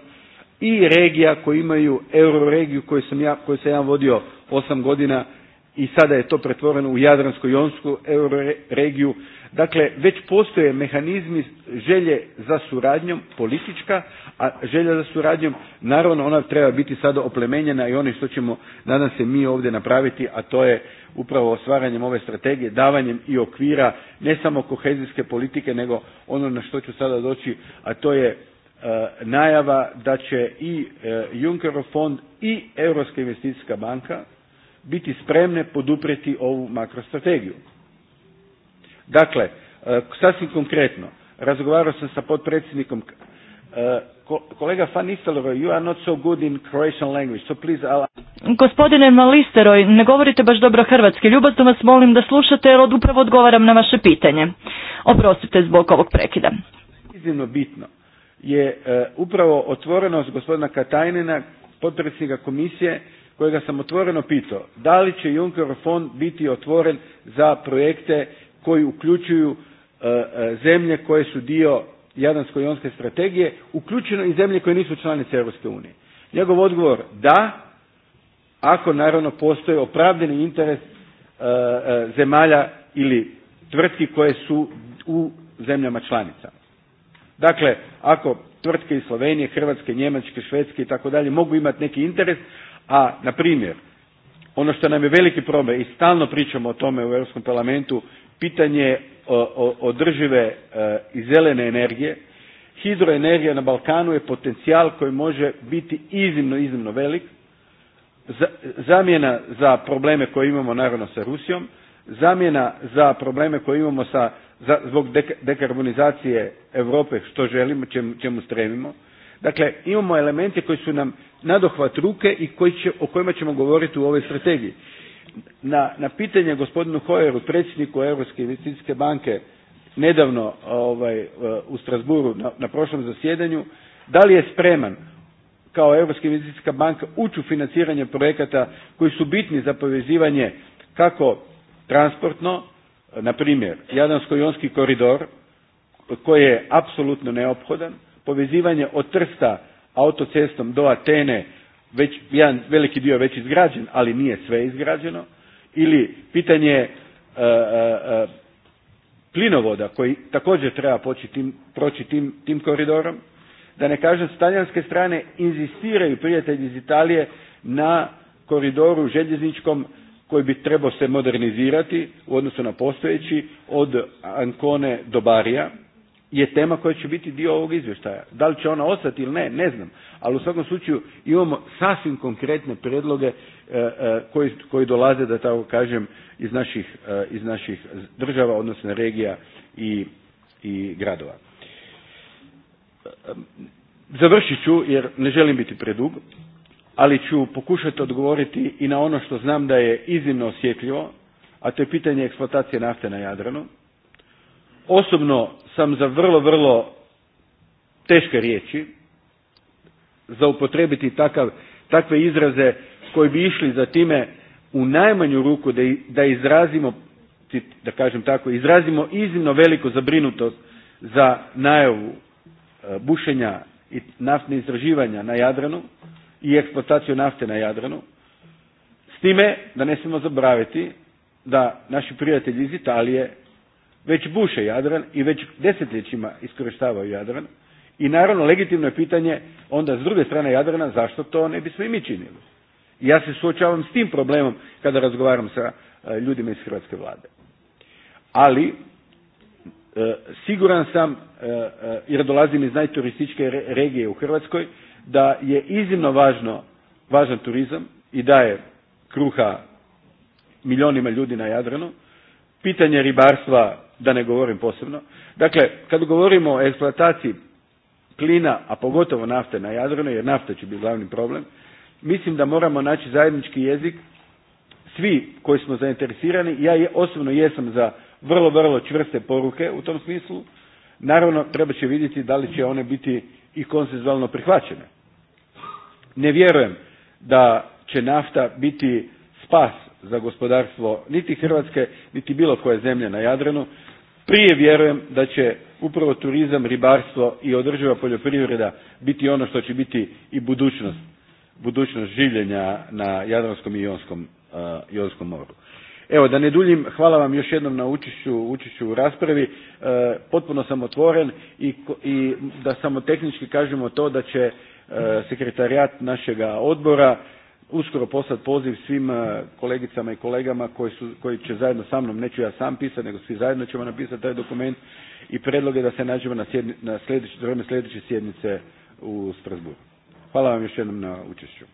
i regija koje imaju euroregiju koju sam ja, koju sam ja vodio osam godina i sada je to pretvoreno u Jadransko-jonsku euroregiju Dakle, već postoje mehanizmi želje za suradnjom, politička, a želja za suradnjom, naravno ona treba biti sada oplemenjena i ono što ćemo, nadam se, mi ovdje napraviti, a to je upravo osvaranjem ove strategije, davanjem i okvira, ne samo kohezijske politike, nego ono na što ću sada doći, a to je e, najava da će i e, Junckerov fond i Europska investicijska banka biti spremne poduprijeti ovu makrostrategiju. Dakle, e, sasvim konkretno, razgovarao sam sa potpredsjednikom e, Kolega Van you are not so good in Croatian language, so please... Gospodine Malisteroj, ne govorite baš dobro hrvatski. Ljubazno vas molim da slušate jer od upravo odgovaram na vaše pitanje. Oprostite zbog ovog prekida. Iznimno bitno je e, upravo otvorenost gospodina Katajnina, potpredsjednika komisije, kojega sam otvoreno pitao, da li će Juncker fond biti otvoren za projekte koji uključuju e, e, zemlje koje su dio Jadransko-jonske strategije, uključeno i zemlje koje nisu članice Europske unije. Njegov odgovor da, ako naravno postoji opravdani interes e, zemalja ili tvrtki koje su u zemljama članicama. Dakle, ako tvrtke iz Slovenije, Hrvatske, Njemačke, Švedske i tako dalje mogu imati neki interes, a na primjer, ono što nam je veliki problem i stalno pričamo o tome u Europskom parlamentu pitanje održive e, i zelene energije. Hidroenergija na Balkanu je potencijal koji može biti iznimno, iznimno velik. Zamjena za probleme koje imamo naravno sa Rusijom, zamjena za probleme koje imamo zbog dekarbonizacije Europe što želimo, čemu, stremimo. Dakle, imamo elemente koji su nam nadohvat ruke i o kojima ćemo govoriti u ovoj strategiji. Na, pitanje gospodinu Hoyeru, predsjedniku Europske investicijske banke, nedavno ovaj, u Strasburu na, prošlom zasjedanju, da li je spreman kao Europska investicijska banka ući u financiranje projekata koji su bitni za povezivanje kako transportno, na primjer Jadransko-jonski koridor koji je apsolutno neophodan, povezivanje od Trsta autocestom do Atene već jedan veliki dio već izgrađen, ali nije sve izgrađeno, ili pitanje e, e, e, plinovoda koji također treba poći tim, proći tim, koridorom, da ne kažem s talijanske strane inzistiraju prijatelji iz Italije na koridoru željezničkom koji bi trebao se modernizirati u odnosu na postojeći od Ancone do Barija je tema koja će biti dio ovog izvještaja. Da li će ona ostati ili ne, ne znam. Ali u svakom slučaju imamo sasvim konkretne predloge e, e, koji, koji dolaze, da tako kažem, iz naših, e, iz naših država, odnosno regija i, i gradova. Završit ću, jer ne želim biti predug, ali ću pokušati odgovoriti i na ono što znam da je iznimno osjetljivo, a to je pitanje eksploatacije nafte na Jadranu Osobno sam za vrlo, vrlo teške riječi za upotrebiti takav, takve izraze koji bi išli za time u najmanju ruku da, da izrazimo, da kažem tako, izrazimo iznimno veliku zabrinutost za najavu e, bušenja i naftne istraživanja na Jadranu i eksploataciju nafte na Jadranu. S time da ne smijemo zaboraviti da naši prijatelji iz Italije već buše Jadran i već desetljećima iskorištavaju Jadran i naravno legitimno je pitanje onda s druge strane Jadrana zašto to ne bismo i mi činili. ja se suočavam s tim problemom kada razgovaram sa e, ljudima iz hrvatske vlade. Ali e, siguran sam jer e, dolazim iz najturističke regije u Hrvatskoj da je iznimno važno, važan turizam i daje kruha milionima ljudi na Jadranu. Pitanje ribarstva da ne govorim posebno. Dakle, kad govorimo o eksploataciji plina, a pogotovo nafte na Jadranu, jer nafta će biti glavni problem, mislim da moramo naći zajednički jezik svi koji smo zainteresirani. Ja je, osobno jesam za vrlo, vrlo čvrste poruke u tom smislu. Naravno, treba će vidjeti da li će one biti i konsenzualno prihvaćene. Ne vjerujem da će nafta biti spas za gospodarstvo niti Hrvatske, niti bilo koje zemlje na Jadranu prije vjerujem da će upravo turizam, ribarstvo i održiva poljoprivreda biti ono što će biti i budućnost, budućnost življenja na Jadranskom i Jonskom, uh, moru. Evo, da ne duljim, hvala vam još jednom na učišću u raspravi. E, potpuno sam otvoren i, i da samo tehnički kažemo to da će e, sekretarijat našega odbora uskoro poslati poziv svim e, kolegicama i kolegama koji, su, koji će zajedno sa mnom, neću ja sam pisati, nego svi zajedno ćemo napisati taj dokument i predloge da se nađemo na, na sljedeće, sjednice u Strasburu. Hvala vam još jednom na učešću.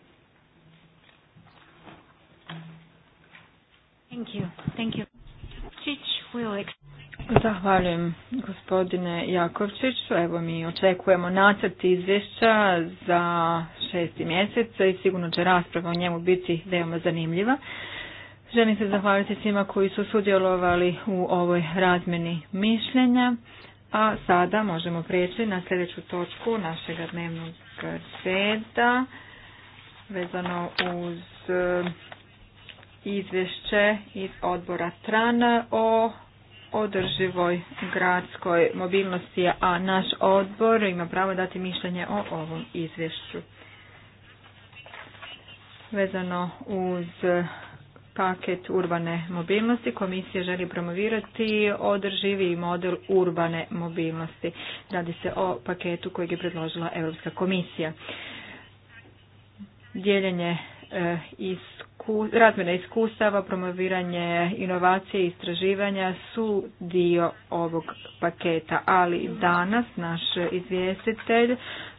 Thank you. Thank you. Zahvaljujem gospodine Jakovčiću. Evo mi očekujemo nacrt izvješća za šesti mjesec i sigurno će rasprava o njemu biti veoma zanimljiva. Želim se zahvaliti svima koji su sudjelovali u ovoj razmjeni mišljenja. A sada možemo prijeći na sljedeću točku našega dnevnog reda vezano uz e, izvješće iz odbora TRAN o održivoj gradskoj mobilnosti, a naš odbor ima pravo dati mišljenje o ovom izvješću. Vezano uz paket urbane mobilnosti komisija želi promovirati održivi model urbane mobilnosti. Radi se o paketu kojeg je predložila Europska komisija. Dijeljenje e, iz isku, razmjena iskustava, promoviranje inovacije i istraživanja su dio ovog paketa, ali danas naš izvjestitelj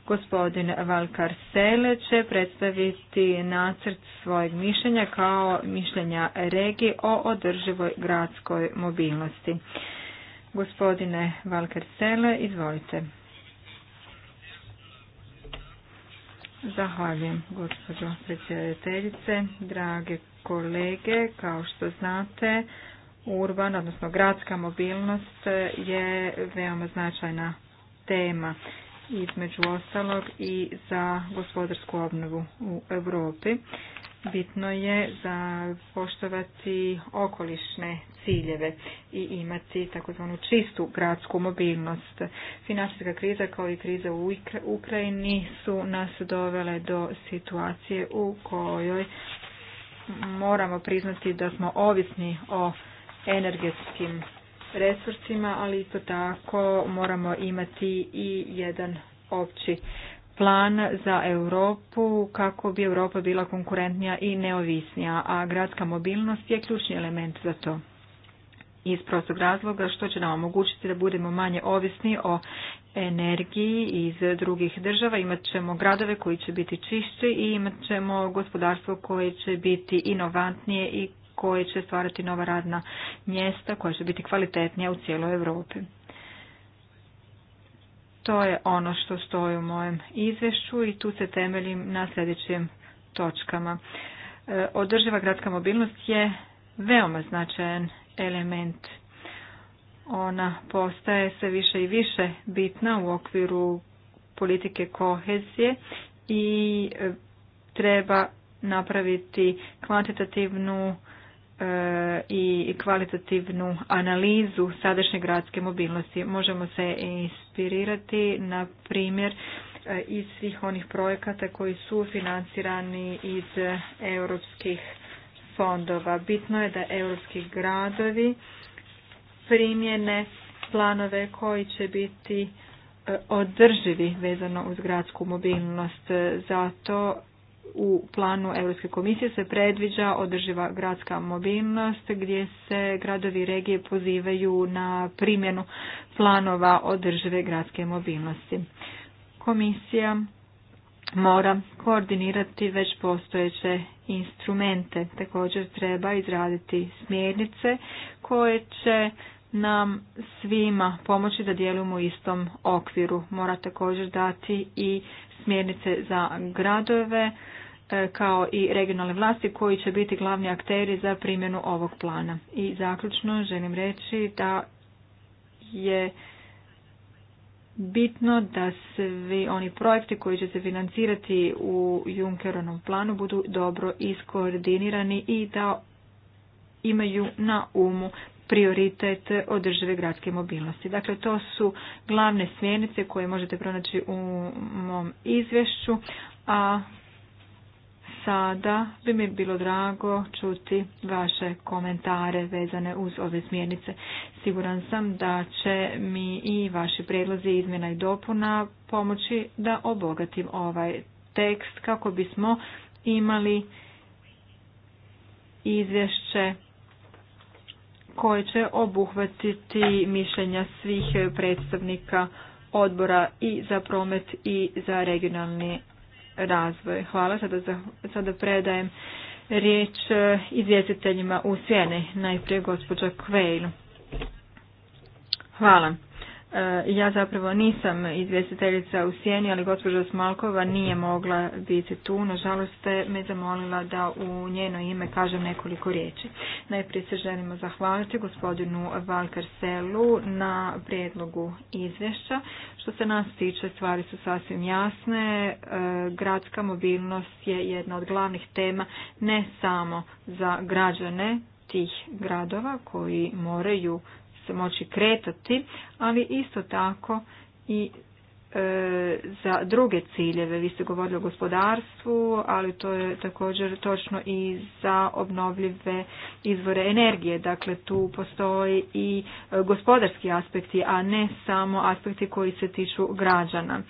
gospodin Valkar Sele će predstaviti nacrt svojeg mišljenja kao mišljenja regije o održivoj gradskoj mobilnosti. Gospodine Valkar Sele, izvolite. Zahvaljujem, gospođo predsjedateljice. Drage kolege, kao što znate, urban, odnosno gradska mobilnost je veoma značajna tema između ostalog i za gospodarsku obnovu u Europi bitno je za poštovati okolišne ciljeve i imati takozvanu čistu gradsku mobilnost. Financijska kriza kao i kriza u Ukrajini su nas dovele do situacije u kojoj moramo priznati da smo ovisni o energetskim resursima, ali isto tako moramo imati i jedan opći plan za Europu kako bi Europa bila konkurentnija i neovisnija, a gradska mobilnost je ključni element za to. Iz prostog razloga što će nam omogućiti da budemo manje ovisni o energiji iz drugih država, imat ćemo gradove koji će biti čišći i imat ćemo gospodarstvo koje će biti inovantnije i koje će stvarati nova radna mjesta koja će biti kvalitetnija u cijeloj Europi. To je ono što stoji u mojem izvješću i tu se temeljim na sljedećim točkama. E, održiva gradska mobilnost je veoma značajan element. Ona postaje sve više i više bitna u okviru politike kohezije i e, treba napraviti kvantitativnu E, i kvalitativnu analizu sadašnje gradske mobilnosti. Možemo se inspirirati na primjer e, iz svih onih projekata koji su financirani iz europskih fondova. Bitno je da europski gradovi primjene planove koji će biti e, održivi vezano uz gradsku mobilnost. Zato u planu Europske komisije se predviđa održiva gradska mobilnost gdje se gradovi regije pozivaju na primjenu planova održive gradske mobilnosti. Komisija mora koordinirati već postojeće instrumente. Također treba izraditi smjernice koje će nam svima pomoći da djelujemo u istom okviru. Mora također dati i smjernice za gradove E, kao i regionalne vlasti koji će biti glavni akteri za primjenu ovog plana. I zaključno želim reći da je bitno da svi oni projekti koji će se financirati u Junkeronom planu budu dobro iskoordinirani i da imaju na umu prioritet održive gradske mobilnosti. Dakle, to su glavne smjernice koje možete pronaći u mom izvješću, a sada bi mi bilo drago čuti vaše komentare vezane uz ove smjernice. Siguran sam da će mi i vaši predlozi izmjena i dopuna pomoći da obogatim ovaj tekst kako bismo imali izvješće koje će obuhvatiti mišljenja svih predstavnika odbora i za promet i za regionalni razvoj. Hvala, sada, sada predajem riječ e, izvjestiteljima u sjeni, najprije gospođa Kvejlu. Hvala. E, ja zapravo nisam izvjestiteljica u sjeni, ali gospođa Smalkova nije mogla biti tu. Nažalost, me zamolila da u njeno ime kažem nekoliko riječi. Najprije se želimo zahvaliti gospodinu Valkarselu na prijedlogu izvješća. Što se nas tiče, stvari su sasvim jasne. E, gradska mobilnost je jedna od glavnih tema ne samo za građane tih gradova koji moraju se moći kretati, ali isto tako i e, za druge ciljeve. Vi ste govorili o gospodarstvu, ali to je također točno i za obnovljive izvore energije. Dakle, tu postoji i e, gospodarski aspekti, a ne samo aspekti koji se tiču građana.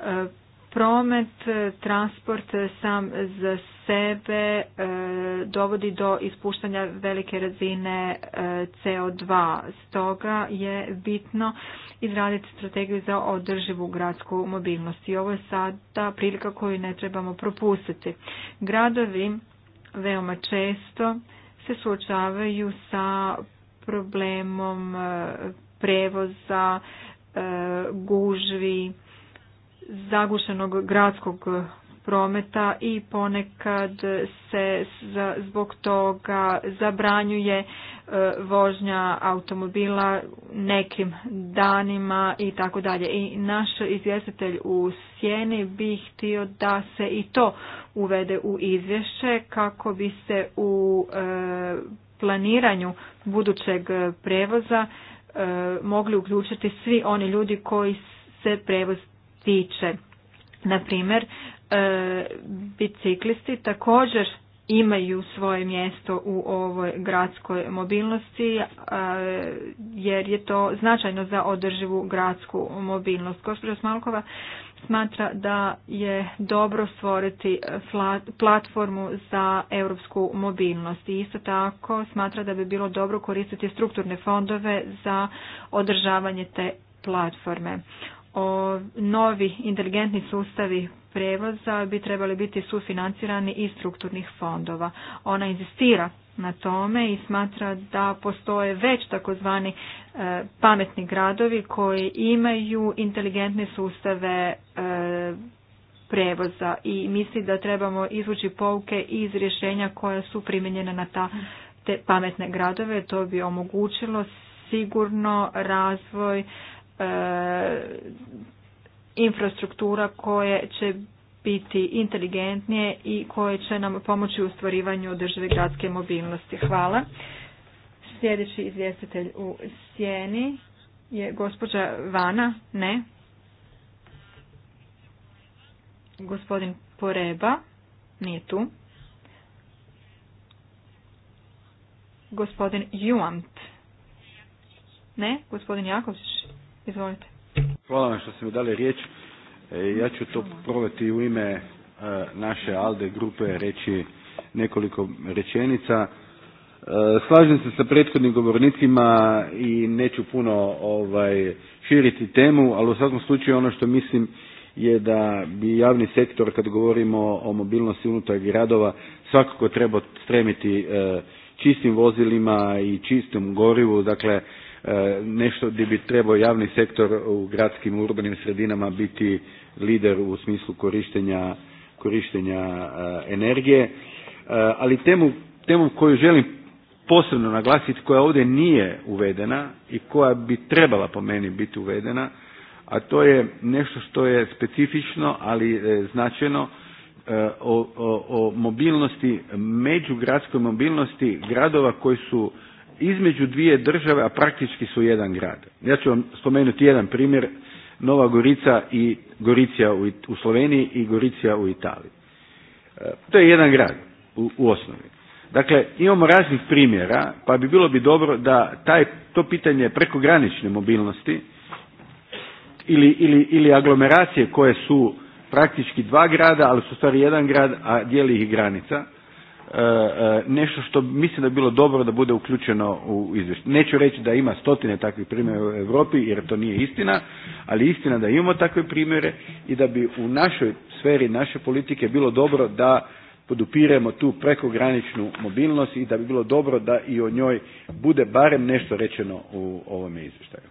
E, promet, e, transport e, sam za sebe e, dovodi do ispuštanja velike razine CO2. Stoga je bitno izraditi strategiju za održivu gradsku mobilnost. I ovo je sada prilika koju ne trebamo propustiti. Gradovi veoma često se suočavaju sa problemom prevoza, gužvi, zagušenog gradskog prometa i ponekad se zbog toga zabranjuje e, vožnja automobila nekim danima i tako dalje. I naš izvjestitelj u sjeni bi htio da se i to uvede u izvješće kako bi se u e, planiranju budućeg prevoza e, mogli uključiti svi oni ljudi koji se prevoz tiče. Na primjer, e, biciklisti također imaju svoje mjesto u ovoj gradskoj mobilnosti e, jer je to značajno za održivu gradsku mobilnost. Gospođa Smalkova smatra da je dobro stvoriti platformu za europsku mobilnost i isto tako smatra da bi bilo dobro koristiti strukturne fondove za održavanje te platforme novi inteligentni sustavi prevoza bi trebali biti sufinancirani iz strukturnih fondova. Ona inzistira na tome i smatra da postoje već takozvani e, pametni gradovi koji imaju inteligentne sustave e, prevoza i misli da trebamo izvući pouke iz rješenja koja su primijenjena na ta te pametne gradove. To bi omogućilo sigurno razvoj E, infrastruktura koje će biti inteligentnije i koje će nam pomoći u ostvarivanju države gradske mobilnosti. Hvala. Sljedeći izvjestitelj u sjeni je gospođa Vana, ne? Gospodin Poreba, nije tu. Gospodin Juant, ne? Gospodin Jakovčić, Izvolite. Hvala vam što ste mi dali riječ. E, ja ću to probati u ime e, naše ALDE grupe reći nekoliko rečenica. E, slažem se sa prethodnim govornicima i neću puno ovaj, širiti temu, ali u svakom slučaju ono što mislim je da bi javni sektor kad govorimo o mobilnosti unutar gradova svakako treba stremiti čistim vozilima i čistom gorivu, dakle E, nešto gdje bi trebao javni sektor u gradskim urbanim sredinama biti lider u smislu korištenja, korištenja e, energije. E, ali temu, koju želim posebno naglasiti koja ovdje nije uvedena i koja bi trebala po meni biti uvedena, a to je nešto što je specifično ali značajno o mobilnosti, međugradskoj mobilnosti gradova koji su između dvije države, a praktički su jedan grad. Ja ću vam spomenuti jedan primjer, Nova Gorica i Goricija u Sloveniji i Goricija u Italiji. E, to je jedan grad u, u osnovi. Dakle, imamo raznih primjera, pa bi bilo bi dobro da taj, to pitanje prekogranične mobilnosti ili, ili, ili aglomeracije koje su praktički dva grada, ali su stvari jedan grad, a dijeli ih granica, E, e, nešto što mislim da bi bilo dobro da bude uključeno u izvješće. Neću reći da ima stotine takvih primjera u Europi jer to nije istina, ali istina da imamo takve primjere i da bi u našoj sferi naše politike bilo dobro da podupiremo tu prekograničnu mobilnost i da bi bilo dobro da i o njoj bude barem nešto rečeno u ovom izvještaju.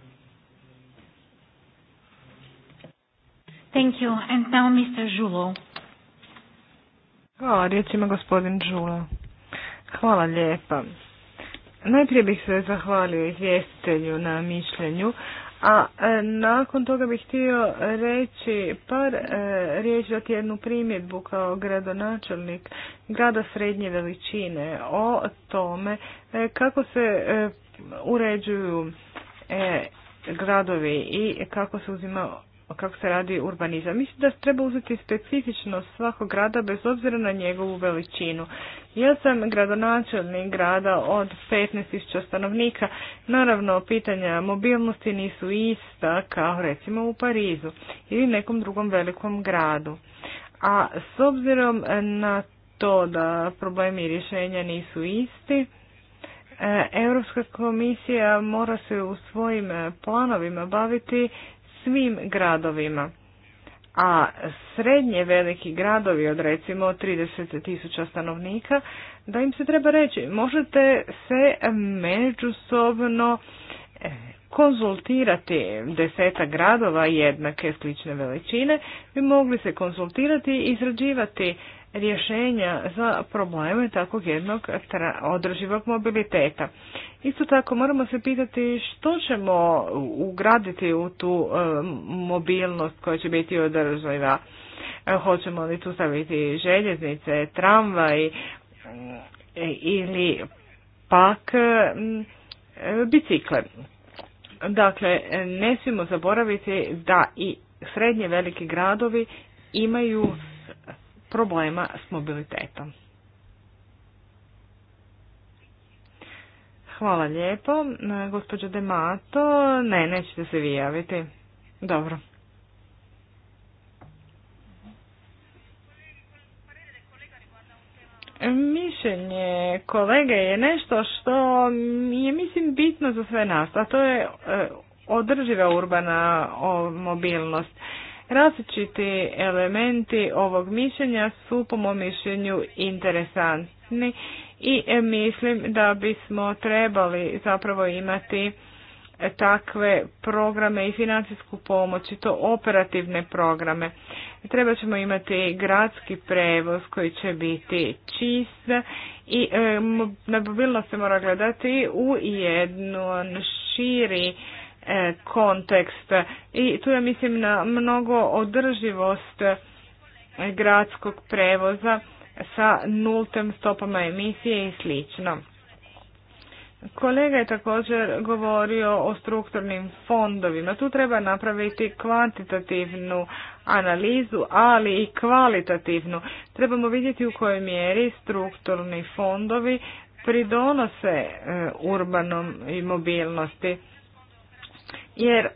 Thank you. And now Mr. Hvala, riječ gospodin Žula. Hvala lijepa. Najprije bih se zahvalio izvjestitelju na mišljenju, a e, nakon toga bih htio reći par e, riječi o jednu primjedbu kao gradonačelnik grada srednje veličine o tome e, kako se uređuju gradovi i kako se uzima kako se radi urbanizam. Mislim da treba uzeti specifičnost svakog grada bez obzira na njegovu veličinu. Ja sam gradonačelnik grada od 15.000 stanovnika. Naravno, pitanja mobilnosti nisu ista kao recimo u Parizu ili nekom drugom velikom gradu. A s obzirom na to da problemi i rješenja nisu isti, e, Europska komisija mora se u svojim planovima baviti svim gradovima. A srednje veliki gradovi od recimo 30.000 stanovnika, da im se treba reći, možete se međusobno e, konzultirati deseta gradova jednake slične veličine, bi mogli se konzultirati i izrađivati rješenja za probleme takvog jednog održivog mobiliteta. Isto tako moramo se pitati što ćemo ugraditi u tu e, mobilnost koja će biti održiva. E, hoćemo li tu staviti željeznice, tramvaj e, ili pak bicikle. Dakle, ne smijemo zaboraviti da i srednje veliki gradovi imaju problema s mobilitetom. Hvala lijepo. E, gospođo Demato, ne, nećete se vi javiti. Dobro. Mišljenje kolege je nešto što je mislim bitno za sve nas, a to je e, održiva urbana mobilnost. Različiti elementi ovog mišljenja su po mom mišljenju interesantni i e, mislim da bismo trebali zapravo imati takve programe i financijsku pomoć i to operativne programe. Treba ćemo imati gradski prevoz koji će biti čist i e, se mora gledati u jednu širi E, kontekst. I tu ja mislim na mnogo održivost e, gradskog prevoza sa nultem stopama emisije i slično. Kolega je također govorio o strukturnim fondovima. Tu treba napraviti kvantitativnu analizu, ali i kvalitativnu. Trebamo vidjeti u kojoj mjeri strukturni fondovi pridonose e, urbanom i mobilnosti jer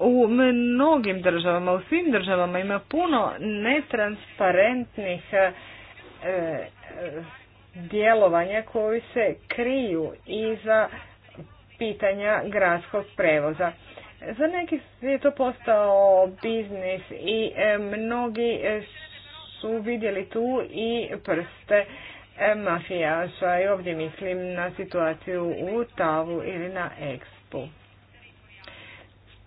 u mnogim državama, u svim državama ima puno netransparentnih e, e, djelovanja koji se kriju iza pitanja gradskog prevoza. Za neki je to postao biznis i e, mnogi su vidjeli tu i prste mafijaša i ovdje mislim na situaciju u Tavu ili na Expo.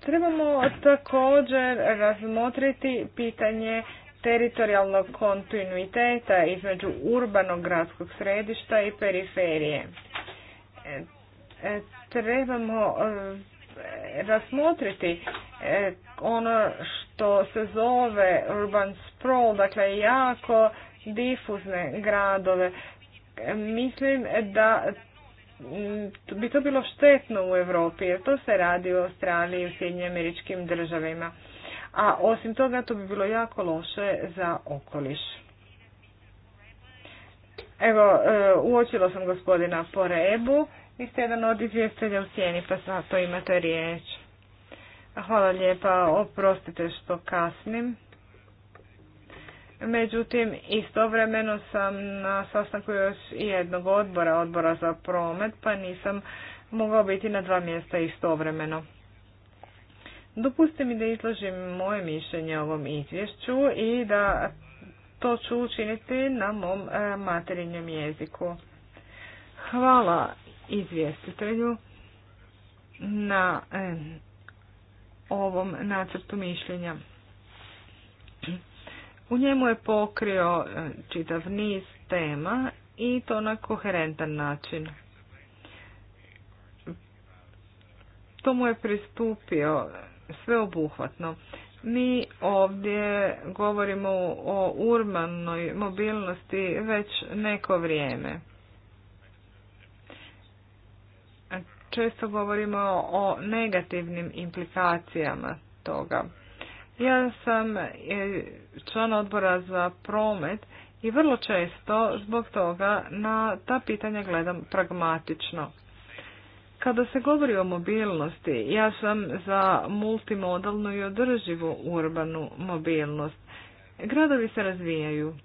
Trebamo također razmotriti pitanje teritorijalnog kontinuiteta između urbanog gradskog središta i periferije. E, e, trebamo e, razmotriti ono što se zove urban sprawl, dakle jako difuzne gradove. Mislim da Mm, bi to bilo štetno u Europi jer to se radi u Australiji i u Sjedinjim američkim državima. A osim toga to bi bilo jako loše za okoliš. Evo, e, uočila sam gospodina Porebu i Vi ste jedan od izvjestelja u sjeni, pa to imate riječ. Hvala lijepa, oprostite što kasnim. Međutim, istovremeno sam na sastanku još jednog odbora, odbora za promet, pa nisam mogao biti na dva mjesta istovremeno. Dopustite mi da izložim moje mišljenje o ovom izvješću i da to ću učiniti na mom e, materinjem jeziku. Hvala izvjestitelju na ovom nacrtu mišljenja. U njemu je pokrio e, čitav niz tema i to na koherentan način. To mu je pristupio sveobuhvatno. Mi ovdje govorimo o urbanoj mobilnosti već neko vrijeme. Često govorimo o negativnim implikacijama toga. Ja sam e, član odbora za promet i vrlo često zbog toga na ta pitanja gledam pragmatično. Kada se govori o mobilnosti, ja sam za multimodalnu i održivu urbanu mobilnost. Gradovi se razvijaju.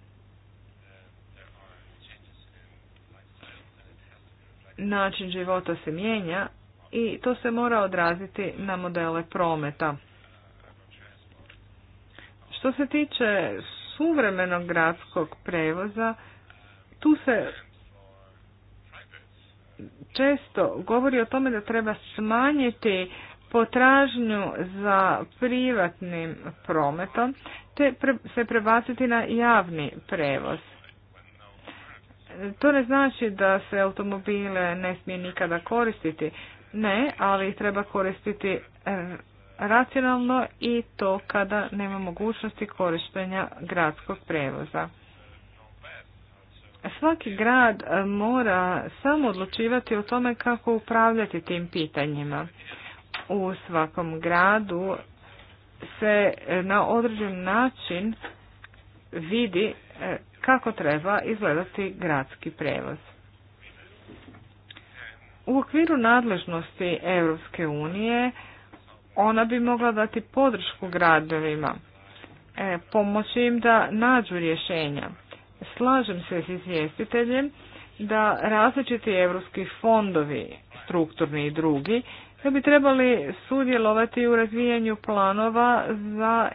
Način života se mijenja i to se mora odraziti na modele prometa. Što se tiče suvremenog gradskog prevoza, tu se često govori o tome da treba smanjiti potražnju za privatnim prometom te se prebaciti na javni prevoz. To ne znači da se automobile ne smije nikada koristiti, ne, ali treba koristiti eh, racionalno i to kada nema mogućnosti korištenja gradskog prevoza. Svaki grad e, mora samo odlučivati o tome kako upravljati tim pitanjima. U svakom gradu se e, na određen način vidi e, kako treba izgledati gradski prevoz. U okviru nadležnosti Europske unije ona bi mogla dati podršku gradovima, e, pomoći im da nađu rješenja. Slažem se s izvjestiteljem da različiti europski fondovi, strukturni i drugi, da bi trebali sudjelovati u razvijanju planova za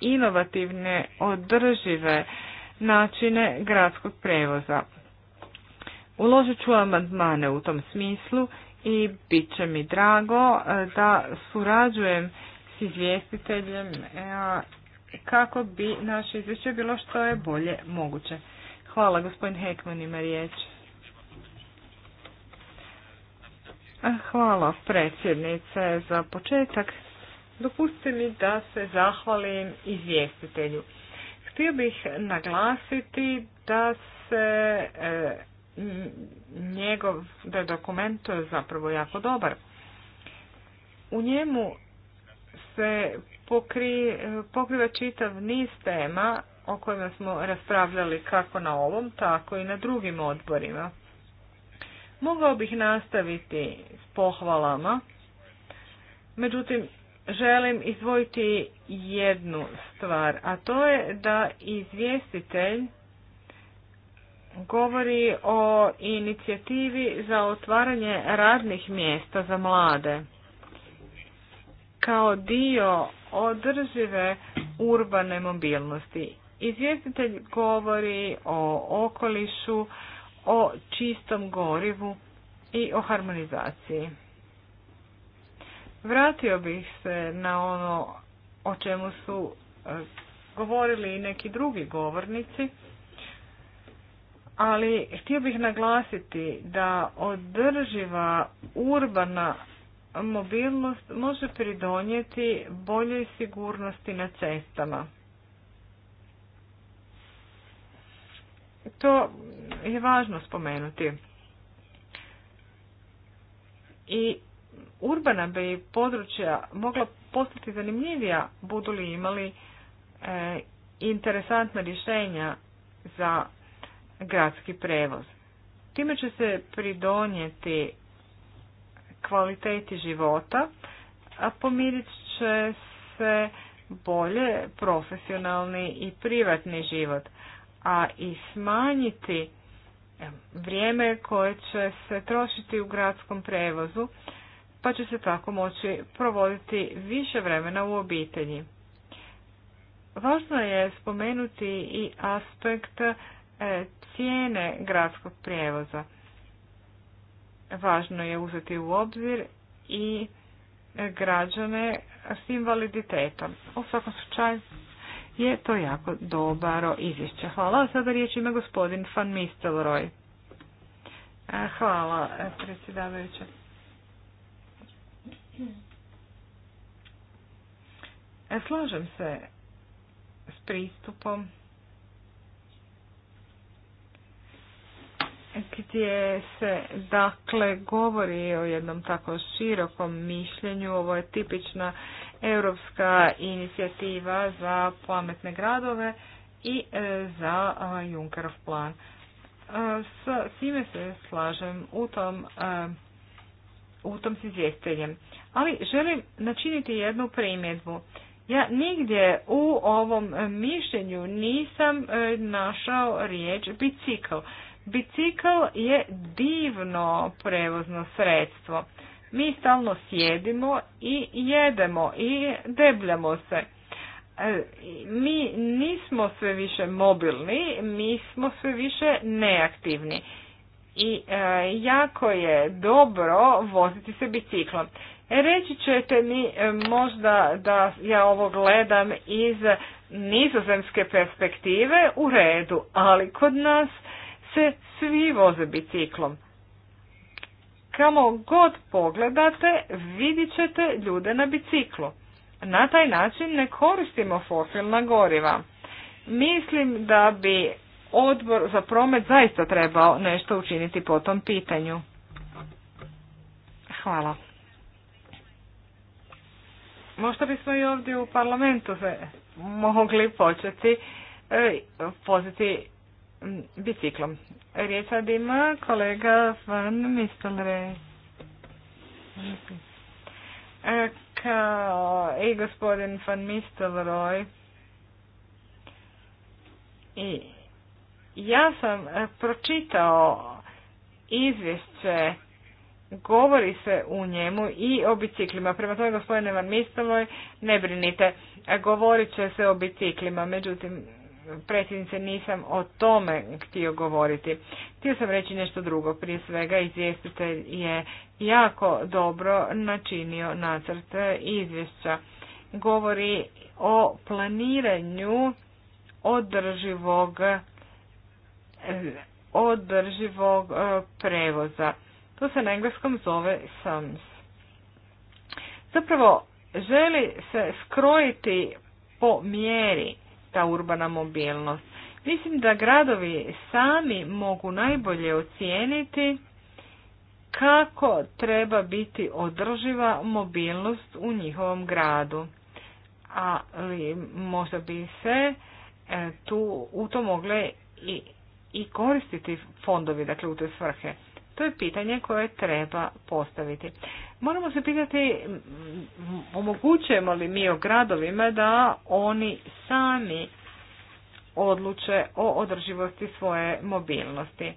inovativne, održive načine gradskog prevoza. Uložit ću amandmane u tom smislu i bit će mi drago e, da surađujem s izvjestiteljem e, kako bi naše izvješće bilo što je bolje moguće. Hvala, gospodin Hekman ima riječ. E, hvala predsjednice za početak. Dopustite mi da se zahvalim izvjestitelju. Htio bih naglasiti da se njegov da je zapravo jako dobar. U njemu se pokri, pokriva čitav niz tema o kojima smo raspravljali kako na ovom, tako i na drugim odborima. Mogao bih nastaviti s pohvalama, međutim želim izvojiti jednu stvar, a to je da izvjestitelj govori o inicijativi za otvaranje radnih mjesta za mlade. Kao dio održive urbane mobilnosti. Izvjestitelj govori o okolišu, o čistom gorivu i o harmonizaciji. Vratio bih se na ono o čemu su e, govorili i neki drugi govornici ali htio bih naglasiti da održiva urbana mobilnost može pridonijeti boljoj sigurnosti na cestama. To je važno spomenuti. I urbana bi područja mogla postati zanimljivija budu li imali e, interesantna rješenja za gradski prevoz. Time će se pridonijeti kvaliteti života, a pomirit će se bolje profesionalni i privatni život, a i smanjiti vrijeme koje će se trošiti u gradskom prevozu, pa će se tako moći provoditi više vremena u obitelji. Važno je spomenuti i aspekt E, cijene gradskog prijevoza. Važno je uzeti u obzir i građane s invaliditetom. U svakom slučaju je to jako dobaro izvješće. Hvala. sada riječ ima gospodin Van Mistelroj. E, hvala, e, predsjedavajuće. Slažem se s pristupom gdje se dakle govori o jednom tako širokom mišljenju. Ovo je tipična europska inicijativa za pametne gradove i e, za Junkerov plan. E, s time se slažem u tom e, u tom s izvjestiteljem. Ali želim načiniti jednu primjedbu. Ja nigdje u ovom mišljenju nisam našao riječ bicikl. Bicikl je divno prevozno sredstvo. Mi stalno sjedimo i jedemo i debljamo se. E, mi nismo sve više mobilni, mi smo sve više neaktivni. I e, jako je dobro voziti se biciklom. Reći ćete mi e, možda da ja ovo gledam iz nizozemske perspektive u redu, ali kod nas svi voze biciklom. Kamo god pogledate, vidit ćete ljude na biciklu. Na taj način ne koristimo fosilna goriva. Mislim da bi odbor za promet zaista trebao nešto učiniti po tom pitanju. Hvala. Možda bismo i ovdje u parlamentu se mogli početi e, poziti biciklom. Riječ sad ima kolega Van Mistelre. Kao i gospodin Van Mistelroj. I ja sam e, pročitao izvješće govori se u njemu i o biciklima. Prema tome, gospodine Van Mistelroj ne brinite, e, govorit će se o biciklima. Međutim, predsjednice, nisam o tome htio govoriti. Htio sam reći nešto drugo. Prije svega, izvjestitelj je jako dobro načinio nacrt izvješća. Govori o planiranju održivog održivog e, prevoza. To se na engleskom zove SAMS. Zapravo, želi se skrojiti po mjeri ta urbana mobilnost. Mislim da gradovi sami mogu najbolje ocijeniti kako treba biti održiva mobilnost u njihovom gradu. Ali možda bi se e, tu u to mogle i, i koristiti fondovi, dakle u te svrhe. To je pitanje koje treba postaviti. Moramo se pitati omogućujemo li mi o gradovima da oni sami odluče o održivosti svoje mobilnosti.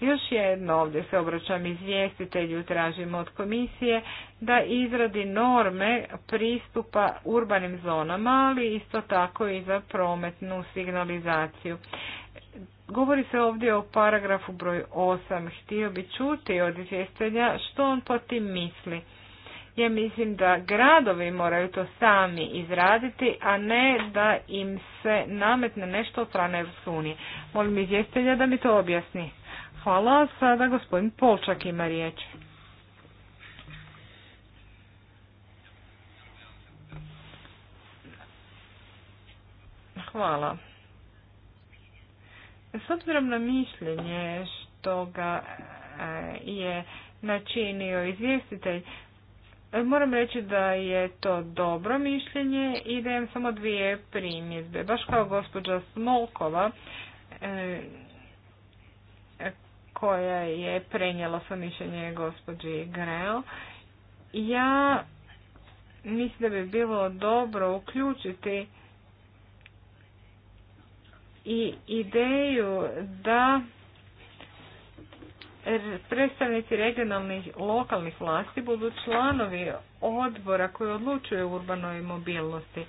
Još jedno ovdje se obraćam izvjestitelju, tražimo od komisije da izradi norme pristupa urbanim zonama, ali isto tako i za prometnu signalizaciju. Govori se ovdje o paragrafu broj 8. Htio bi čuti od izvjestelja što on po tim misli. Ja mislim da gradovi moraju to sami izraditi, a ne da im se nametne nešto od strane unije. Molim izvjestelja da mi to objasni. Hvala. Sada gospodin Polčak ima riječ. Hvala. S obzirom na mišljenje što ga e, je načinio izvjestitelj, e, moram reći da je to dobro mišljenje i da imam samo dvije primjedbe. Baš kao gospođa Smolkova, e, koja je prenijela sa mišljenje gospođi Greo, ja mislim da bi bilo dobro uključiti i ideju da predstavnici regionalnih lokalnih vlasti budu članovi odbora koji odlučuje o urbanoj mobilnosti.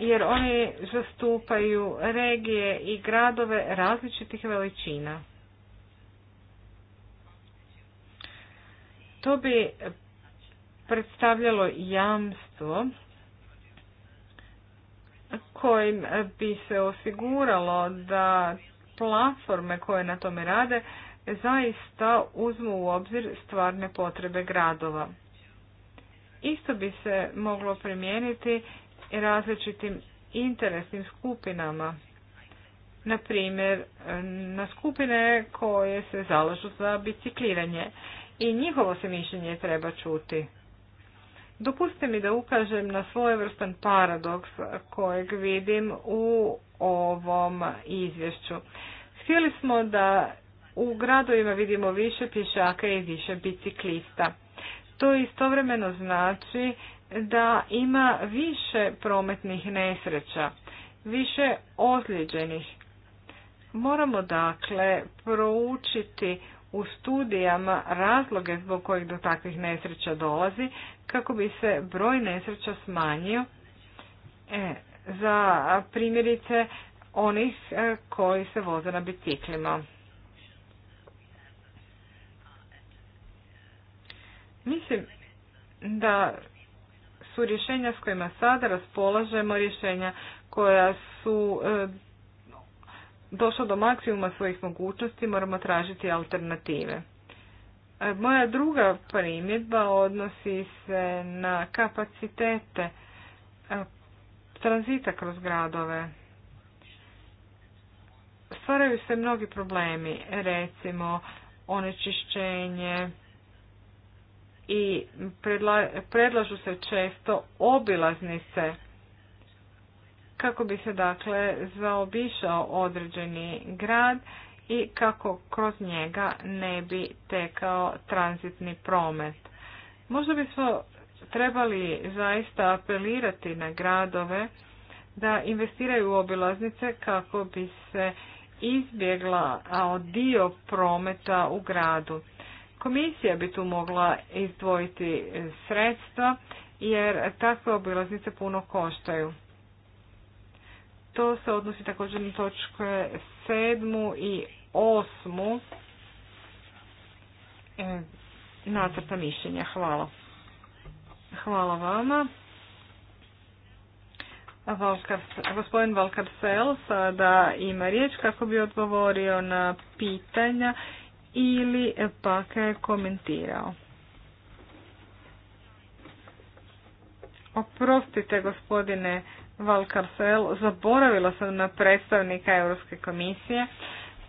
Jer oni zastupaju regije i gradove različitih veličina. To bi predstavljalo jamstvo kojim bi se osiguralo da platforme koje na tome rade zaista uzmu u obzir stvarne potrebe gradova. Isto bi se moglo primijeniti različitim interesnim skupinama. Na primjer, na skupine koje se zalažu za bicikliranje i njihovo se mišljenje treba čuti. Dopustite mi da ukažem na svojevrstan paradoks kojeg vidim u ovom izvješću. Htjeli smo da u gradovima vidimo više pješaka i više biciklista. To istovremeno znači da ima više prometnih nesreća, više ozlijeđenih. Moramo dakle proučiti u studijama razloge zbog kojih do takvih nesreća dolazi kako bi se broj nesreća smanjio e, za primjerice onih e, koji se voze na biciklima. Mislim da su rješenja s kojima sada raspolažemo rješenja koja su e, došao do maksimuma svojih mogućnosti, moramo tražiti alternative. E, moja druga primjedba odnosi se na kapacitete e, tranzita kroz gradove. Stvaraju se mnogi problemi, recimo onečišćenje i predlažu se često obilaznice kako bi se dakle zaobišao određeni grad i kako kroz njega ne bi tekao tranzitni promet. Možda bismo trebali zaista apelirati na gradove da investiraju u obilaznice kako bi se izbjegla dio prometa u gradu. Komisija bi tu mogla izdvojiti sredstva jer takve obilaznice puno koštaju. To se odnosi također na točke sedmu i osmu e, nacrta mišljenja. Hvala. Hvala vama. gospodin Valkar Sel sada ima riječ kako bi odgovorio na pitanja ili pak komentirao. Oprostite gospodine Valkarsel, zaboravila sam na predstavnika Europske komisije,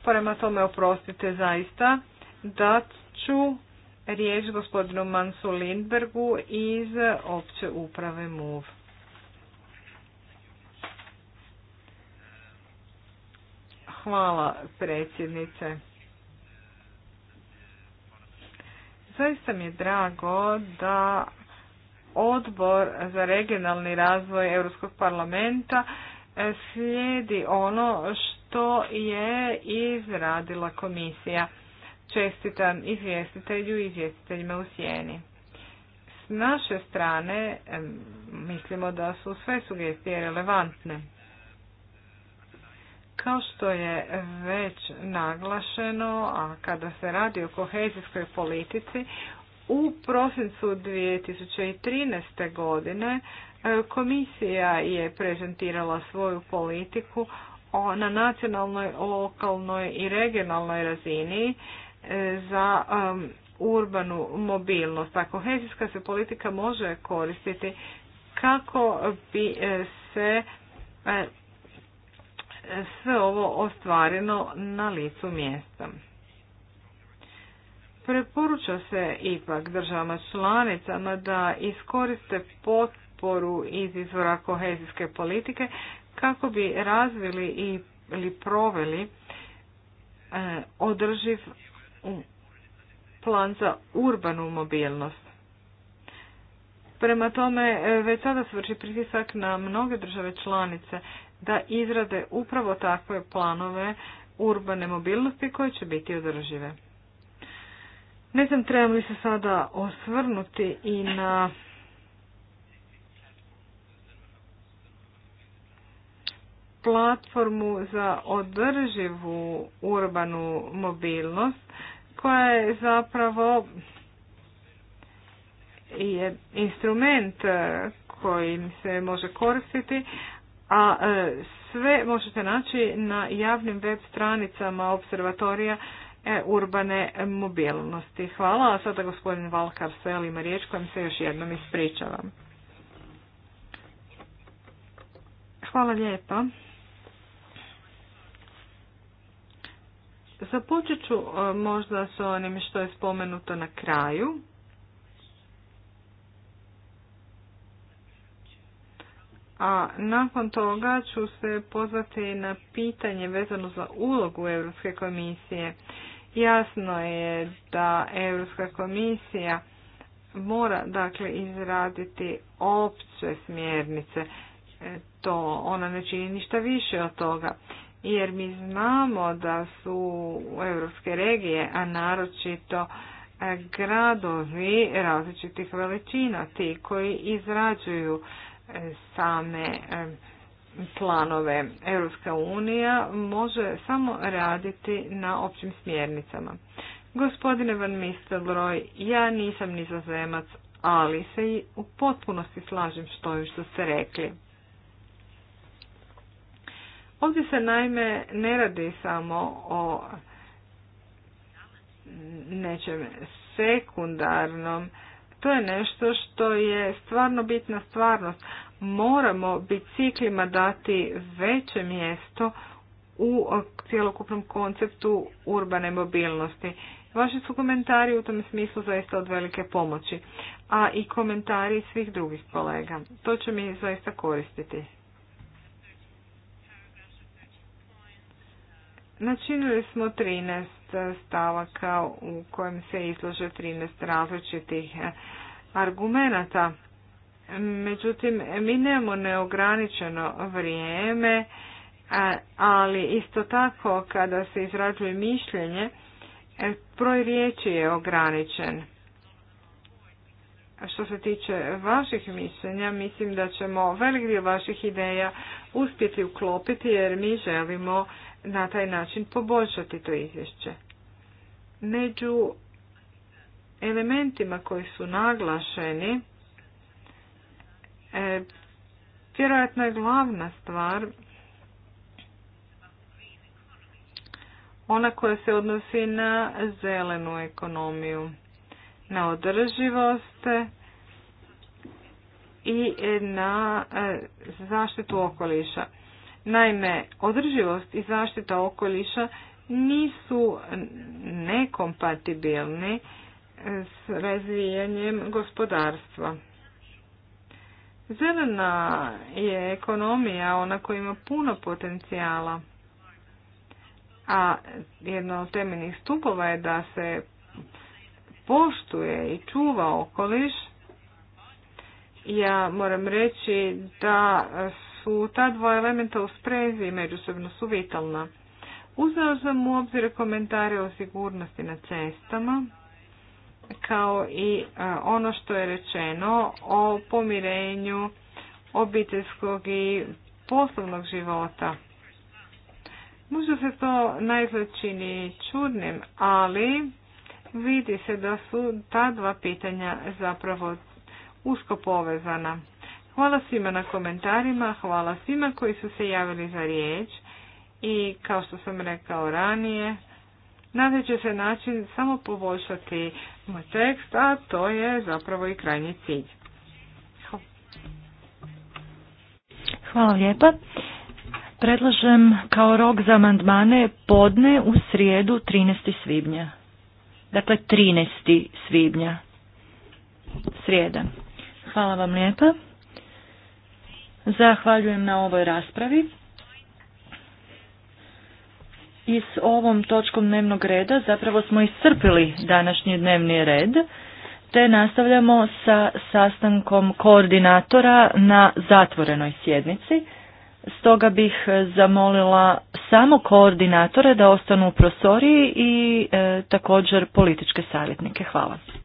prema tome oprostite zaista, da ću riječ gospodinu Mansu Lindbergu iz opće uprave MUV. Hvala predsjednice. Zaista mi je drago da odbor za regionalni razvoj Europskog parlamenta e, slijedi ono što je izradila komisija. Čestitam izvjestitelju i izvjestiteljima u sjeni. S naše strane mislimo da su sve sugestije relevantne. Kao što je već naglašeno, a kada se radi o kohezijskoj politici, u prosincu 2013. godine e, komisija je prezentirala svoju politiku na nacionalnoj, lokalnoj i regionalnoj razini e, za urbanu mobilnost. A pa kohezijska se politika može koristiti kako bi e, se sve ovo ostvareno na licu mjesta. Preporuča se ipak državama članicama da iskoriste potporu iz izvora kohezijske politike kako bi razvili i, ili proveli e, održiv plan za urbanu mobilnost. Prema tome, e, već sada se vrši pritisak na mnoge države članice da izrade upravo takve planove urbane mobilnosti koje će biti održive. Ne znam trebam li se sada osvrnuti i na platformu za održivu urbanu mobilnost koja je zapravo je instrument koji se može koristiti, a e, sve možete naći na javnim web stranicama observatorija E, urbane mobilnosti. Hvala, a sada gospodin Valkar Sel ima riječ kojem se još jednom ispričavam. Hvala lijepa. Započet ću e, možda sa onim što je spomenuto na kraju. A nakon toga ću se pozvati na pitanje vezano za ulogu Europske komisije. Jasno je da Europska komisija mora dakle izraditi opće smjernice. E, to ona ne čini ništa više od toga. Jer mi znamo da su europske regije, a naročito e, gradovi različitih veličina, ti koji izrađuju e, same planove. Europska unija može samo raditi na općim smjernicama. Gospodine Van Mistelroj, ja nisam nizozemac, ali se i u potpunosti slažem što je što ste rekli. Ovdje se naime ne radi samo o nečem sekundarnom. To je nešto što je stvarno bitna stvarnost, moramo biciklima dati veće mjesto u cjelokupnom konceptu urbane mobilnosti. Vaši su komentari u tom smislu zaista od velike pomoći, a i komentari svih drugih kolega. To će mi zaista koristiti. Načinili smo 13 stavaka u kojem se izlože 13 različitih argumenata. Međutim, mi nemamo neograničeno vrijeme, ali isto tako kada se izrađuje mišljenje, e, broj riječi je ograničen. Što se tiče vaših mišljenja, mislim da ćemo velik dio vaših ideja uspjeti uklopiti jer mi želimo na taj način poboljšati to izvješće. Među elementima koji su naglašeni, E, vjerojatno je glavna stvar ona koja se odnosi na zelenu ekonomiju, na održivost i na e, zaštitu okoliša. Naime, održivost i zaštita okoliša nisu nekompatibilni s razvijanjem gospodarstva. Zelena je ekonomija ona koja ima puno potencijala, a jedno od temeljnih stupova je da se poštuje i čuva okoliš. Ja moram reći da su ta dva elementa u sprezi i međusobno su vitalna. Uzeo sam u obzir komentare o sigurnosti na cestama kao i e, ono što je rečeno o pomirenju obiteljskog i poslovnog života. Možda se to najzad čini čudnim, ali vidi se da su ta dva pitanja zapravo usko povezana. Hvala svima na komentarima, hvala svima koji su se javili za riječ i kao što sam rekao ranije, nadje će se način samo poboljšati moj tekst, a to je zapravo i krajnji cilj. Hvala lijepa. Predlažem kao rok za amandmane podne u srijedu 13. svibnja. Dakle, 13. svibnja. Srijeda. Hvala vam lijepa. Zahvaljujem na ovoj raspravi i s ovom točkom dnevnog reda zapravo smo iscrpili današnji dnevni red, te nastavljamo sa sastankom koordinatora na zatvorenoj sjednici. Stoga bih e, zamolila samo koordinatore da ostanu u prosoriji i e, također političke savjetnike. Hvala.